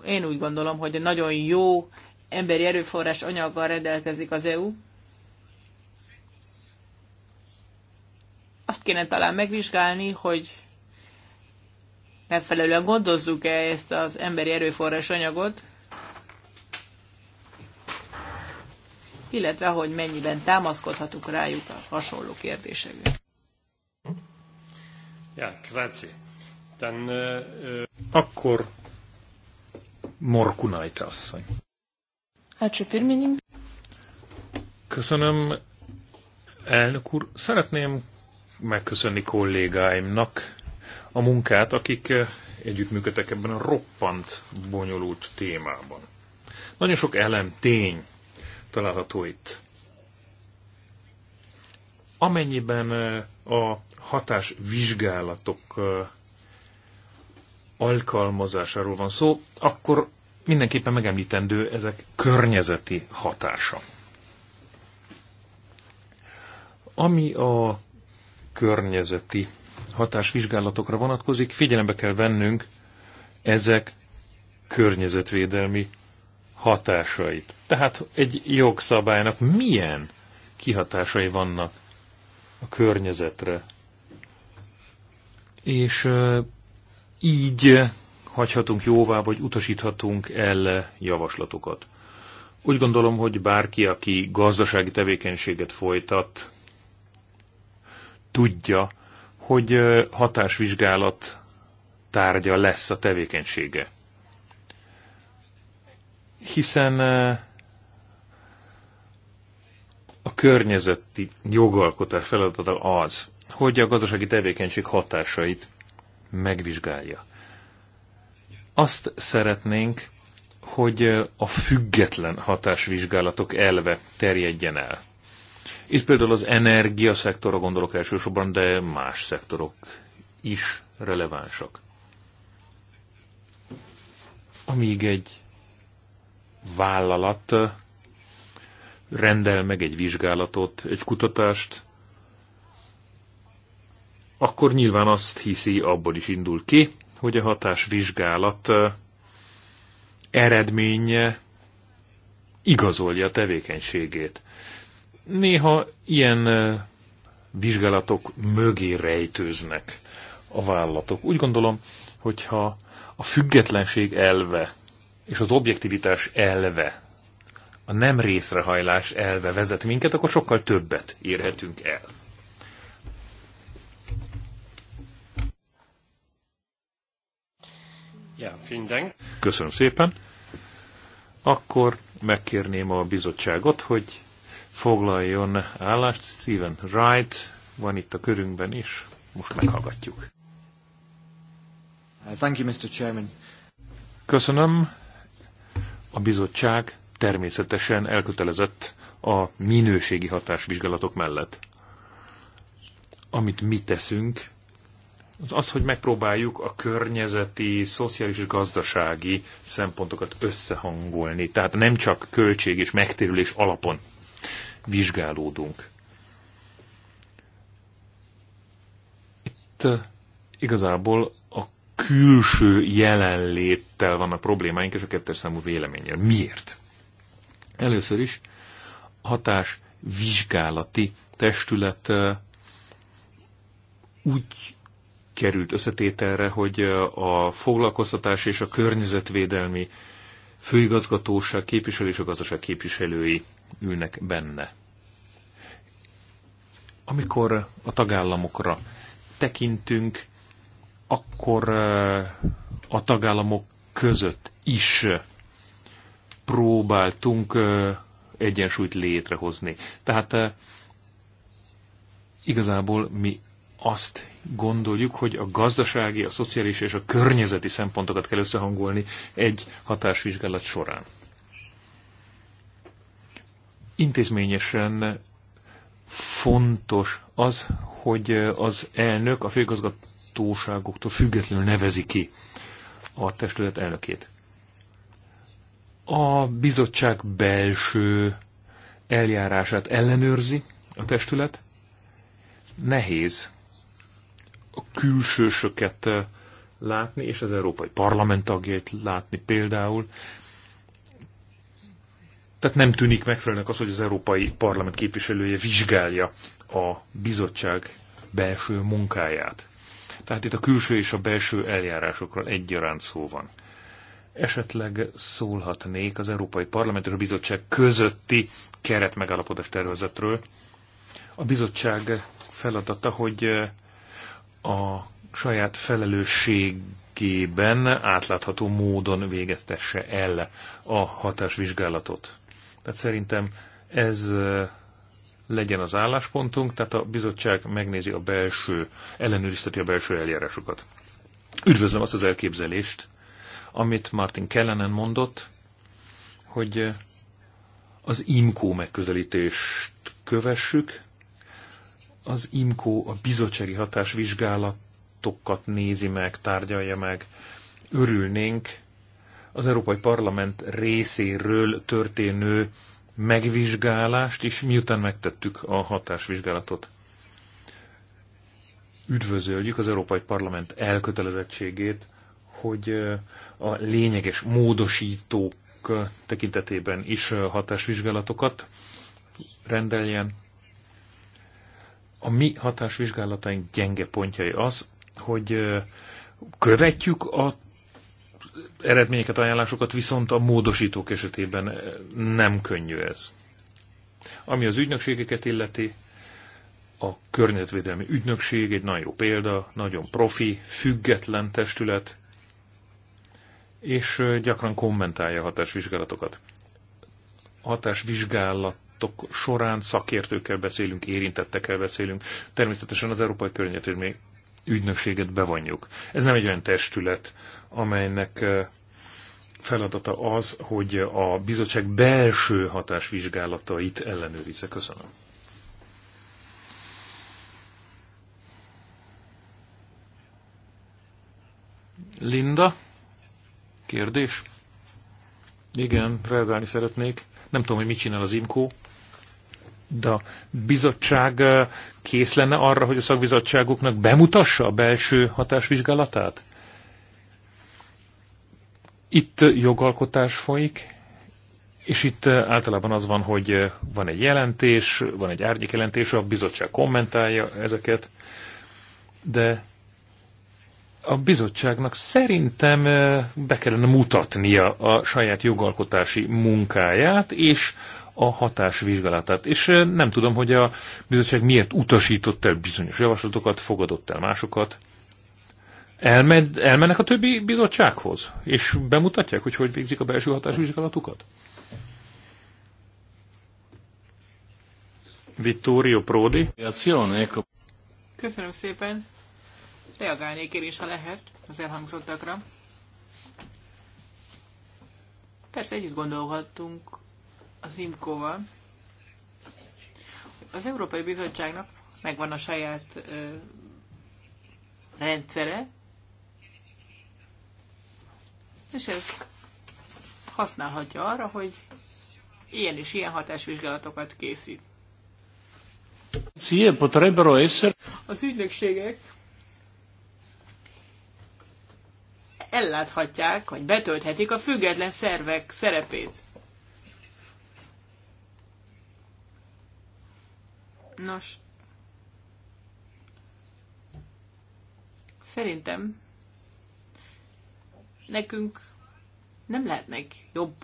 Én úgy gondolom, hogy nagyon jó emberi erőforrás anyaggal rendelkezik az EU. Azt kéne talán megvizsgálni, hogy megfelelően gondozzuk-e ezt az emberi erőforrás anyagot, illetve hogy mennyiben támaszkodhatunk rájuk a hasonló kérdésekben. Ja, grazie. Dann, uh, Akkor Morkunajte asszony. Hát, Köszönöm, elnök úr. Szeretném megköszönni kollégáimnak a munkát, akik együttműködtek ebben a roppant bonyolult témában. Nagyon sok elem tény található itt. Amennyiben a hatás vizsgálatok alkalmazásáról van szó, akkor mindenképpen megemlítendő ezek környezeti hatása. Ami a környezeti hatásvizsgálatokra vonatkozik, figyelembe kell vennünk ezek környezetvédelmi hatásait. Tehát egy jogszabálynak milyen kihatásai vannak a környezetre. És így hagyhatunk jóvá, vagy utasíthatunk el javaslatokat. Úgy gondolom, hogy bárki, aki gazdasági tevékenységet folytat, tudja, hogy hatásvizsgálat tárgya lesz a tevékenysége hiszen a környezeti jogalkotás feladata az, hogy a gazdasági tevékenység hatásait megvizsgálja. Azt szeretnénk, hogy a független hatásvizsgálatok elve terjedjen el. Itt például az energiaszektorra gondolok elsősorban, de más szektorok is relevánsak. Amíg egy vállalat rendel meg egy vizsgálatot, egy kutatást, akkor nyilván azt hiszi, abból is indul ki, hogy a hatásvizsgálat eredménye igazolja a tevékenységét. Néha ilyen vizsgálatok mögé rejtőznek a vállalatok. Úgy gondolom, hogyha a függetlenség elve és az objektivitás elve, a nem részrehajlás elve vezet minket, akkor sokkal többet érhetünk el. Ja, Köszönöm szépen. Akkor megkérném a bizottságot, hogy foglaljon állást. Steven Wright van itt a körünkben is, most meghallgatjuk. Uh, thank you, Mr. Chairman. Köszönöm, a bizottság természetesen elkötelezett a minőségi hatásvizsgálatok mellett. Amit mi teszünk, az az, hogy megpróbáljuk a környezeti, szociális és gazdasági szempontokat összehangolni. Tehát nem csak költség és megtérülés alapon vizsgálódunk. Itt uh, igazából külső jelenléttel vannak problémáink, és a kettes számú véleménnyel. Miért? Először is hatás vizsgálati testület úgy került összetételre, hogy a foglalkoztatás és a környezetvédelmi főigazgatóság képviselő és a gazdaság képviselői ülnek benne. Amikor a tagállamokra tekintünk, akkor a tagállamok között is próbáltunk egyensúlyt létrehozni. Tehát igazából mi azt gondoljuk, hogy a gazdasági, a szociális és a környezeti szempontokat kell összehangolni egy hatásvizsgálat során. Intézményesen fontos az, hogy az elnök, a főigazgató hatóságoktól függetlenül nevezi ki a testület elnökét. A bizottság belső eljárását ellenőrzi a testület. Nehéz a külsősöket eh, látni, és az Európai Parlament tagjait látni például. Tehát nem tűnik megfelelőnek az, hogy az Európai Parlament képviselője vizsgálja a bizottság belső munkáját. Tehát itt a külső és a belső eljárásokról egyaránt szó van. Esetleg szólhatnék az Európai Parlament és a Bizottság közötti keretmegállapodás tervezetről. A bizottság feladata, hogy eh, a saját felelősségében átlátható módon végeztesse el a hatásvizsgálatot. Tehát szerintem ez eh, legyen az álláspontunk, tehát a bizottság megnézi a belső, ellenőrizteti a belső eljárásokat. Üdvözlöm azt az elképzelést, amit Martin Kellenen mondott, hogy az IMCO megközelítést kövessük. Az IMCO a bizottsági hatásvizsgálatokat nézi meg, tárgyalja meg. Örülnénk az Európai Parlament részéről történő megvizsgálást is, miután megtettük a hatásvizsgálatot. Üdvözöljük az Európai Parlament elkötelezettségét, hogy a lényeges módosítók tekintetében is hatásvizsgálatokat rendeljen. A mi hatásvizsgálataink gyenge pontjai az, hogy követjük a eredményeket, ajánlásokat, viszont a módosítók esetében eh, nem könnyű ez. Ami az ügynökségeket illeti, a környezetvédelmi ügynökség egy nagyon jó példa, nagyon profi, független testület, és eh, gyakran kommentálja a hatásvizsgálatokat. A hatásvizsgálatok során szakértőkkel beszélünk, érintettekkel beszélünk, természetesen az Európai Környezetvédelmi Ügynökséget bevonjuk. Ez nem egy olyan testület, amelynek feladata az, hogy a bizottság belső hatásvizsgálatait ellenőrizze. Köszönöm. Linda, kérdés? Igen, reagálni szeretnék. Nem tudom, hogy mit csinál az IMCO, de a bizottság kész lenne arra, hogy a szakbizottságoknak bemutassa a belső hatásvizsgálatát? Itt jogalkotás folyik, és itt eh, általában az van, hogy eh, van egy jelentés, van egy árnyék jelentés, a bizottság kommentálja ezeket, de a bizottságnak szerintem eh, be kellene mutatnia a saját jogalkotási munkáját, és a hatásvizsgálatát. És nem tudom, hogy a bizottság miért utasított el bizonyos javaslatokat, fogadott el másokat elmed, elmennek a többi bizottsághoz, és bemutatják, hogy hogy végzik a belső hatásvizsgálatukat? Vittorio Prodi. Köszönöm szépen. Reagálnék én is, ha lehet, az elhangzottakra. Persze együtt gondolhattunk az IMCO-val. Az Európai Bizottságnak megvan a saját ö, rendszere, és ez használhatja arra, hogy ilyen és ilyen hatásvizsgálatokat készít. Az ügynökségek elláthatják, vagy betölthetik a független szervek szerepét. Nos, szerintem nekünk nem lehetnek jobb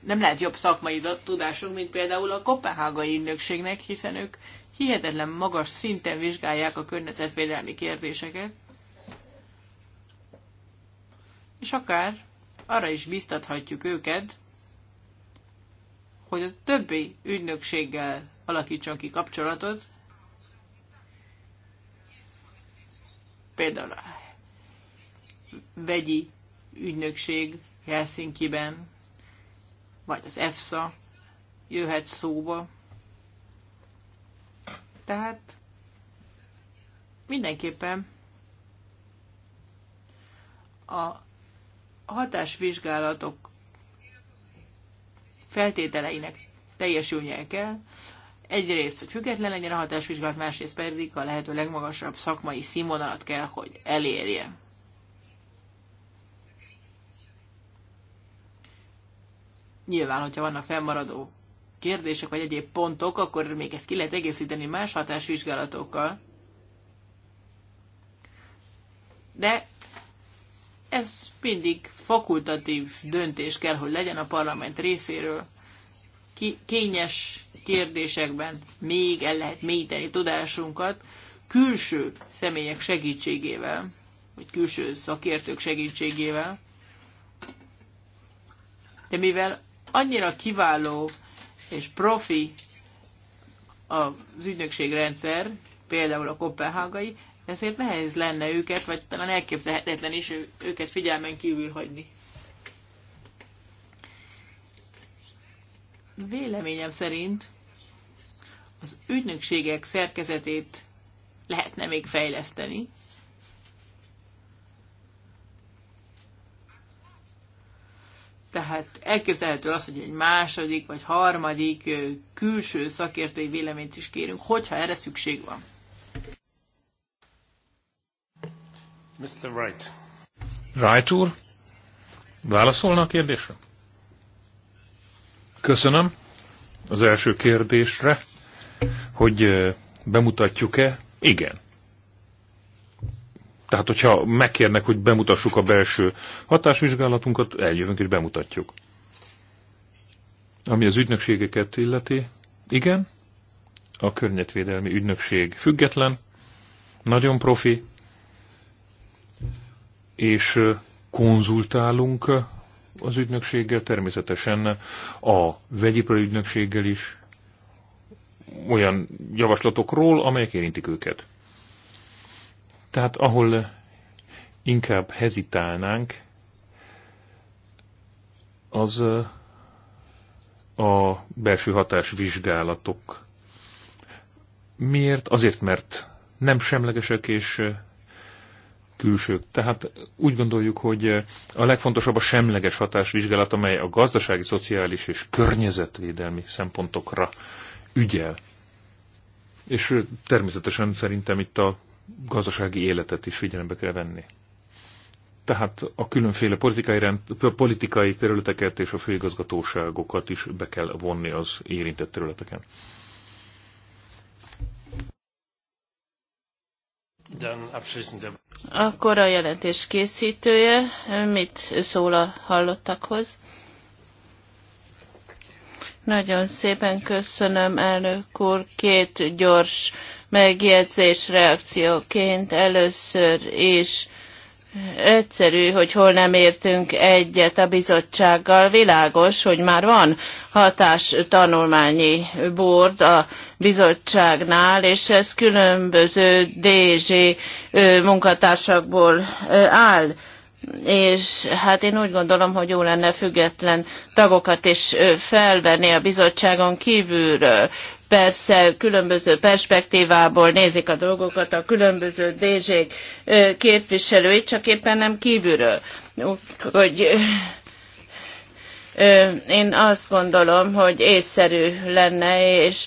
nem lehet jobb szakmai tudásunk, mint például a kopenhágai ügynökségnek, hiszen ők hihetetlen magas szinten vizsgálják a környezetvédelmi kérdéseket, és akár arra is biztathatjuk őket, hogy az többi ügynökséggel alakítson ki kapcsolatot, például a vegyi ügynökség Helsinki-ben, vagy az EFSA jöhet szóba. Tehát mindenképpen a hatásvizsgálatok feltételeinek teljesülnie kell. Egyrészt, független legyen a hatásvizsgálat, másrészt pedig a lehető legmagasabb szakmai színvonalat kell, hogy elérje. Nyilván, hogyha vannak fennmaradó kérdések vagy egyéb pontok, akkor még ezt ki lehet egészíteni más hatásvizsgálatokkal. De ez mindig fakultatív döntés kell, hogy legyen a parlament részéről. Ki, kényes kérdésekben még el lehet mélyíteni tudásunkat külső személyek segítségével, vagy külső szakértők segítségével. De mivel annyira kiváló és profi az ügynökség rendszer, például a kopenhágai, ezért nehéz lenne őket, vagy talán elképzelhetetlen is őket figyelmen kívül hagyni. Véleményem szerint az ügynökségek szerkezetét lehetne még fejleszteni, Tehát elképzelhető az, hogy egy második vagy harmadik külső szakértői véleményt is kérünk, hogyha erre szükség van. Mr. Wright. Wright úr, válaszolna a kérdésre? Köszönöm az első kérdésre, hogy bemutatjuk-e? Igen. Tehát, hogyha megkérnek, hogy bemutassuk a belső hatásvizsgálatunkat, eljövünk és bemutatjuk. Ami az ügynökségeket illeti, igen, a környezetvédelmi ügynökség független, nagyon profi, és konzultálunk az ügynökséggel, természetesen a vegyipari ügynökséggel is olyan javaslatokról, amelyek érintik őket. Tehát ahol inkább hezitálnánk, az a belső vizsgálatok. Miért? Azért, mert nem semlegesek és külsők. Tehát úgy gondoljuk, hogy a legfontosabb a semleges hatásvizsgálat, amely a gazdasági, szociális és környezetvédelmi szempontokra ügyel. És természetesen szerintem itt a gazdasági életet is figyelembe kell venni. Tehát a különféle politikai, rend, politikai területeket és a főigazgatóságokat is be kell vonni az érintett területeken. Akkor a jelentés készítője mit szól a hallottakhoz? Nagyon szépen köszönöm, elnök úr. Két gyors megjegyzés reakcióként először is egyszerű, hogy hol nem értünk egyet a bizottsággal. Világos, hogy már van hatás tanulmányi bord a bizottságnál, és ez különböző DZ munkatársakból áll és hát én úgy gondolom, hogy jó lenne független tagokat is felvenni a bizottságon kívülről persze különböző perspektívából nézik a dolgokat a különböző dz képviselői, csak éppen nem kívülről. hogy én azt gondolom, hogy észszerű lenne, és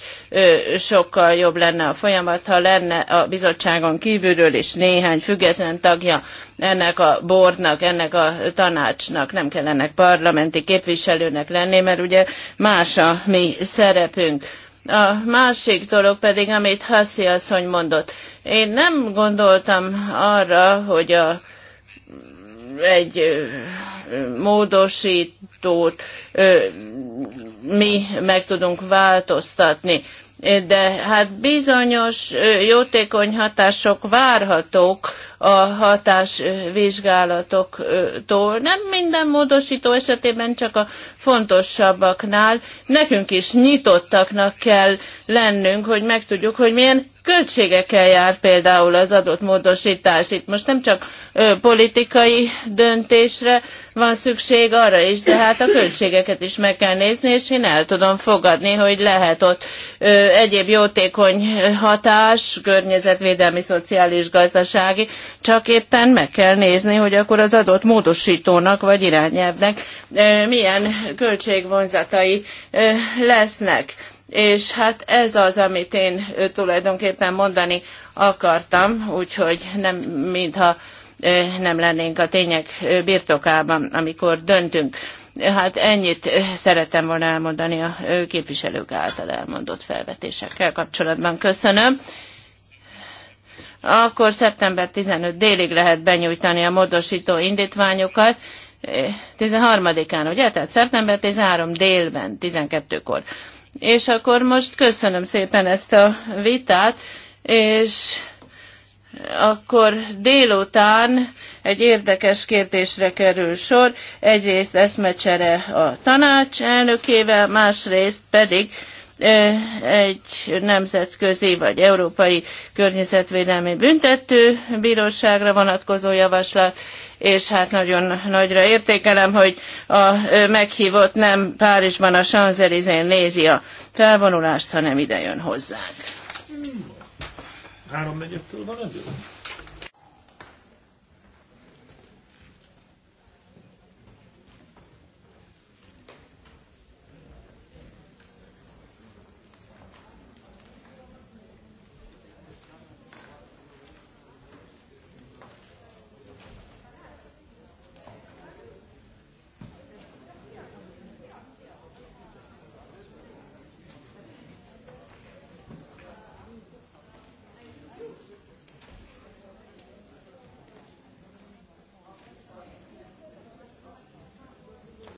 sokkal jobb lenne a folyamat, ha lenne a bizottságon kívülről is néhány független tagja ennek a bordnak, ennek a tanácsnak, nem kell ennek parlamenti képviselőnek lenni, mert ugye más a mi szerepünk a másik dolog pedig, amit Hassi asszony mondott. Én nem gondoltam arra, hogy a, egy módosítót mi meg tudunk változtatni de hát bizonyos jótékony hatások várhatók a hatásvizsgálatoktól. Nem minden módosító esetében, csak a fontosabbaknál. Nekünk is nyitottaknak kell lennünk, hogy megtudjuk, hogy milyen költségekkel jár például az adott módosítás. Itt most nem csak ö, politikai döntésre van szükség arra is, de hát a költségeket is meg kell nézni, és én el tudom fogadni, hogy lehet ott ö, egyéb jótékony hatás, környezetvédelmi, szociális, gazdasági, csak éppen meg kell nézni, hogy akkor az adott módosítónak vagy irányelvnek ö, milyen költségvonzatai ö, lesznek és hát ez az, amit én tulajdonképpen mondani akartam, úgyhogy nem, mintha nem lennénk a tények birtokában, amikor döntünk. Hát ennyit szerettem volna elmondani a képviselők által elmondott felvetésekkel kapcsolatban. Köszönöm. Akkor szeptember 15 délig lehet benyújtani a módosító indítványokat. 13-án, ugye? Tehát szeptember 13 délben, 12-kor és akkor most köszönöm szépen ezt a vitát, és akkor délután egy érdekes kérdésre kerül sor. Egyrészt eszmecsere a tanács elnökével, másrészt pedig egy nemzetközi vagy európai környezetvédelmi büntető bíróságra vonatkozó javaslat, és hát nagyon nagyra értékelem, hogy a meghívott nem Párizsban a Sanzelizén nézi a felvonulást, hanem ide jön hozzánk. Három negyedtől van